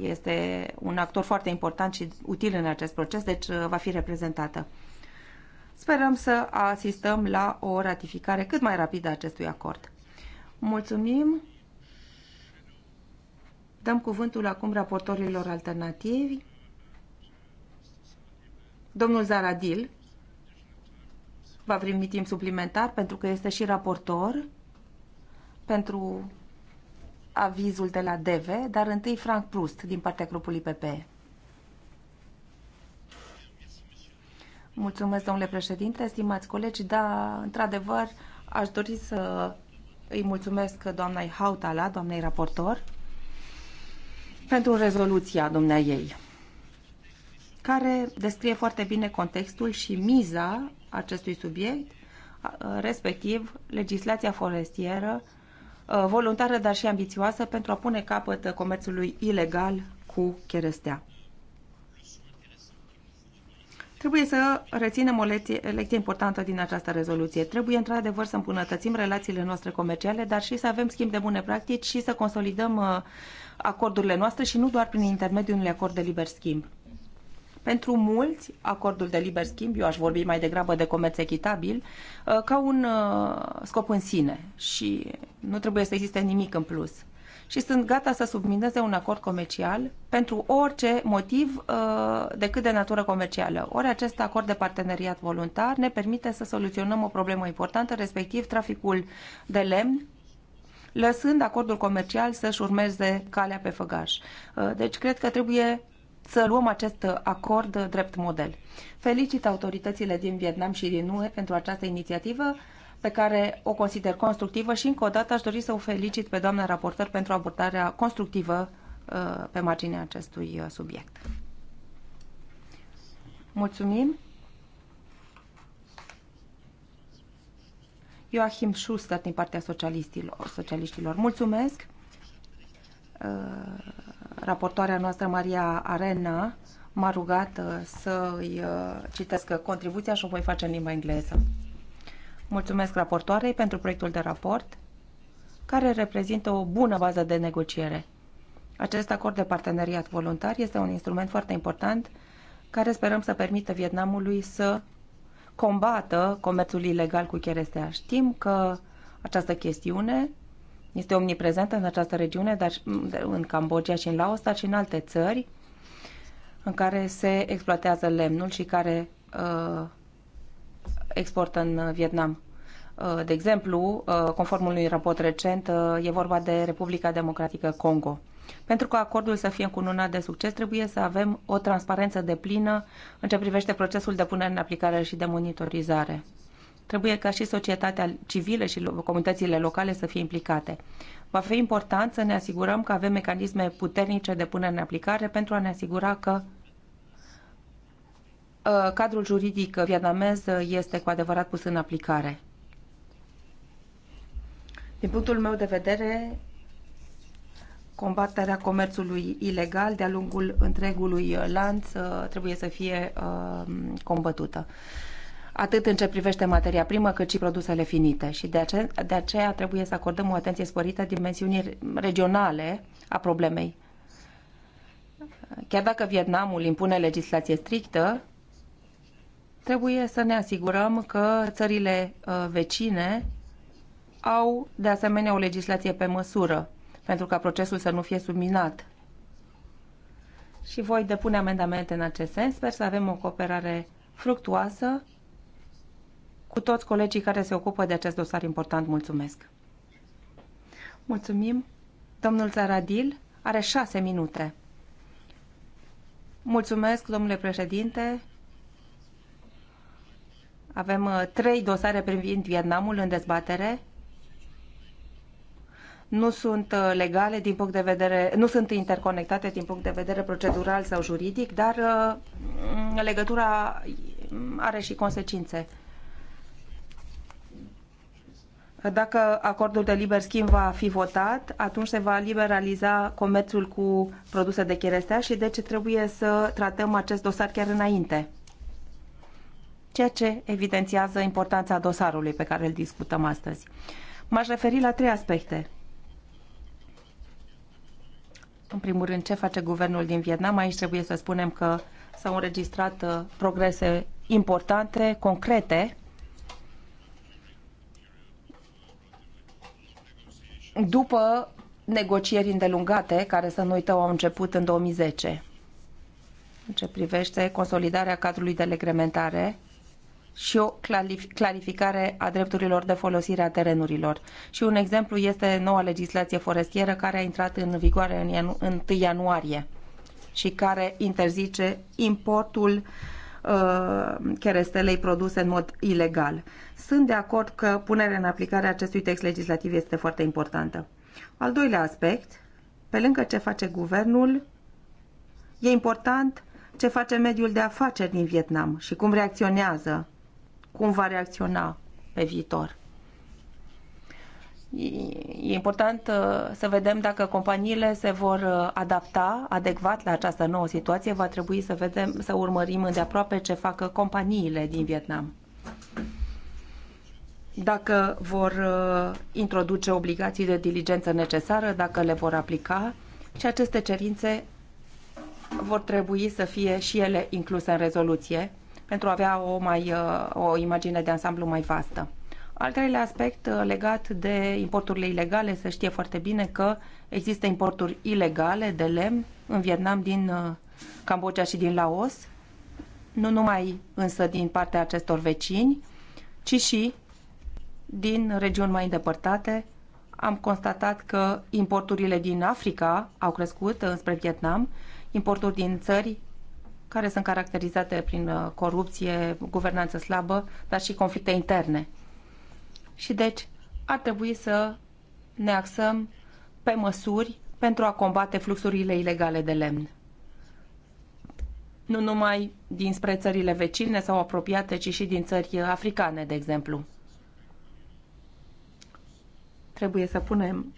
este un actor foarte important și util în acest proces, deci uh, va fi reprezentată. Sperăm să asistăm la o ratificare cât mai rapidă a acestui acord. Mulțumim! Dăm cuvântul acum raportorilor alternativi. Domnul Zaradil va primi timp suplimentar pentru că este și raportor pentru avizul de la DV, dar întâi Frank Prust din partea grupului PPE. Mulțumesc, domnule președinte, stimați colegi. Da, într-adevăr, aș dori să îi mulțumesc doamnei Hautala, doamnei raportor, pentru rezoluția domnea ei, care descrie foarte bine contextul și miza acestui subiect, respectiv legislația forestieră Uh, voluntară, dar și ambițioasă pentru a pune capăt comerțului ilegal cu cherestea. Trebuie să reținem o lecție, lecție importantă din această rezoluție. Trebuie într-adevăr să îmbunătățim relațiile noastre comerciale, dar și să avem schimb de bune practici și să consolidăm uh, acordurile noastre și nu doar prin intermediul unui acord de liber schimb. Pentru mulți, acordul de liber schimb, eu aș vorbi mai degrabă de comerț echitabil, uh, ca un uh, scop în sine și nu trebuie să existe nimic în plus. Și sunt gata să submineze un acord comercial pentru orice motiv uh, decât de natură comercială. Ori acest acord de parteneriat voluntar ne permite să soluționăm o problemă importantă, respectiv traficul de lemn lăsând acordul comercial să-și urmeze calea pe făgaș. Deci cred că trebuie să luăm acest acord drept model. Felicit autoritățile din Vietnam și din UE pentru această inițiativă pe care o consider constructivă și încă o dată aș dori să o felicit pe doamna raportor pentru abordarea constructivă uh, pe marginea acestui uh, subiect. Mulțumim! Joachim Schuster din partea socialiștilor. socialiștilor. Mulțumesc! Uh, raportoarea noastră, Maria Arena, m-a rugat uh, să-i uh, citesc contribuția și o voi face în limba engleză. Mulțumesc raportoarei pentru proiectul de raport, care reprezintă o bună bază de negociere. Acest acord de parteneriat voluntar este un instrument foarte important care sperăm să permită Vietnamului să combată comerțul ilegal cu cherestea. Știm că această chestiune este omniprezentă în această regiune, dar în Cambodgia și în Laos, dar și în alte țări în care se exploatează lemnul și care uh, exportă în Vietnam. Uh, de exemplu, uh, conform unui raport recent, uh, e vorba de Republica Democratică Congo. Pentru ca acordul să fie încununat de succes, trebuie să avem o transparență deplină în ce privește procesul de punere în aplicare și de monitorizare. Trebuie ca și societatea civilă și comunitățile locale să fie implicate. Va fi important să ne asigurăm că avem mecanisme puternice de punere în aplicare pentru a ne asigura că uh, cadrul juridic vietnamez este cu adevărat pus în aplicare. Din punctul meu de vedere, combaterea comerțului ilegal de-a lungul întregului lanț uh, trebuie să fie uh, combătută atât în ce privește materia primă, cât și produsele finite. Și de aceea, de aceea trebuie să acordăm o atenție sporită dimensiunii regionale a problemei. Chiar dacă Vietnamul impune legislație strictă, trebuie să ne asigurăm că țările uh, vecine au de asemenea o legislație pe măsură, pentru ca procesul să nu fie subminat. Și voi depune amendamente în acest sens. Sper să avem o cooperare fructuoasă cu toți colegii care se ocupă de acest dosar important. Mulțumesc! Mulțumim! Domnul Zaradil are șase minute. Mulțumesc, domnule președinte. Avem uh, trei dosare privind Vietnamul în dezbatere. Nu sunt uh, legale din punct de vedere, nu sunt interconectate din punct de vedere procedural sau juridic, dar uh, mm, legătura mm, are și consecințe. Dacă acordul de liber schimb va fi votat, atunci se va liberaliza comerțul cu produse de cherestea și deci trebuie să tratăm acest dosar chiar înainte. Ceea ce evidențiază importanța dosarului pe care îl discutăm astăzi. M-aș referi la trei aspecte. În primul rând, ce face guvernul din Vietnam? Aici trebuie să spunem că s-au înregistrat uh, progrese importante, concrete, după negocieri îndelungate, care să nu uităm au început în 2010, în ce privește consolidarea cadrului de reglementare și o clarificare a drepturilor de folosire a terenurilor. Și un exemplu este noua legislație forestieră care a intrat în vigoare în, 1 ianuarie și care interzice importul uh, cherestelei produse în mod ilegal. Sunt de acord că punerea în aplicare a acestui text legislativ este foarte importantă. Al doilea aspect, pe lângă ce face guvernul, e important ce face mediul de afaceri din Vietnam și cum reacționează, cum va reacționa pe viitor. E important uh, să vedem dacă companiile se vor uh, adapta adecvat la această nouă situație. Va trebui să vedem, să urmărim îndeaproape ce fac companiile din Vietnam dacă vor uh, introduce obligații de diligență necesară, dacă le vor aplica și aceste cerințe vor trebui să fie și ele incluse în rezoluție pentru a avea o, mai, uh, o imagine de ansamblu mai vastă. Al treilea aspect uh, legat de importurile ilegale, se știe foarte bine că există importuri ilegale de lemn în Vietnam, din Cambodgia și din Laos, nu numai însă din partea acestor vecini, ci și din regiuni mai îndepărtate, am constatat că importurile din Africa au crescut înspre Vietnam, importuri din țări care sunt caracterizate prin uh, corupție, guvernanță slabă, dar și conflicte interne. Și deci ar trebui să ne axăm pe măsuri pentru a combate fluxurile ilegale de lemn. Nu numai dinspre țările vecine sau apropiate, ci și din țări uh, africane, de exemplu. Trebuie să punem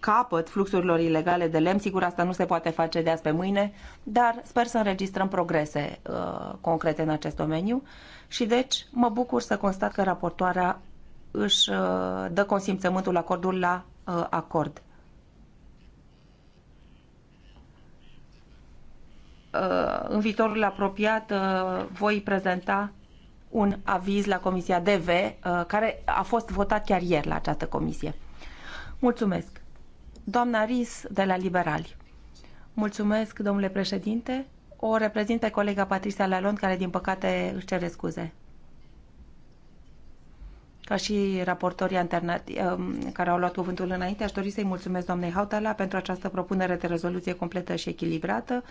capăt fluxurilor ilegale de lemn. Sigur, asta nu se poate face de azi pe mâine, dar sper să înregistrăm progrese uh, concrete în acest domeniu și deci mă bucur să constat că raportoarea își uh, dă consimțământul acordul la uh, acord. Uh, în viitorul apropiat uh, voi prezenta un aviz la Comisia DV, uh, care a fost votat chiar ieri la această comisie. Mulțumesc. Doamna Ris de la Liberali. Mulțumesc, domnule președinte. O reprezint pe colega Patricia Lalon, care din păcate își cere scuze. Ca și raportorii um, care au luat cuvântul înainte, aș dori să-i mulțumesc doamnei Hautala pentru această propunere de rezoluție completă și echilibrată.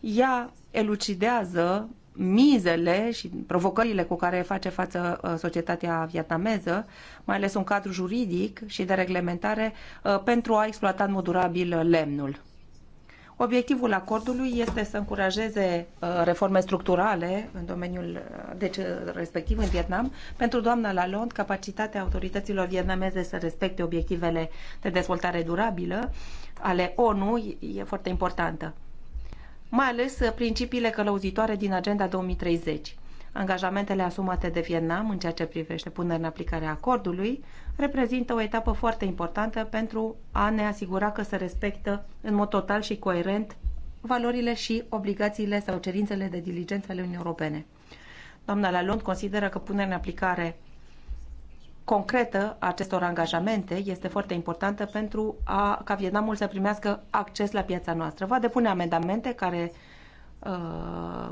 Ea elucidează mizele și provocările cu care face față uh, societatea vietnameză, mai ales un cadru juridic și de reglementare uh, pentru a exploata în mod durabil lemnul. Obiectivul acordului este să încurajeze uh, reforme structurale în domeniul deci, respectiv în Vietnam. Pentru doamna Lalonde, capacitatea autorităților vietnameze să respecte obiectivele de dezvoltare durabilă ale ONU e foarte importantă mai ales uh, principiile călăuzitoare din Agenda 2030. Angajamentele asumate de Vietnam în ceea ce privește punerea în aplicare a acordului reprezintă o etapă foarte importantă pentru a ne asigura că se respectă în mod total și coerent valorile și obligațiile sau cerințele de diligență ale Uniunii Europene. Doamna Lalonde consideră că punerea în aplicare concretă a acestor angajamente este foarte importantă pentru a, ca Vietnamul să primească acces la piața noastră. Va depune amendamente care uh,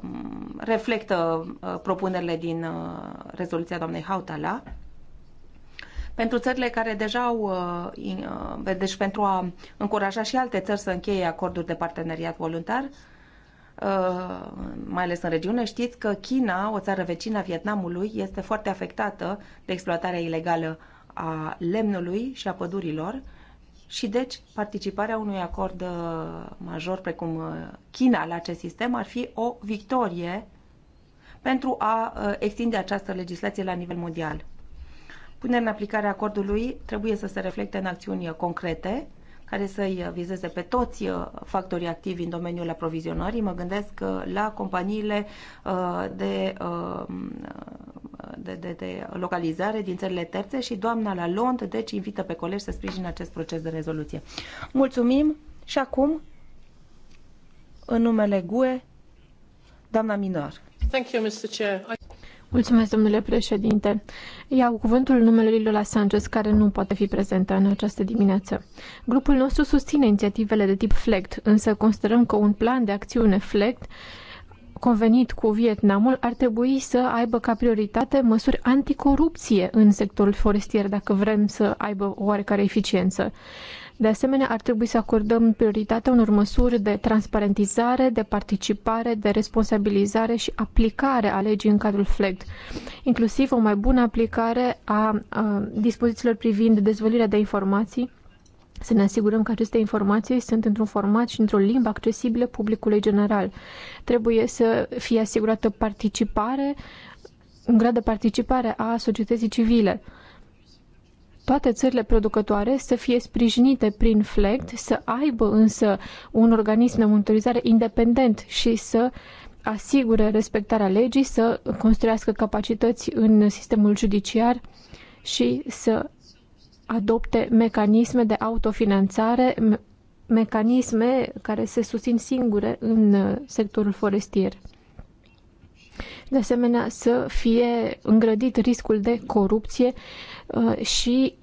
reflectă uh, propunerile din uh, rezoluția doamnei Hautala pentru țările care deja au, uh, uh, deci pentru a încuraja și alte țări să încheie acorduri de parteneriat voluntar, Uh, mai ales în regiune. Știți că China, o țară vecină a Vietnamului, este foarte afectată de exploatarea ilegală a lemnului și a pădurilor și deci participarea unui acord uh, major precum uh, China la acest sistem ar fi o victorie pentru a extinde această legislație la nivel mondial. Punerea în aplicare a acordului trebuie să se reflecte în acțiuni concrete care să-i vizeze pe toți uh, factorii activi în domeniul aprovizionării. Mă gândesc uh, la companiile uh, de, de, de, de localizare din țările terțe și doamna la Lond, deci invită pe colegi să sprijine acest proces de rezoluție. Mulțumim și acum, în numele GUE, doamna Minor. Thank you, Mr. Chair. Mulțumesc, domnule președinte. Iau cuvântul numele Lilola Sanchez, care nu poate fi prezentă în această dimineață. Grupul nostru susține inițiativele de tip FLECT, însă considerăm că un plan de acțiune FLECT convenit cu Vietnamul ar trebui să aibă ca prioritate măsuri anticorupție în sectorul forestier dacă vrem să aibă oarecare eficiență. De asemenea, ar trebui să acordăm prioritatea unor măsuri de transparentizare, de participare, de responsabilizare și aplicare a legii în cadrul FLEGT, inclusiv o mai bună aplicare a, a dispozițiilor privind dezvăluirea de informații, să ne asigurăm că aceste informații sunt într-un format și într-o limbă accesibilă publicului general. Trebuie să fie asigurată participare, un grad de participare a societății civile toate țările producătoare să fie sprijinite prin FLECT, să aibă însă un organism de monitorizare independent și să asigure respectarea legii, să construiască capacități în sistemul judiciar și să adopte mecanisme de autofinanțare, mecanisme care se susțin singure în sectorul forestier. De asemenea, să fie îngrădit riscul de corupție Uh, și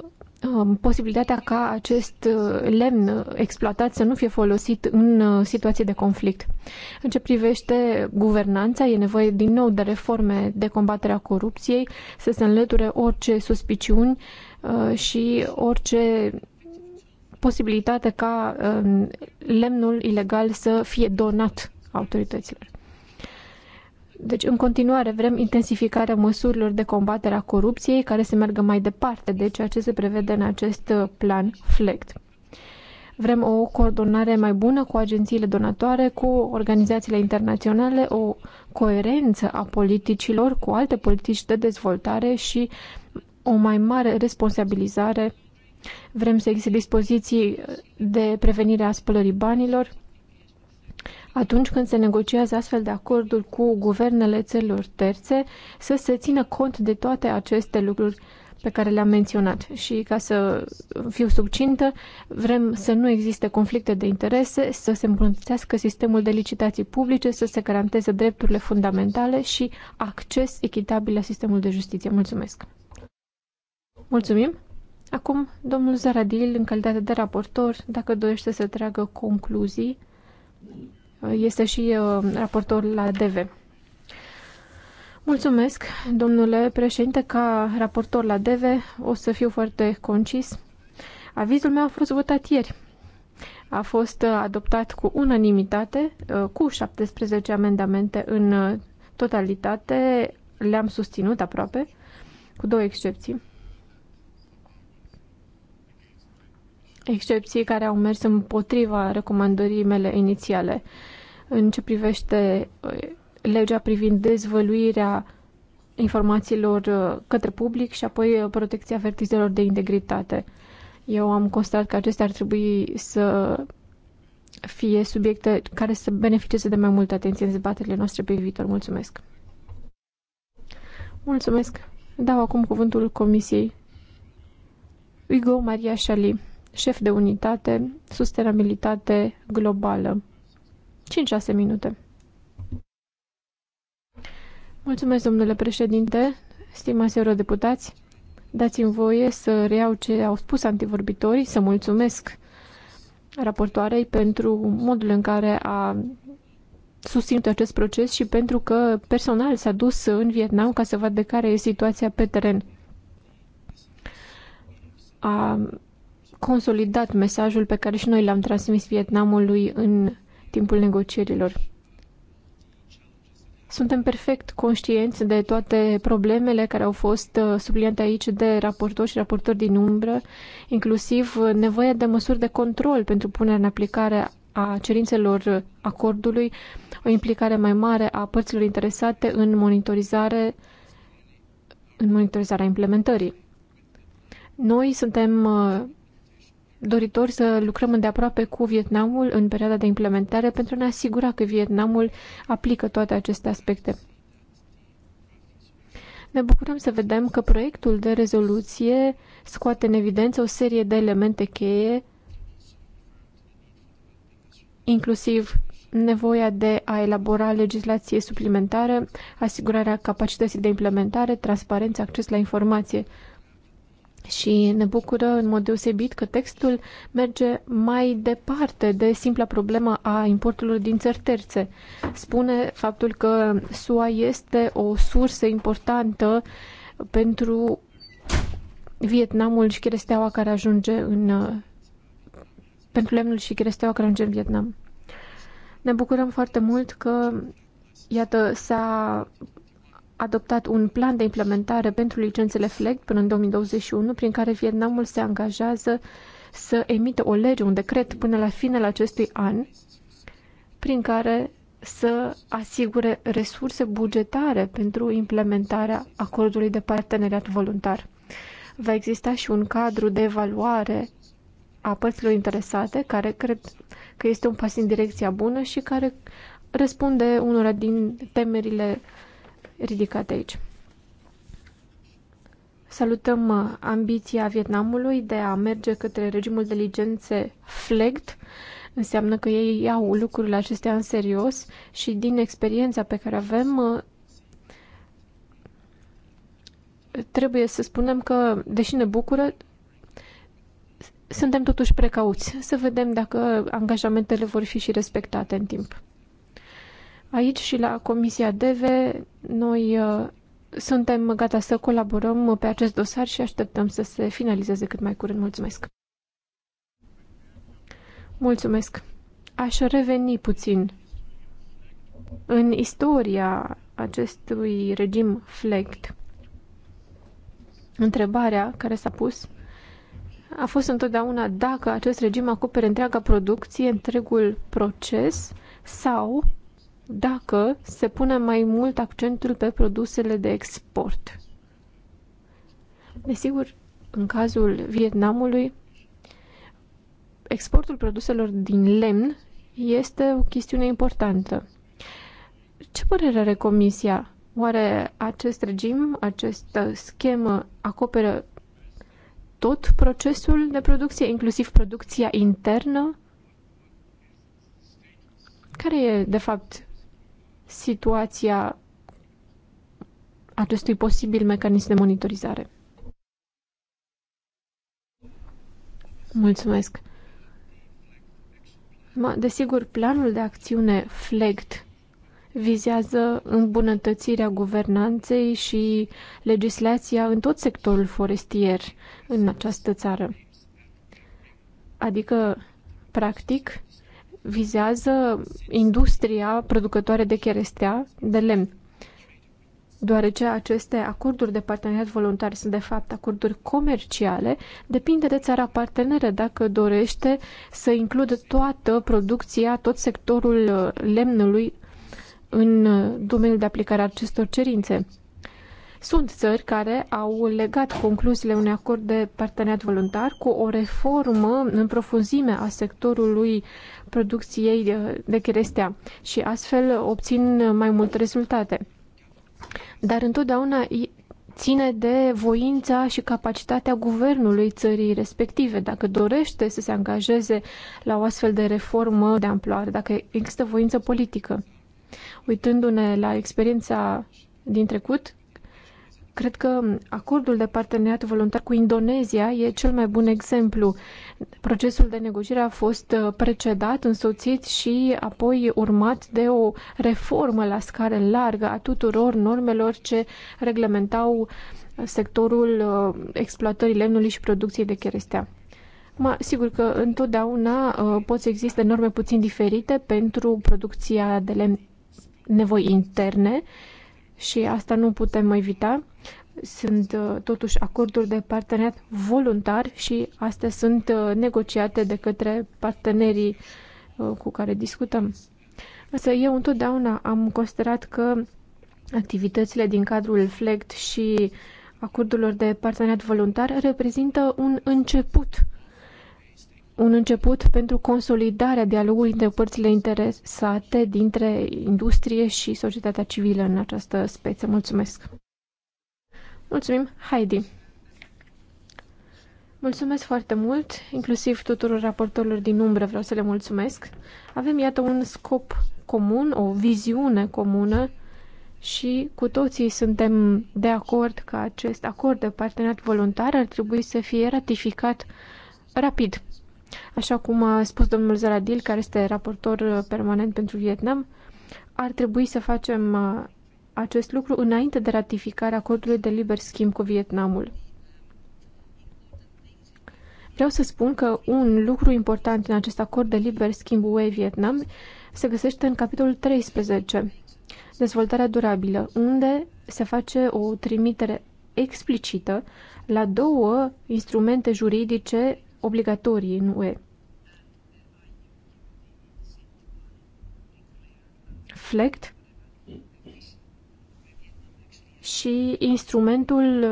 um, posibilitatea ca acest uh, lemn exploatat să nu fie folosit în uh, situații de conflict. În ce privește guvernanța, e nevoie din nou de reforme de combatere a corupției, să se înlăture orice suspiciuni și orice posibilitate ca um, lemnul ilegal să fie donat autorităților. Deci, în continuare, vrem intensificarea măsurilor de combatere a corupției care se meargă mai departe de ceea ce se prevede în acest uh, plan FLECT. Vrem o coordonare mai bună cu agențiile donatoare, cu organizațiile internaționale, o coerență a politicilor cu alte politici de dezvoltare și o mai mare responsabilizare. Vrem să existe dispoziții de prevenire a spălării banilor atunci când se negociază astfel de acorduri cu guvernele țărilor terțe, să se țină cont de toate aceste lucruri pe care le-am menționat. Și ca să fiu subcintă, vrem să nu existe conflicte de interese, să se îmbunătățească sistemul de licitații publice, să se garanteze drepturile fundamentale și acces echitabil la sistemul de justiție. Mulțumesc! Mulțumim! Acum, domnul Zaradil, în calitate de raportor, dacă dorește să tragă concluzii este și uh, raportor la DV. Mulțumesc, domnule președinte, ca raportor la DV o să fiu foarte concis. Avizul meu a fost votat ieri. A fost uh, adoptat cu unanimitate, uh, cu 17 amendamente în totalitate, le-am susținut aproape, cu două excepții. excepții care au mers împotriva recomandării mele inițiale. În ce privește uh, legea privind dezvăluirea informațiilor uh, către public și apoi uh, protecția vertizelor de integritate. Eu am constat că acestea ar trebui să fie subiecte care să beneficieze de mai multă atenție în dezbaterile noastre pe viitor. Mulțumesc! Mulțumesc! Dau acum cuvântul Comisiei. Ugo Maria Shalim șef de unitate, sustenabilitate globală. 5-6 minute. Mulțumesc, domnule președinte, stimați eurodeputați. Dați-mi voie să reiau ce au spus antivorbitorii, să mulțumesc raportoarei pentru modul în care a susținut acest proces și pentru că personal s-a dus în Vietnam ca să vadă care e situația pe teren. A consolidat mesajul pe care și noi l-am transmis Vietnamului în timpul negocierilor. Suntem perfect conștienți de toate problemele care au fost uh, subliniate aici de raportori și raportori din umbră, inclusiv uh, nevoia de măsuri de control pentru punerea în aplicare a cerințelor acordului, o implicare mai mare a părților interesate în monitorizare în monitorizarea implementării. Noi suntem uh, doritori să lucrăm îndeaproape cu Vietnamul în perioada de implementare pentru a ne asigura că Vietnamul aplică toate aceste aspecte. Ne bucurăm să vedem că proiectul de rezoluție scoate în evidență o serie de elemente cheie, inclusiv nevoia de a elabora legislație suplimentară, asigurarea capacității de implementare, transparență, acces la informație. Și ne bucură în mod deosebit că textul merge mai departe de simpla problemă a importurilor din țări terțe. Spune faptul că SUA este o sursă importantă pentru Vietnamul și cresteaua care ajunge în pentru lemnul și cresteaua care ajunge în Vietnam. Ne bucurăm foarte mult că iată s-a adoptat un plan de implementare pentru licențele FLEG până în 2021, prin care Vietnamul se angajează să emită o lege, un decret până la finele acestui an, prin care să asigure resurse bugetare pentru implementarea acordului de parteneriat voluntar. Va exista și un cadru de evaluare a părților interesate, care cred că este un pas în direcția bună și care răspunde unora din temerile ridicate aici. Salutăm uh, ambiția Vietnamului de a merge către regimul de licențe FLEGT. Înseamnă că ei iau lucrurile acestea în serios și din experiența pe care avem uh, trebuie să spunem că, deși ne bucură, suntem totuși precauți să vedem dacă angajamentele vor fi și respectate în timp. Aici și la Comisia DEVE noi uh, suntem gata să colaborăm pe acest dosar și așteptăm să se finalizeze cât mai curând. Mulțumesc! Mulțumesc! Aș reveni puțin în istoria acestui regim FLECT. Întrebarea care s-a pus a fost întotdeauna dacă acest regim acopere întreaga producție, întregul proces sau dacă se pune mai mult accentul pe produsele de export. Desigur, în cazul Vietnamului, exportul produselor din lemn este o chestiune importantă. Ce părere are Comisia? Oare acest regim, această schemă acoperă tot procesul de producție, inclusiv producția internă? Care e, de fapt, situația acestui posibil mecanism de monitorizare. Mulțumesc. Desigur, planul de acțiune FLEGT vizează îmbunătățirea guvernanței și legislația în tot sectorul forestier în această țară. Adică, practic, vizează industria producătoare de cherestea de lemn, deoarece aceste acorduri de parteneriat voluntar sunt de fapt acorduri comerciale, depinde de țara parteneră dacă dorește să includă toată producția, tot sectorul uh, lemnului în uh, domeniul de aplicare a acestor cerințe. Sunt țări care au legat concluziile unui acord de parteneriat voluntar cu o reformă în profunzime a sectorului producției de cherestea și astfel obțin mai multe rezultate. Dar întotdeauna ține de voința și capacitatea guvernului țării respective, dacă dorește să se angajeze la o astfel de reformă de amploare, dacă există voință politică. Uitându-ne la experiența din trecut, Cred că acordul de parteneriat voluntar cu Indonezia e cel mai bun exemplu. Procesul de negociere a fost uh, precedat, însoțit și apoi urmat de o reformă la scară largă a tuturor normelor ce reglementau uh, sectorul uh, exploatării lemnului și producției de cherestea. Ma, sigur că întotdeauna pot să existe norme puțin diferite pentru producția de lemn nevoi interne, și asta nu putem evita. Sunt uh, totuși acorduri de parteneriat voluntar și astea sunt uh, negociate de către partenerii uh, cu care discutăm. Însă eu întotdeauna am considerat că activitățile din cadrul FLECT și acordurilor de parteneriat voluntar reprezintă un început un început pentru consolidarea dialogului între părțile interesate dintre industrie și societatea civilă în această speță. Mulțumesc! Mulțumim, Heidi! Mulțumesc foarte mult, inclusiv tuturor raportorilor din umbră vreau să le mulțumesc. Avem, iată, un scop comun, o viziune comună și cu toții suntem de acord că acest acord de parteneriat voluntar ar trebui să fie ratificat rapid Așa cum a spus domnul Zaradil, care este raportor uh, permanent pentru Vietnam, ar trebui să facem uh, acest lucru înainte de ratificarea acordului de liber schimb cu Vietnamul. Vreau să spun că un lucru important în acest acord de liber schimb UE-Vietnam se găsește în capitolul 13, dezvoltarea durabilă, unde se face o trimitere explicită la două instrumente juridice obligatorii în UE. FLECT și instrumentul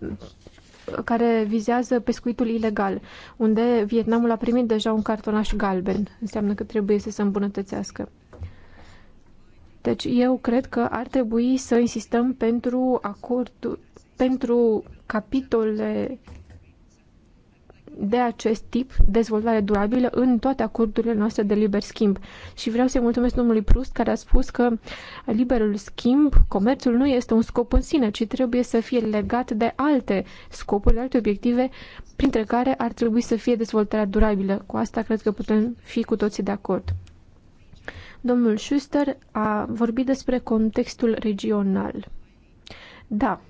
uh, care vizează pescuitul ilegal, unde Vietnamul a primit deja un cartonaș galben. Înseamnă că trebuie să se îmbunătățească. Deci eu cred că ar trebui să insistăm pentru acord, pentru capitole de acest tip, dezvoltare durabilă, în toate acordurile noastre de liber schimb. Și vreau să-i mulțumesc domnului Prust care a spus că liberul schimb, comerțul nu este un scop în sine, ci trebuie să fie legat de alte scopuri, de alte obiective, printre care ar trebui să fie dezvoltarea durabilă. Cu asta cred că putem fi cu toții de acord. Domnul Schuster a vorbit despre contextul regional. Da,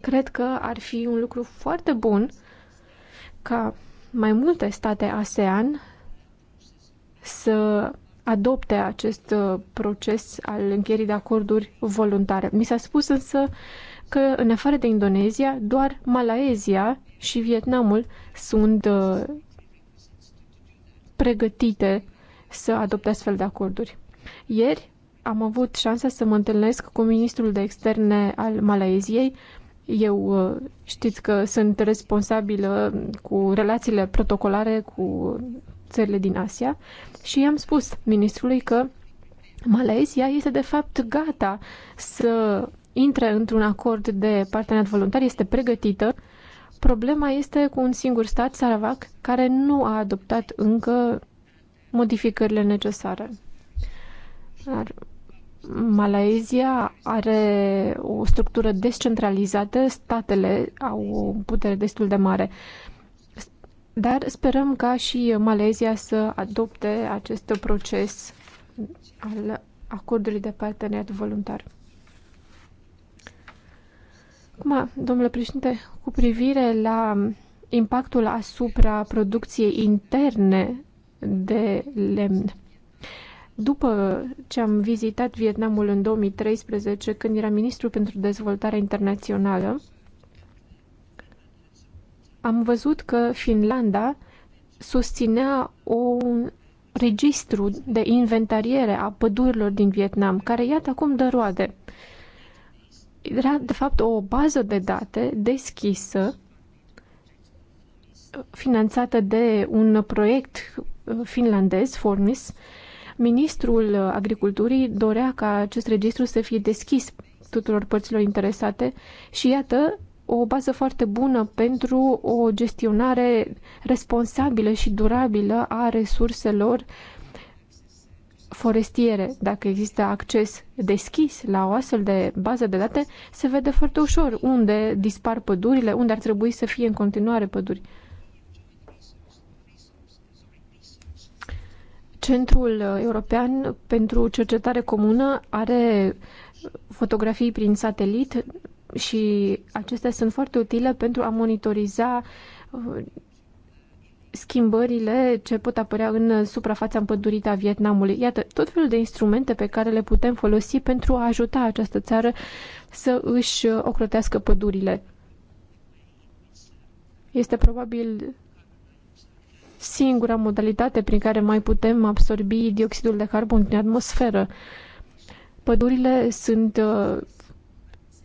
cred că ar fi un lucru foarte bun ca mai multe state ASEAN să adopte acest uh, proces al încheierii de acorduri voluntare. Mi s-a spus însă că, în afară de Indonezia, doar Malaezia și Vietnamul sunt uh, pregătite să adopte astfel de acorduri. Ieri am avut șansa să mă întâlnesc cu ministrul de externe al Malaeziei eu uh, știți că sunt responsabilă cu relațiile protocolare cu țările din Asia și i-am spus ministrului că Malezia este de fapt gata să intre într-un acord de parteneriat voluntar, este pregătită. Problema este cu un singur stat, Sarawak, care nu a adoptat încă modificările necesare. Dar Malaezia are o structură descentralizată, statele au o putere destul de mare. Dar sperăm ca și Malaezia să adopte acest proces al acordului de parteneriat voluntar. Acum, domnule președinte, cu privire la impactul asupra producției interne de lemn, după ce am vizitat Vietnamul în 2013, când era ministru pentru dezvoltare internațională, am văzut că Finlanda susținea un registru de inventariere a pădurilor din Vietnam, care iată acum dă roade. Era, de fapt, o bază de date deschisă, finanțată de un proiect uh, finlandez, Formis, Ministrul Agriculturii dorea ca acest registru să fie deschis tuturor părților interesate și iată o bază foarte bună pentru o gestionare responsabilă și durabilă a resurselor forestiere. Dacă există acces deschis la o astfel de bază de date, se vede foarte ușor unde dispar pădurile, unde ar trebui să fie în continuare păduri. Centrul uh, European pentru Cercetare Comună are fotografii prin satelit și acestea sunt foarte utile pentru a monitoriza uh, schimbările ce pot apărea în suprafața împădurită a Vietnamului. Iată, tot felul de instrumente pe care le putem folosi pentru a ajuta această țară să își uh, ocrotească pădurile. Este probabil singura modalitate prin care mai putem absorbi dioxidul de carbon din atmosferă. Pădurile sunt uh,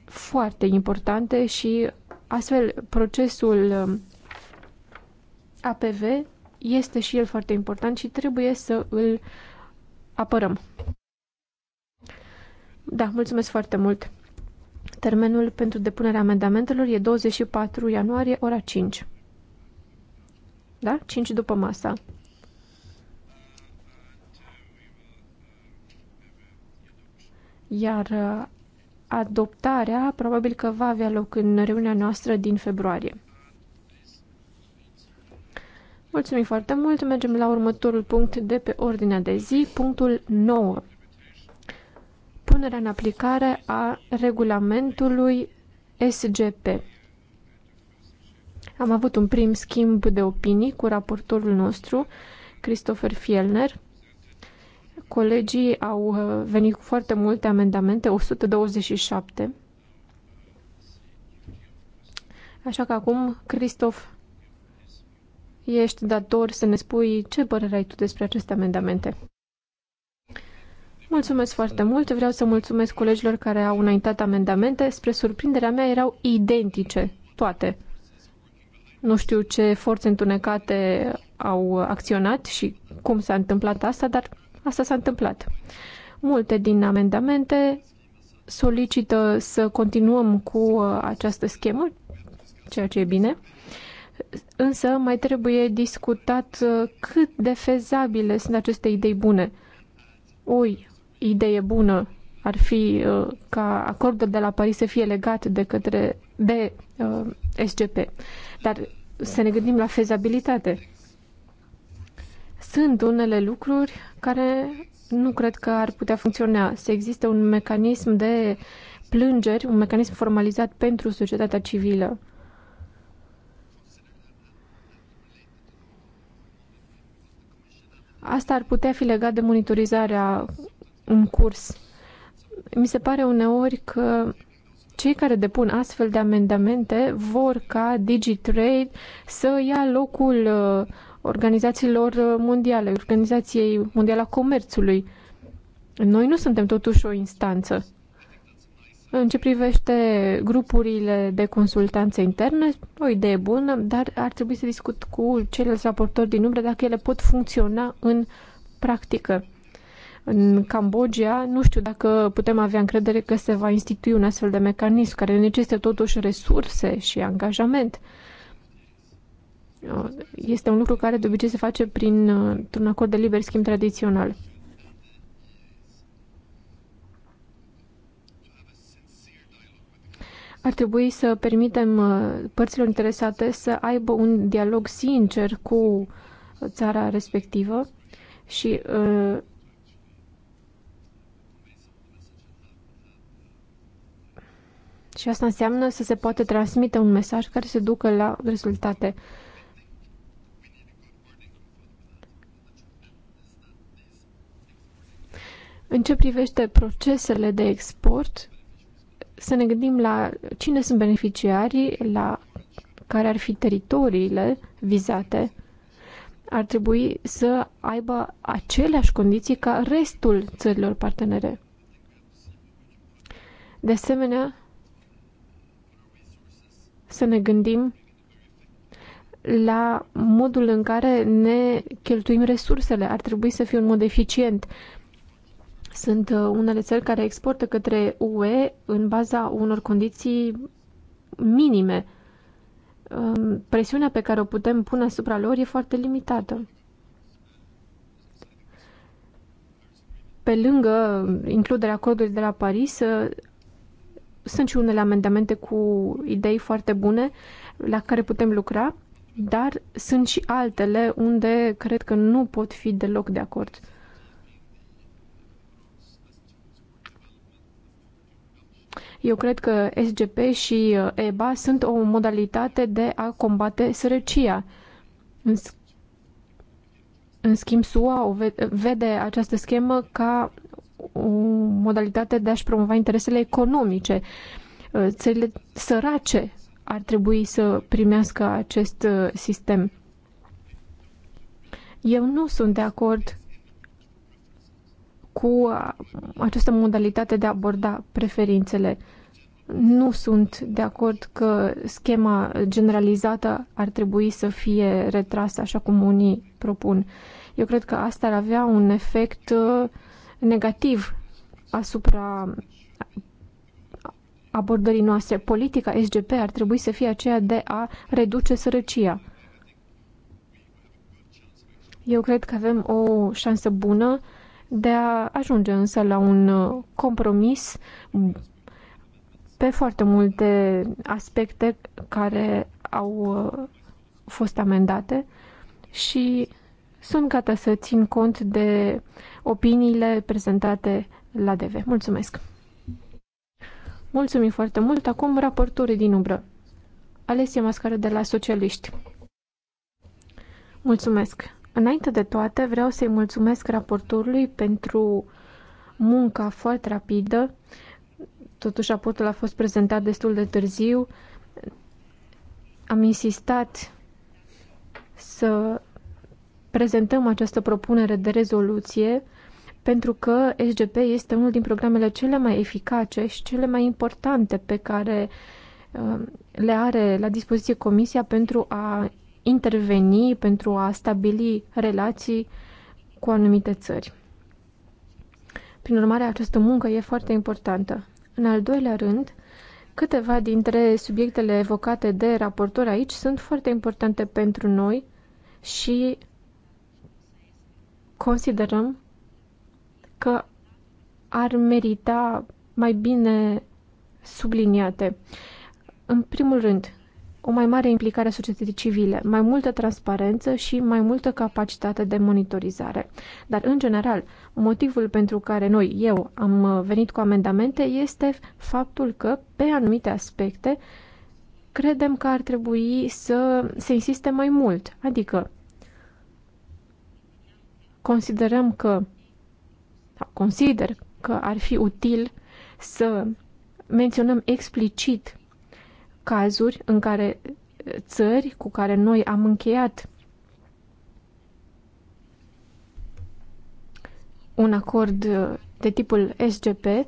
foarte importante și astfel procesul uh, APV este și el foarte important și trebuie să îl apărăm. Da, mulțumesc foarte mult. Termenul pentru depunerea amendamentelor e 24 ianuarie, ora 5. Da? 5 după masa. Iar uh, adoptarea probabil că va avea loc în reunia noastră din februarie. Mulțumim foarte mult. Mergem la următorul punct de pe ordinea de zi, punctul 9. Punerea în aplicare a regulamentului SGP. Am avut un prim schimb de opinii cu raportorul nostru, Christopher Fielner. Colegii au uh, venit cu foarte multe amendamente, 127. Așa că acum, Christoph, ești dator să ne spui ce părere ai tu despre aceste amendamente. Mulțumesc foarte mult. Vreau să mulțumesc colegilor care au înaintat amendamente. Spre surprinderea mea erau identice toate. Nu știu ce forțe întunecate au acționat și cum s-a întâmplat asta, dar asta s-a întâmplat. Multe din amendamente solicită să continuăm cu această schemă, ceea ce e bine, însă mai trebuie discutat cât de fezabile sunt aceste idei bune. O idee bună ar fi uh, ca acordul de la Paris să fie legat de, către, de uh, SGP. Dar să ne gândim la fezabilitate. Sunt unele lucruri care nu cred că ar putea funcționa. Să existe un mecanism de plângeri, un mecanism formalizat pentru societatea civilă. Asta ar putea fi legat de monitorizarea în curs. Mi se pare uneori că cei care depun astfel de amendamente vor ca DigiTrade să ia locul uh, organizațiilor uh, mondiale, Organizației Mondiale a Comerțului. Noi nu suntem totuși o instanță. În ce privește grupurile de consultanță interne, o idee bună, dar ar trebui să discut cu ceilalți raportori din umbră dacă ele pot funcționa în practică în Cambodgia, nu știu dacă putem avea încredere că se va institui un astfel de mecanism care necesită totuși resurse și angajament. Este un lucru care de obicei se face prin un acord de liber schimb tradițional. Ar trebui să permitem uh, părților interesate să aibă un dialog sincer cu țara respectivă și uh, Și asta înseamnă să se poate transmite un mesaj care se ducă la rezultate. În ce privește procesele de export, să ne gândim la cine sunt beneficiarii, la care ar fi teritoriile vizate, ar trebui să aibă aceleași condiții ca restul țărilor partenere. De asemenea, să ne gândim la modul în care ne cheltuim resursele. Ar trebui să fie un mod eficient. Sunt uh, unele țări care exportă către UE în baza unor condiții minime. Um, presiunea pe care o putem pune asupra lor e foarte limitată. Pe lângă includerea acordului de la Paris, uh, sunt și unele amendamente cu idei foarte bune la care putem lucra, dar sunt și altele unde cred că nu pot fi deloc de acord. Eu cred că SGP și uh, EBA sunt o modalitate de a combate sărăcia. În schimb, SUA vede această schemă ca o modalitate de a-și promova interesele economice. Uh, țările sărace ar trebui să primească acest uh, sistem. Eu nu sunt de acord cu uh, această modalitate de a aborda preferințele. Nu sunt de acord că schema generalizată ar trebui să fie retrasă așa cum unii propun. Eu cred că asta ar avea un efect negativ asupra abordării noastre. Politica SGP ar trebui să fie aceea de a reduce sărăcia. Eu cred că avem o șansă bună de a ajunge însă la un compromis pe foarte multe aspecte care au uh, fost amendate și sunt gata să țin cont de uh, opiniile prezentate la DV. Mulțumesc! Mulțumim foarte mult! Acum raporturi din umbră. Alesie Mascară de la Socialiști. Mulțumesc! Înainte de toate, vreau să-i mulțumesc raportorului pentru munca foarte rapidă. Totuși, raportul a fost prezentat destul de târziu. Am insistat să prezentăm această propunere de rezoluție pentru că SGP este unul din programele cele mai eficace și cele mai importante pe care uh, le are la dispoziție Comisia pentru a interveni, pentru a stabili relații cu anumite țări. Prin urmare, această muncă e foarte importantă. În al doilea rând, câteva dintre subiectele evocate de raportor aici sunt foarte importante pentru noi și considerăm că ar merita mai bine subliniate. În primul rând, o mai mare implicare a societății civile, mai multă transparență și mai multă capacitate de monitorizare. Dar, în general, motivul pentru care noi, eu, am venit cu amendamente este faptul că, pe anumite aspecte, credem că ar trebui să se insiste mai mult. Adică, considerăm că sau consider că ar fi util să menționăm explicit cazuri în care uh, țări cu care noi am încheiat un acord uh, de tipul SGP uh,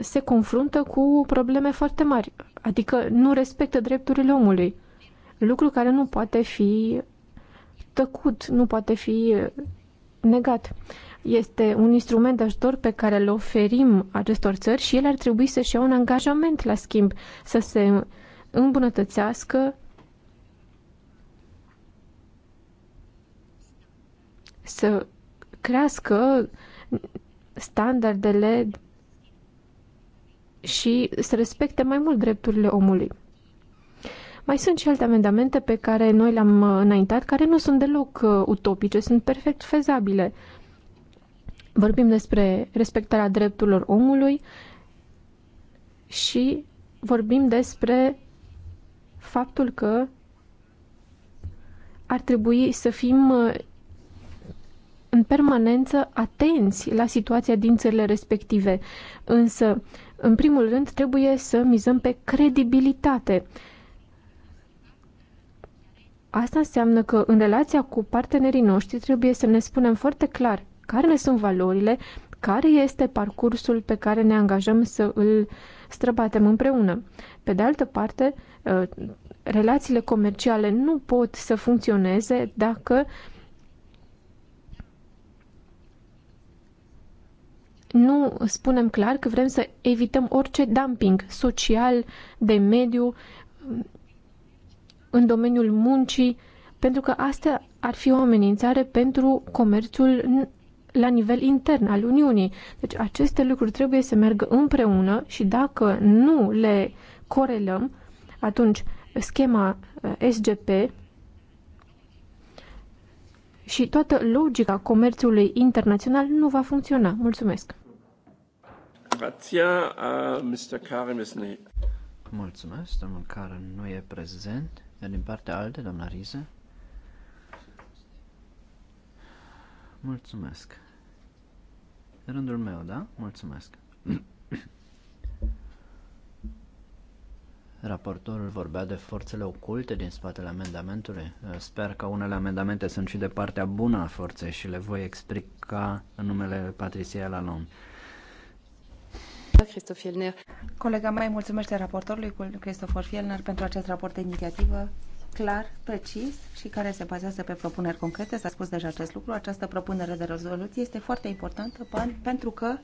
se confruntă cu probleme foarte mari, adică nu respectă drepturile omului, lucru care nu poate fi tăcut, nu poate fi negat. Este un instrument de ajutor pe care îl oferim acestor țări și ele ar trebui să-și iau un angajament la schimb, să se îmbunătățească să crească standardele și să respecte mai mult drepturile omului. Mai sunt și alte amendamente pe care noi le-am înaintat, care nu sunt deloc uh, utopice, sunt perfect fezabile vorbim despre respectarea drepturilor omului și vorbim despre faptul că ar trebui să fim uh, în permanență atenți la situația din țările respective. Însă, în primul rând, trebuie să mizăm pe credibilitate. Asta înseamnă că în relația cu partenerii noștri trebuie să ne spunem foarte clar care ne sunt valorile, care este parcursul pe care ne angajăm să îl străbatem împreună. Pe de altă parte, uh, relațiile comerciale nu pot să funcționeze dacă nu spunem clar că vrem să evităm orice dumping social, de mediu, în domeniul muncii, pentru că asta ar fi o amenințare pentru comerțul la nivel intern al Uniunii. Deci aceste lucruri trebuie să meargă împreună și dacă nu le corelăm, atunci schema eh, SGP și toată logica comerțului internațional nu va funcționa. Mulțumesc! Eh, Mulțumesc, domnul Karim nu e prezent. Iar din partea altă, doamna Riză? Mulțumesc. De rândul meu, da? Mulțumesc. [COUGHS] Raportorul vorbea de forțele oculte din spatele amendamentului. Eh, sper că unele amendamente sunt și de partea bună a forței și le voi explica în numele Patriciei Lalom. Colega mea mulțumește raportorului Cristofor Fielner pentru acest raport de inițiativă clar, precis și care se bazează pe propuneri concrete. S-a spus deja acest lucru. Această propunere de rezoluție este foarte importantă pentru că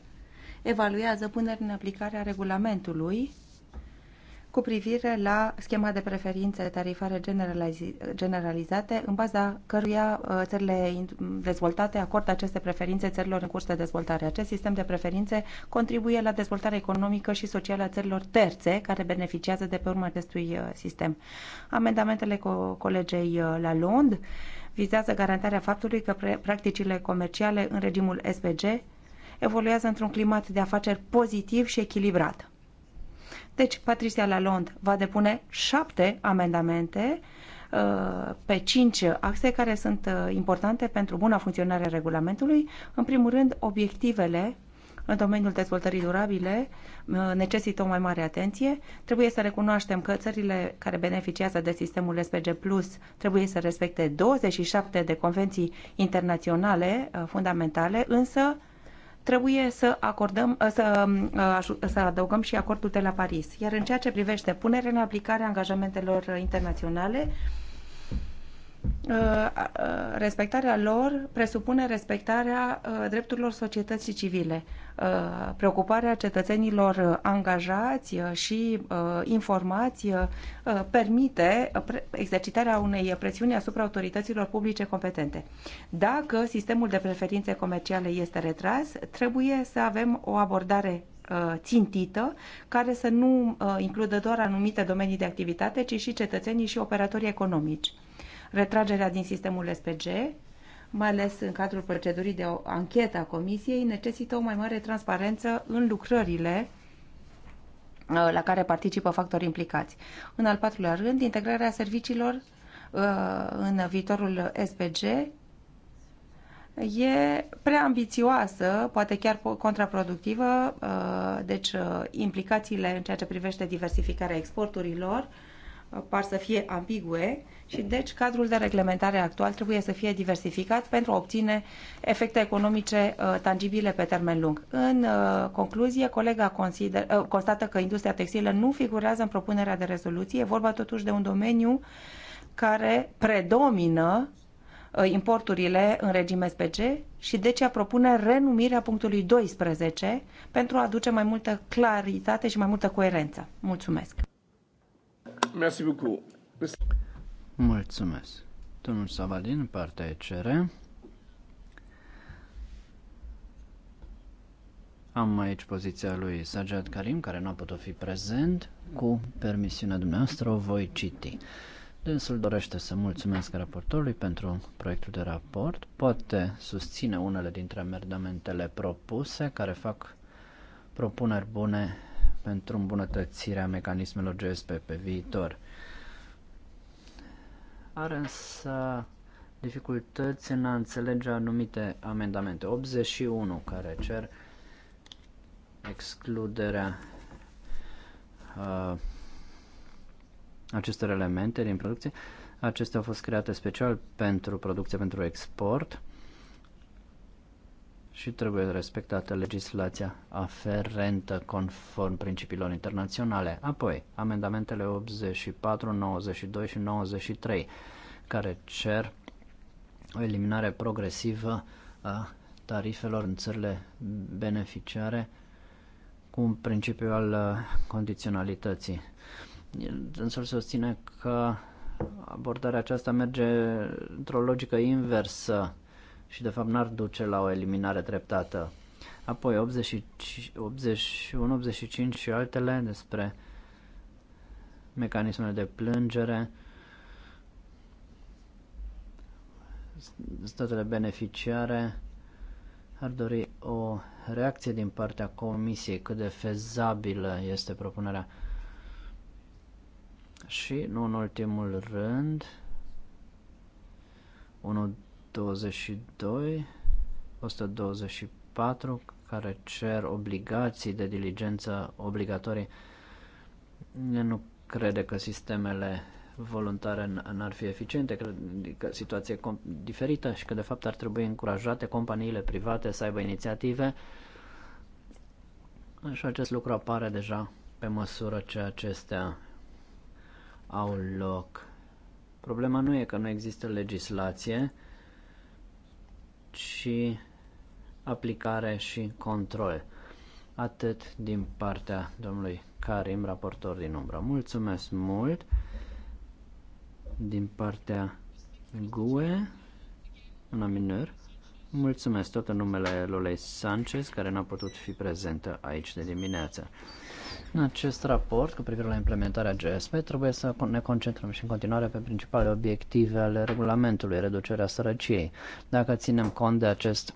evaluează punerea în aplicare a regulamentului cu privire la schema de preferințe tarifare generalizate, în baza căruia uh, țările dezvoltate acordă aceste preferințe țărilor în curs de dezvoltare. Acest sistem de preferințe contribuie la dezvoltarea economică și socială a țărilor terțe care beneficiază de pe urma acestui uh, sistem. Amendamentele co colegei uh, Lond, vizează garantarea faptului că practicile comerciale în regimul SPG evoluează într-un climat de afaceri pozitiv și echilibrat deci, Patricia Lalonde va depune șapte amendamente uh, pe cinci axe care sunt uh, importante pentru buna funcționare a regulamentului. În primul rând, obiectivele în domeniul dezvoltării durabile uh, necesită o mai mare atenție. Trebuie să recunoaștem că țările care beneficiază de sistemul SPG Plus trebuie să respecte 27 de convenții internaționale fundamentale, însă trebuie să acordăm, ă, să, ă, să adăugăm și acordul de la Paris. Iar în ceea ce privește punerea în aplicare a angajamentelor internaționale, Uh, uh, respectarea lor presupune respectarea uh, drepturilor societății civile, preocuparea cetățenilor angajați și informați permite exercitarea unei presiuni asupra autorităților publice competente. Dacă sistemul de preferințe comerciale este retras, trebuie să avem o abordare țintită, care să nu includă doar anumite domenii de activitate, ci și cetățenii și operatorii economici retragerea din sistemul SPG, mai ales în cadrul procedurii de anchetă a Comisiei, necesită o mai mare transparență în lucrările uh, la care participă factori implicați. În al patrulea rând, integrarea serviciilor uh, în viitorul SPG e prea ambițioasă, poate chiar contraproductivă, uh, deci implicațiile în ceea ce privește diversificarea exporturilor par să fie ambigue și deci cadrul de reglementare actual trebuie să fie diversificat pentru a obține efecte economice uh, tangibile pe termen lung. În uh, concluzie, colega consider, uh, constată că industria textilă nu figurează în propunerea de rezoluție, e vorba totuși de un domeniu care predomină importurile în regim SPG și de deci, a propune renumirea punctului 12 pentru a aduce mai multă claritate și mai multă coerență. Mulțumesc! Merci beaucoup. Mulțumesc. Domnul Savadin, partea ECR. Am aici poziția lui Sajad Karim, care nu a putut fi prezent. Cu permisiunea dumneavoastră o voi citi. Dânsul dorește să mulțumesc raportorului pentru proiectul de raport. Poate susține unele dintre amendamentele propuse, care fac propuneri bune pentru îmbunătățirea mecanismelor GSP pe viitor. Are însă dificultăți în a înțelege anumite amendamente. 81 care cer excluderea uh, acestor elemente din producție. Acestea au fost create special pentru producție pentru export și trebuie respectată legislația aferentă conform principiilor internaționale. Apoi, amendamentele 84, 92 și 93, care cer o eliminare progresivă a tarifelor în țările beneficiare cu un principiu al uh, condiționalității. se susține că abordarea aceasta merge într-o logică inversă și de fapt n-ar duce la o eliminare treptată. Apoi 81, 85 și altele despre mecanismele de plângere, statele beneficiare, ar dori o reacție din partea Comisiei, cât de fezabilă este propunerea. Și, nu în ultimul rând, 122, 124 care cer obligații de diligență obligatorii. Nu crede că sistemele voluntare n-ar fi eficiente, cred că situație diferită și că de fapt ar trebui încurajate companiile private să aibă inițiative și acest lucru apare deja pe măsură ce acestea au loc. Problema nu e că nu există legislație, ci aplicare și control. Atât din partea domnului Karim, raportor din umbră. Mulțumesc mult din partea GUE, una minor. Mulțumesc tot în numele Lolei Sanchez, care n-a putut fi prezentă aici de dimineață. În acest raport cu privire la implementarea GSP trebuie să ne concentrăm și în continuare pe principalele obiective ale regulamentului, reducerea sărăciei. Dacă ținem cont de acest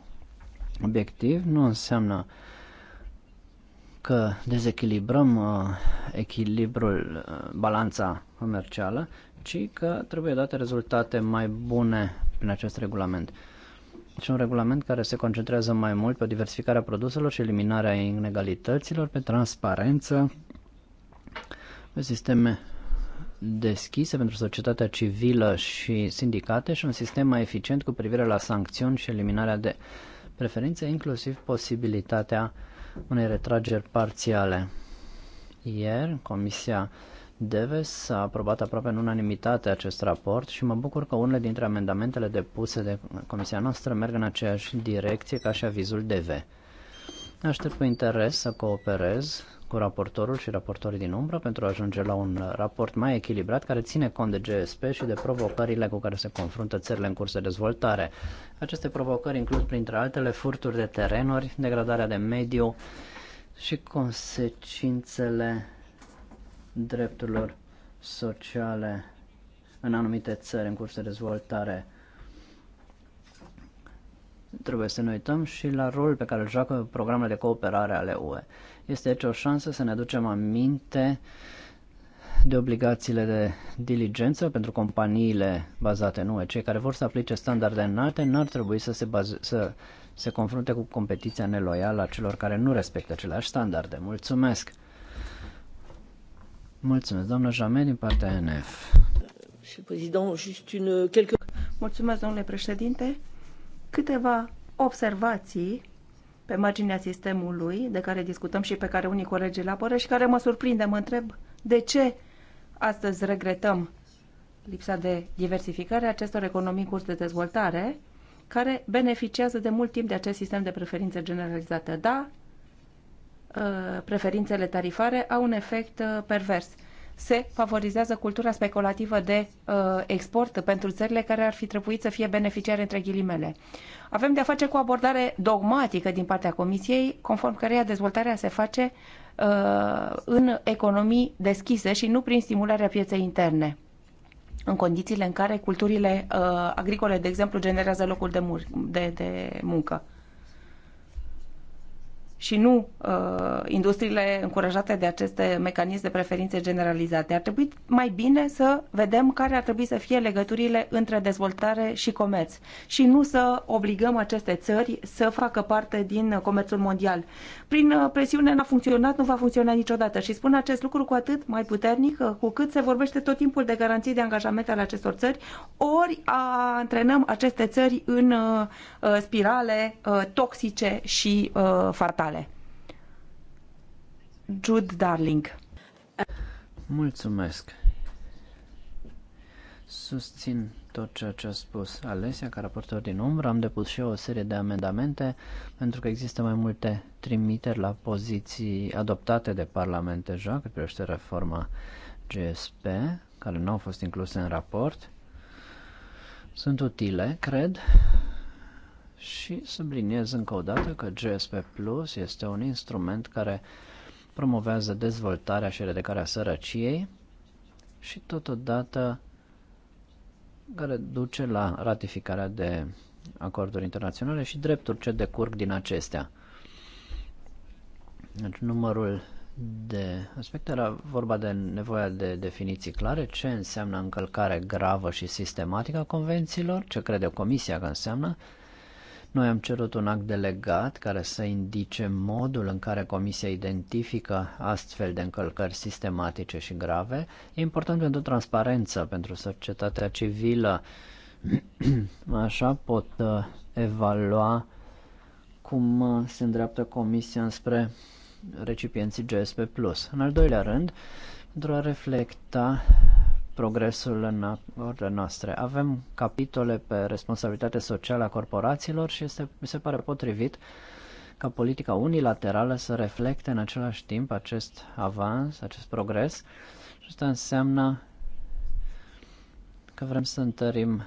obiectiv, nu înseamnă că dezechilibrăm uh, echilibrul, uh, balanța comercială, ci că trebuie date rezultate mai bune prin acest regulament și deci un regulament care se concentrează mai mult pe diversificarea produselor și eliminarea inegalităților, pe transparență, pe sisteme deschise pentru societatea civilă și sindicate și un sistem mai eficient cu privire la sancțiuni și eliminarea de preferințe, inclusiv posibilitatea unei retrageri parțiale. Ieri, Comisia Deves a aprobat aproape în unanimitate acest raport și mă bucur că unele dintre amendamentele depuse de comisia noastră merg în aceeași direcție ca și avizul DV. Aștept cu interes să cooperez cu raportorul și raportorii din umbră pentru a ajunge la un raport mai echilibrat care ține cont de GSP și de provocările cu care se confruntă țările în curs de dezvoltare. Aceste provocări includ, printre altele, furturi de terenuri, degradarea de mediu și consecințele drepturilor sociale în anumite țări în curs de dezvoltare. Trebuie să ne uităm și la rolul pe care îl joacă programele de cooperare ale UE. Este aici deci o șansă să ne aducem aminte de obligațiile de diligență pentru companiile bazate în UE. Cei care vor să aplice standarde înalte n-ar trebui să se, baze, să se confrunte cu competiția neloială a celor care nu respectă aceleași standarde. Mulțumesc! Mulțumesc, doamna Jamet, din partea NF. Mulțumesc, domnule președinte. Câteva observații pe marginea sistemului de care discutăm și pe care unii colegi le apără și care mă surprinde, mă întreb de ce astăzi regretăm lipsa de diversificare a acestor economii curs de dezvoltare, care beneficiază de mult timp de acest sistem de preferințe generalizate. Da, Uh, preferințele tarifare au un efect uh, pervers. Se favorizează cultura speculativă de uh, export pentru țările care ar fi trebuit să fie beneficiare între ghilimele. Avem de-a face cu o abordare dogmatică din partea Comisiei, conform căreia dezvoltarea se face în economii deschise și nu prin stimularea pieței interne în condițiile în care culturile uh, agricole, de exemplu, generează locuri de, mur- de, de muncă și nu uh, industriile încurajate de aceste mecanisme de preferințe generalizate. Ar trebui mai bine să vedem care ar trebui să fie legăturile între dezvoltare și comerț și nu să obligăm aceste țări să facă parte din comerțul mondial. Prin uh, presiune n-a funcționat, nu va funcționa niciodată și spun acest lucru cu atât mai puternic uh, cu cât se vorbește tot timpul de garanții de angajamente ale acestor țări, ori antrenăm aceste țări în uh, uh, spirale uh, toxice și uh, fatale. Jude Darling. Mulțumesc. Susțin tot ceea ce a spus Alesia, ca raportor din umbră. Am depus și eu o serie de amendamente pentru că există mai multe trimiteri la poziții adoptate de Parlament deja, cât privește reforma GSP, care nu au fost incluse în raport. Sunt utile, cred, și subliniez încă o dată că GSP Plus este un instrument care promovează dezvoltarea și eradicarea sărăciei și totodată care duce la ratificarea de acorduri internaționale și drepturi ce decurg din acestea. Deci numărul de aspecte era vorba de nevoia de definiții clare, ce înseamnă încălcare gravă și sistematică a convențiilor, ce crede Comisia că înseamnă, noi am cerut un act delegat care să indice modul în care Comisia identifică astfel de încălcări sistematice și grave. E important pentru transparență, pentru societatea civilă. [CLEARS THROAT] Așa pot uh, evalua cum uh, se îndreaptă Comisia spre recipienții GSP+. În al doilea rând, pentru a reflecta progresul în ordine noastre. Avem capitole pe responsabilitate socială a corporațiilor și este, mi se pare potrivit ca politica unilaterală să reflecte în același timp acest avans, acest progres. Și asta înseamnă că vrem să întărim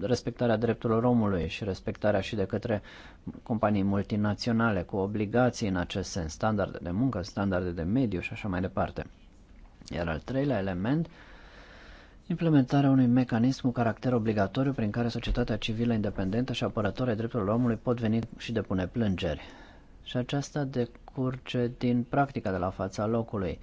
respectarea drepturilor omului și respectarea și de către companii multinaționale cu obligații în acest sens, standarde de muncă, standarde de mediu și așa mai departe. Iar al treilea element implementarea unui mecanism cu caracter obligatoriu prin care societatea civilă independentă și apărătoare drepturilor omului pot veni și depune plângeri. Și aceasta decurge din practica de la fața locului,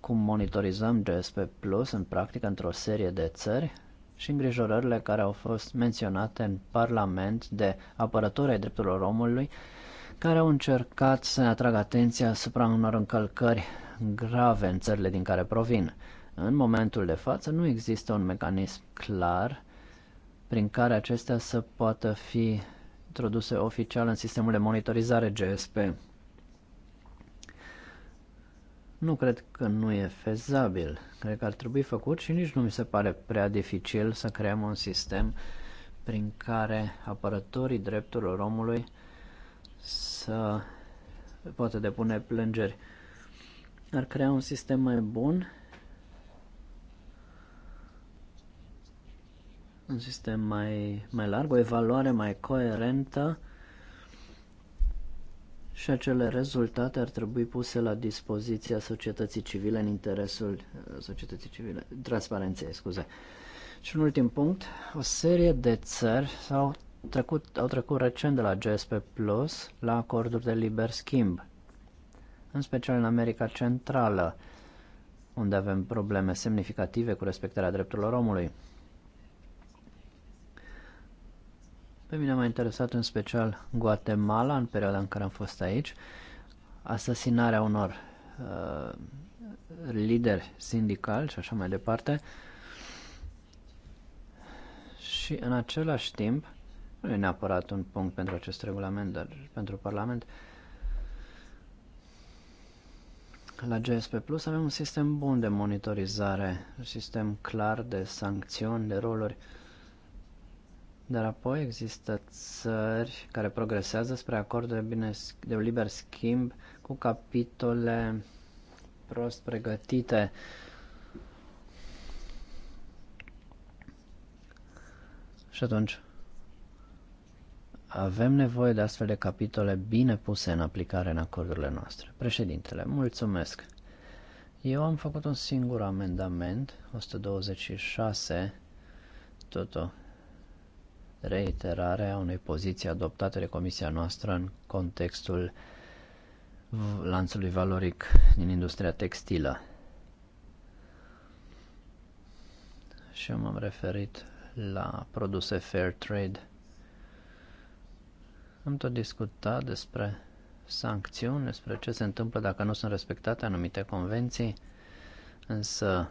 cum monitorizăm GSP Plus în practică într-o serie de țări și îngrijorările care au fost menționate în Parlament de apărători ai drepturilor omului care au încercat să ne atragă atenția asupra unor încălcări grave în țările din care provin. În momentul de față nu există un mecanism clar prin care acestea să poată fi introduse oficial în sistemul de monitorizare GSP. Nu cred că nu e fezabil. Cred că ar trebui făcut și nici nu mi se pare prea dificil să creăm un sistem prin care apărătorii drepturilor omului să poată depune plângeri. Ar crea un sistem mai bun un sistem mai, mai larg, o evaluare mai coerentă și acele rezultate ar trebui puse la dispoziția societății civile în interesul uh, societății civile, transparenței, scuze. Și un ultim punct, o serie de țări s-au trecut, au trecut recent de la GSP Plus la acorduri de liber schimb, în special în America Centrală, unde avem probleme semnificative cu respectarea drepturilor omului. Pe mine m-a interesat în special Guatemala, în perioada în care am fost aici, asasinarea unor uh, lideri sindicali și așa mai departe. Și în același timp, nu e neapărat un punct pentru acest regulament, dar pentru Parlament, la GSP Plus avem un sistem bun de monitorizare, un sistem clar de sancțiuni, de roluri. Uh, dar apoi există țări care progresează spre acorduri de, bine, de liber schimb cu capitole prost pregătite. Și atunci, avem nevoie de astfel de capitole bine puse în aplicare în acordurile noastre. Președintele, mulțumesc. Eu am făcut un singur amendament, 126, totul, Reiterare a unei poziții adoptate de comisia noastră în contextul lanțului valoric din industria textilă. Și m-am referit la produse fair trade. Am tot discutat despre sancțiuni, despre ce se întâmplă dacă nu sunt respectate anumite convenții, însă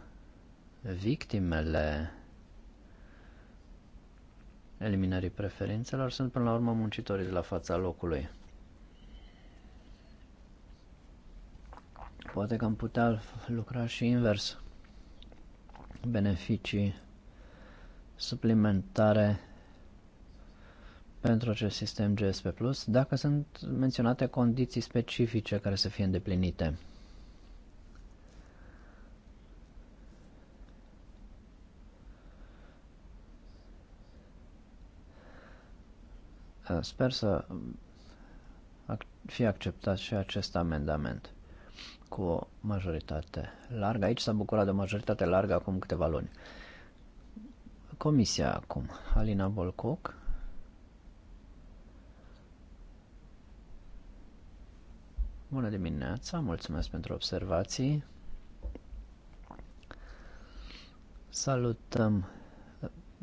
victimele eliminării preferințelor sunt până la urmă muncitorii de la fața locului. Poate că am putea lucra și invers. Beneficii suplimentare pentru acest sistem GSP Plus dacă sunt menționate condiții specifice care să fie îndeplinite. Uh, sper să um, fie acceptat și acest amendament cu o majoritate largă. Aici s-a bucurat de o majoritate largă acum câteva luni. Comisia acum. Alina Bolcoc. Bună dimineața, mulțumesc pentru observații. Salutăm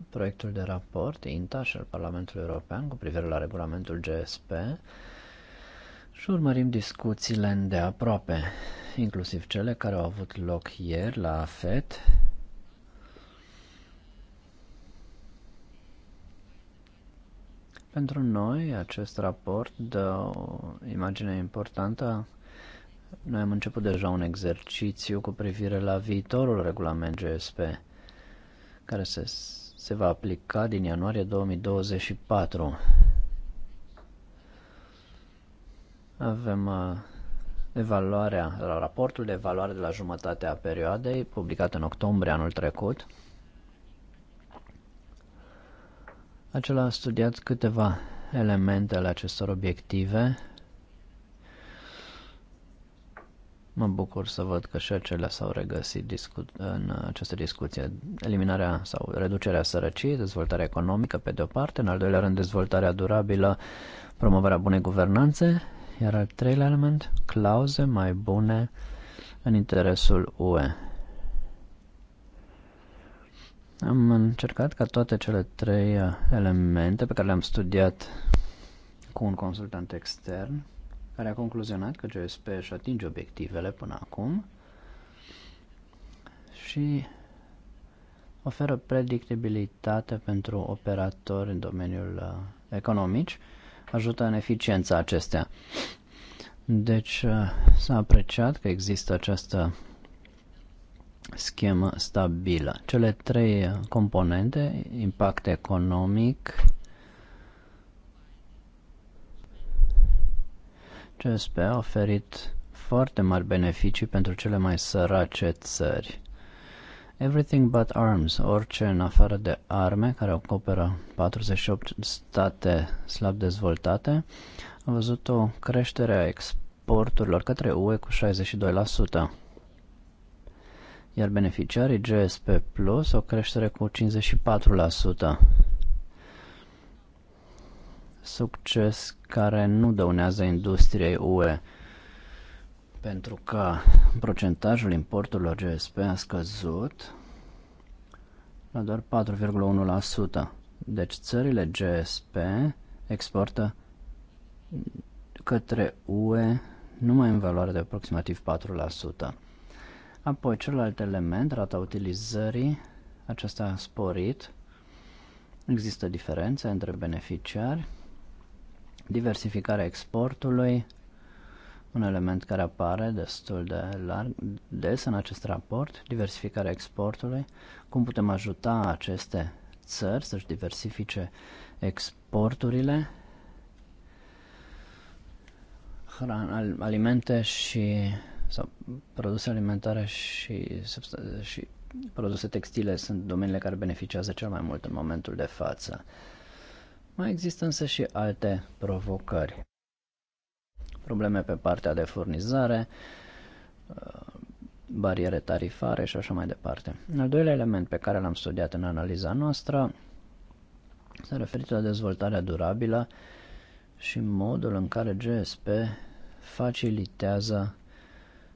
proiectul de raport INTAș al Parlamentului European cu privire la regulamentul GSP și urmărim discuțiile aproape, inclusiv cele care au avut loc ieri la Fed. Pentru noi, acest raport dă o imagine importantă noi am început deja un exercițiu cu privire la viitorul regulament GSP, care se se va aplica din ianuarie 2024. Avem uh, evaluarea, raportul de evaluare de la jumătatea perioadei, publicat în octombrie anul trecut. Acela a studiat câteva elemente ale acestor obiective Mă bucur să văd că și acelea s-au regăsit în această discuție. Eliminarea sau reducerea sărăciei, dezvoltarea economică pe de o parte, în al doilea rând dezvoltarea durabilă, promovarea bunei guvernanțe, iar al treilea element, clauze mai bune în interesul UE. Am încercat ca toate cele trei elemente pe care le-am studiat cu un consultant extern care a concluzionat că GSP își atinge obiectivele până acum și oferă predictibilitate pentru operatori în domeniul uh, economici, ajută în eficiența acestea. Deci uh, s-a apreciat că există această schemă stabilă. Cele trei uh, componente, impact economic, CSP a oferit foarte mari beneficii pentru cele mai sărace țări. Everything but arms, orice în afară de arme, care acoperă 48 state slab dezvoltate, a văzut o creștere a exporturilor către UE cu 62%, iar beneficiarii GSP Plus o creștere cu 54% succes care nu dăunează industriei UE, pentru că procentajul importurilor GSP a scăzut la doar 4,1%. Deci țările GSP exportă către UE numai în valoare de aproximativ 4%. Apoi, celălalt element, rata utilizării, acesta a sporit. Există diferențe între beneficiari diversificarea exportului, un element care apare destul de larg des în acest raport, diversificarea exportului, cum putem ajuta aceste țări să-și diversifice exporturile, alimente și sau produse alimentare și, și produse textile sunt domeniile care beneficiază cel mai mult în momentul de față. Mai există însă și alte provocări. Probleme pe partea de furnizare, uh, bariere tarifare și așa mai departe. Al doilea element pe care l-am studiat în analiza noastră s-a referit la dezvoltarea durabilă și modul în care GSP facilitează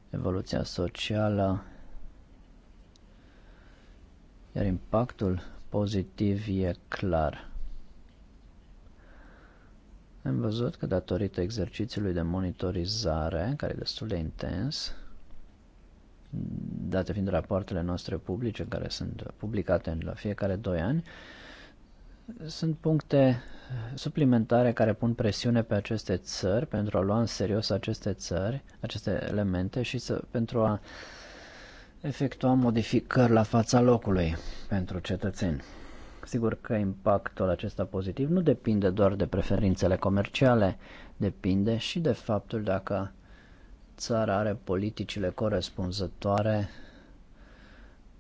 evoluția socială, iar impactul pozitiv e clar. Am văzut că datorită exercițiului de monitorizare, care e destul de intens, date fiind rapoartele noastre publice, care sunt publicate la fiecare 2 ani, sunt puncte suplimentare care pun presiune pe aceste țări pentru a lua în serios aceste țări, aceste elemente și să, pentru a efectua modificări la fața locului pentru cetățeni. Sigur că impactul acesta pozitiv nu depinde doar de preferințele comerciale, depinde și de faptul dacă țara are politicile corespunzătoare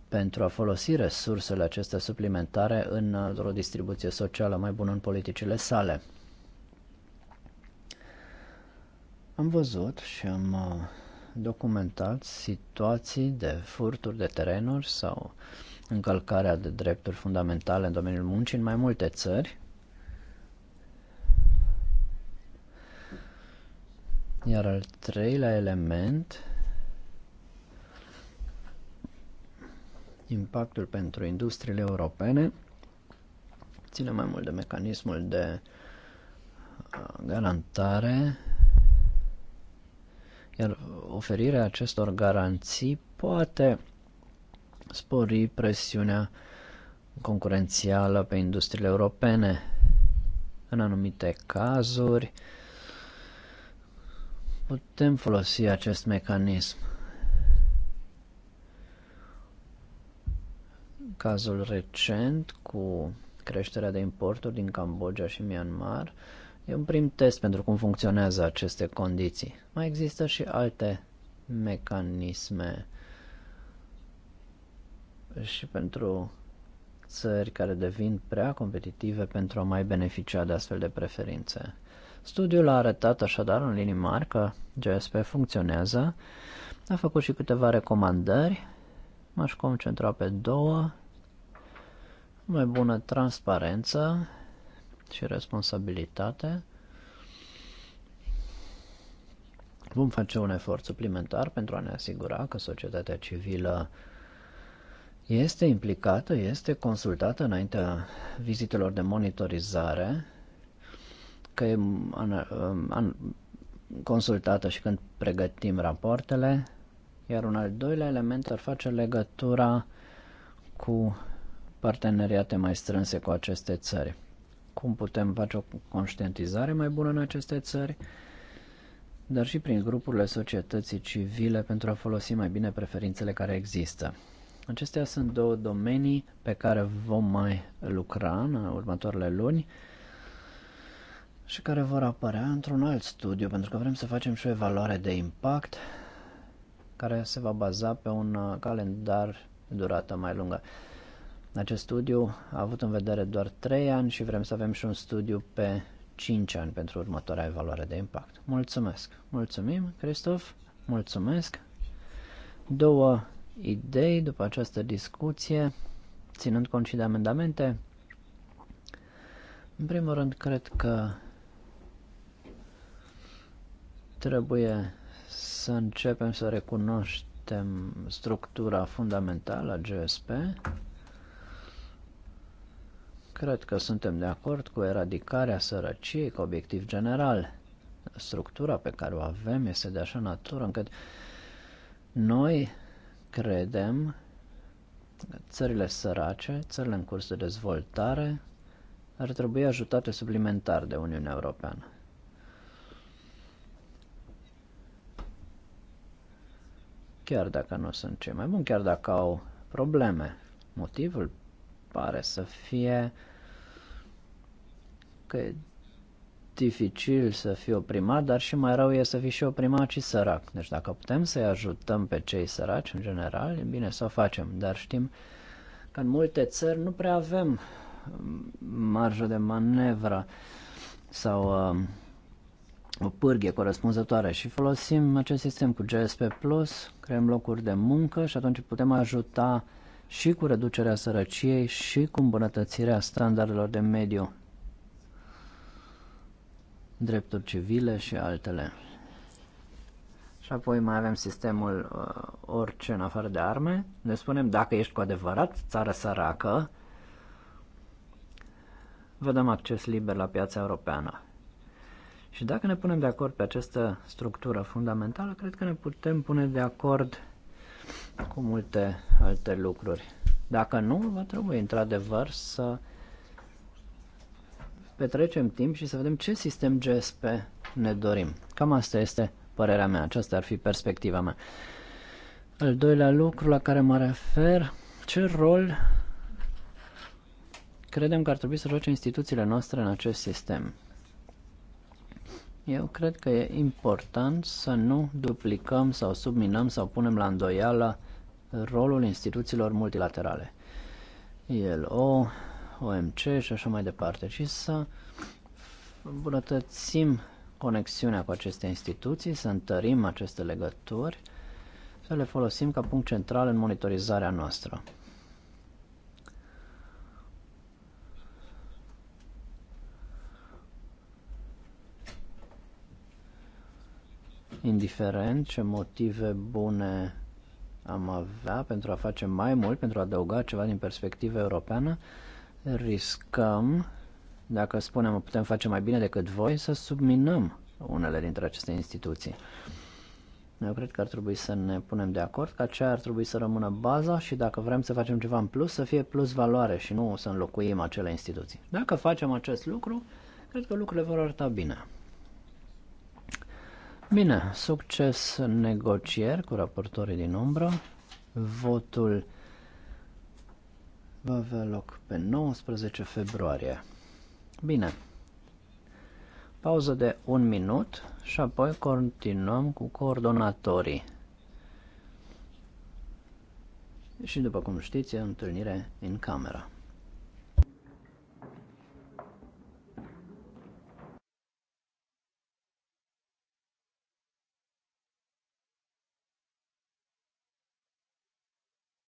pentru a folosi resursele acestea suplimentare în o distribuție socială mai bună în politicile sale. Am văzut și am uh, documentat situații de furturi de terenuri sau uh, încălcarea de drepturi fundamentale în domeniul muncii în mai multe țări. Iar al treilea element, impactul pentru industriile europene, ține mai mult de mecanismul de uh, garantare, iar oferirea acestor garanții poate spori presiunea concurențială pe industriile europene. În anumite cazuri putem folosi acest mecanism. Cazul recent cu creșterea de importuri din Cambodgia și Myanmar e un prim test pentru cum funcționează aceste condiții. Mai există și alte mecanisme și pentru țări care devin prea competitive pentru a mai beneficia de astfel de preferințe. Studiul a arătat așadar în linii mari că GSP funcționează, a făcut și câteva recomandări, m-aș concentra pe două, mai bună transparență și responsabilitate. Vom face un efort suplimentar pentru a ne asigura că societatea civilă este implicată, este consultată înaintea vizitelor de monitorizare, că e an, um, an, consultată și când pregătim rapoartele, iar un al doilea element ar face legătura cu parteneriate mai strânse cu aceste țări. Cum putem face o conștientizare mai bună în aceste țări, dar și prin grupurile societății civile pentru a folosi mai bine preferințele care există. Acestea sunt două domenii pe care vom mai lucra în următoarele luni și care vor apărea într-un alt studiu, pentru că vrem să facem și o evaluare de impact care se va baza pe un uh, calendar de durată mai lungă. Acest studiu a avut în vedere doar 3 ani și vrem să avem și un studiu pe 5 ani pentru următoarea evaluare de impact. Mulțumesc! Mulțumim, Cristof! Mulțumesc! Două idei după această discuție, ținând cont și de amendamente. În primul rând, cred că trebuie să începem să recunoaștem structura fundamentală a GSP. Cred că suntem de acord cu eradicarea sărăciei ca obiectiv general. Structura pe care o avem este de așa natură încât noi credem că țările sărace, țările în curs de dezvoltare, ar trebui ajutate suplimentar de Uniunea Europeană. Chiar dacă nu sunt cei mai buni, chiar dacă au probleme. Motivul pare să fie că dificil să fii oprimat, dar și mai rău e să fii și oprimat și sărac. Deci dacă putem să-i ajutăm pe cei săraci, în general, e bine să o facem. Dar știm că în multe țări nu prea avem um, marjă de manevră sau uh, o pârghie corespunzătoare și folosim acest sistem cu GSP+, Plus, creăm locuri de muncă și atunci putem ajuta și cu reducerea sărăciei și cu îmbunătățirea standardelor de mediu drepturi civile și altele. Și apoi mai avem sistemul uh, orice în afară de arme. Ne spunem dacă ești cu adevărat țară săracă, vă dăm acces liber la piața europeană. Și dacă ne punem de acord pe această structură fundamentală, cred că ne putem pune de acord cu multe alte lucruri. Dacă nu, va trebui într-adevăr să petrecem timp și să vedem ce sistem GSP ne dorim. Cam asta este părerea mea, aceasta ar fi perspectiva mea. Al doilea lucru la care mă refer, ce rol credem că ar trebui să joace instituțiile noastre în acest sistem? Eu cred că e important să nu duplicăm sau subminăm sau punem la îndoială rolul instituțiilor multilaterale. ILO, OMC și așa mai departe, și să îmbunătățim conexiunea cu aceste instituții, să întărim aceste legături, să le folosim ca punct central în monitorizarea noastră. indiferent ce motive bune am avea pentru a face mai mult, pentru a adăuga ceva din perspectiva europeană, riscăm, dacă spunem putem face mai bine decât voi, să subminăm unele dintre aceste instituții. Eu cred că ar trebui să ne punem de acord că aceea ar trebui să rămână baza și dacă vrem să facem ceva în plus, să fie plus valoare și nu să înlocuim acele instituții. Dacă facem acest lucru, cred că lucrurile vor arăta bine. Bine, succes negocieri cu raportorii din umbră. Votul va avea loc pe 19 februarie. Bine. Pauză de un minut și apoi continuăm cu coordonatorii. Și după cum știți, e întâlnire în camera.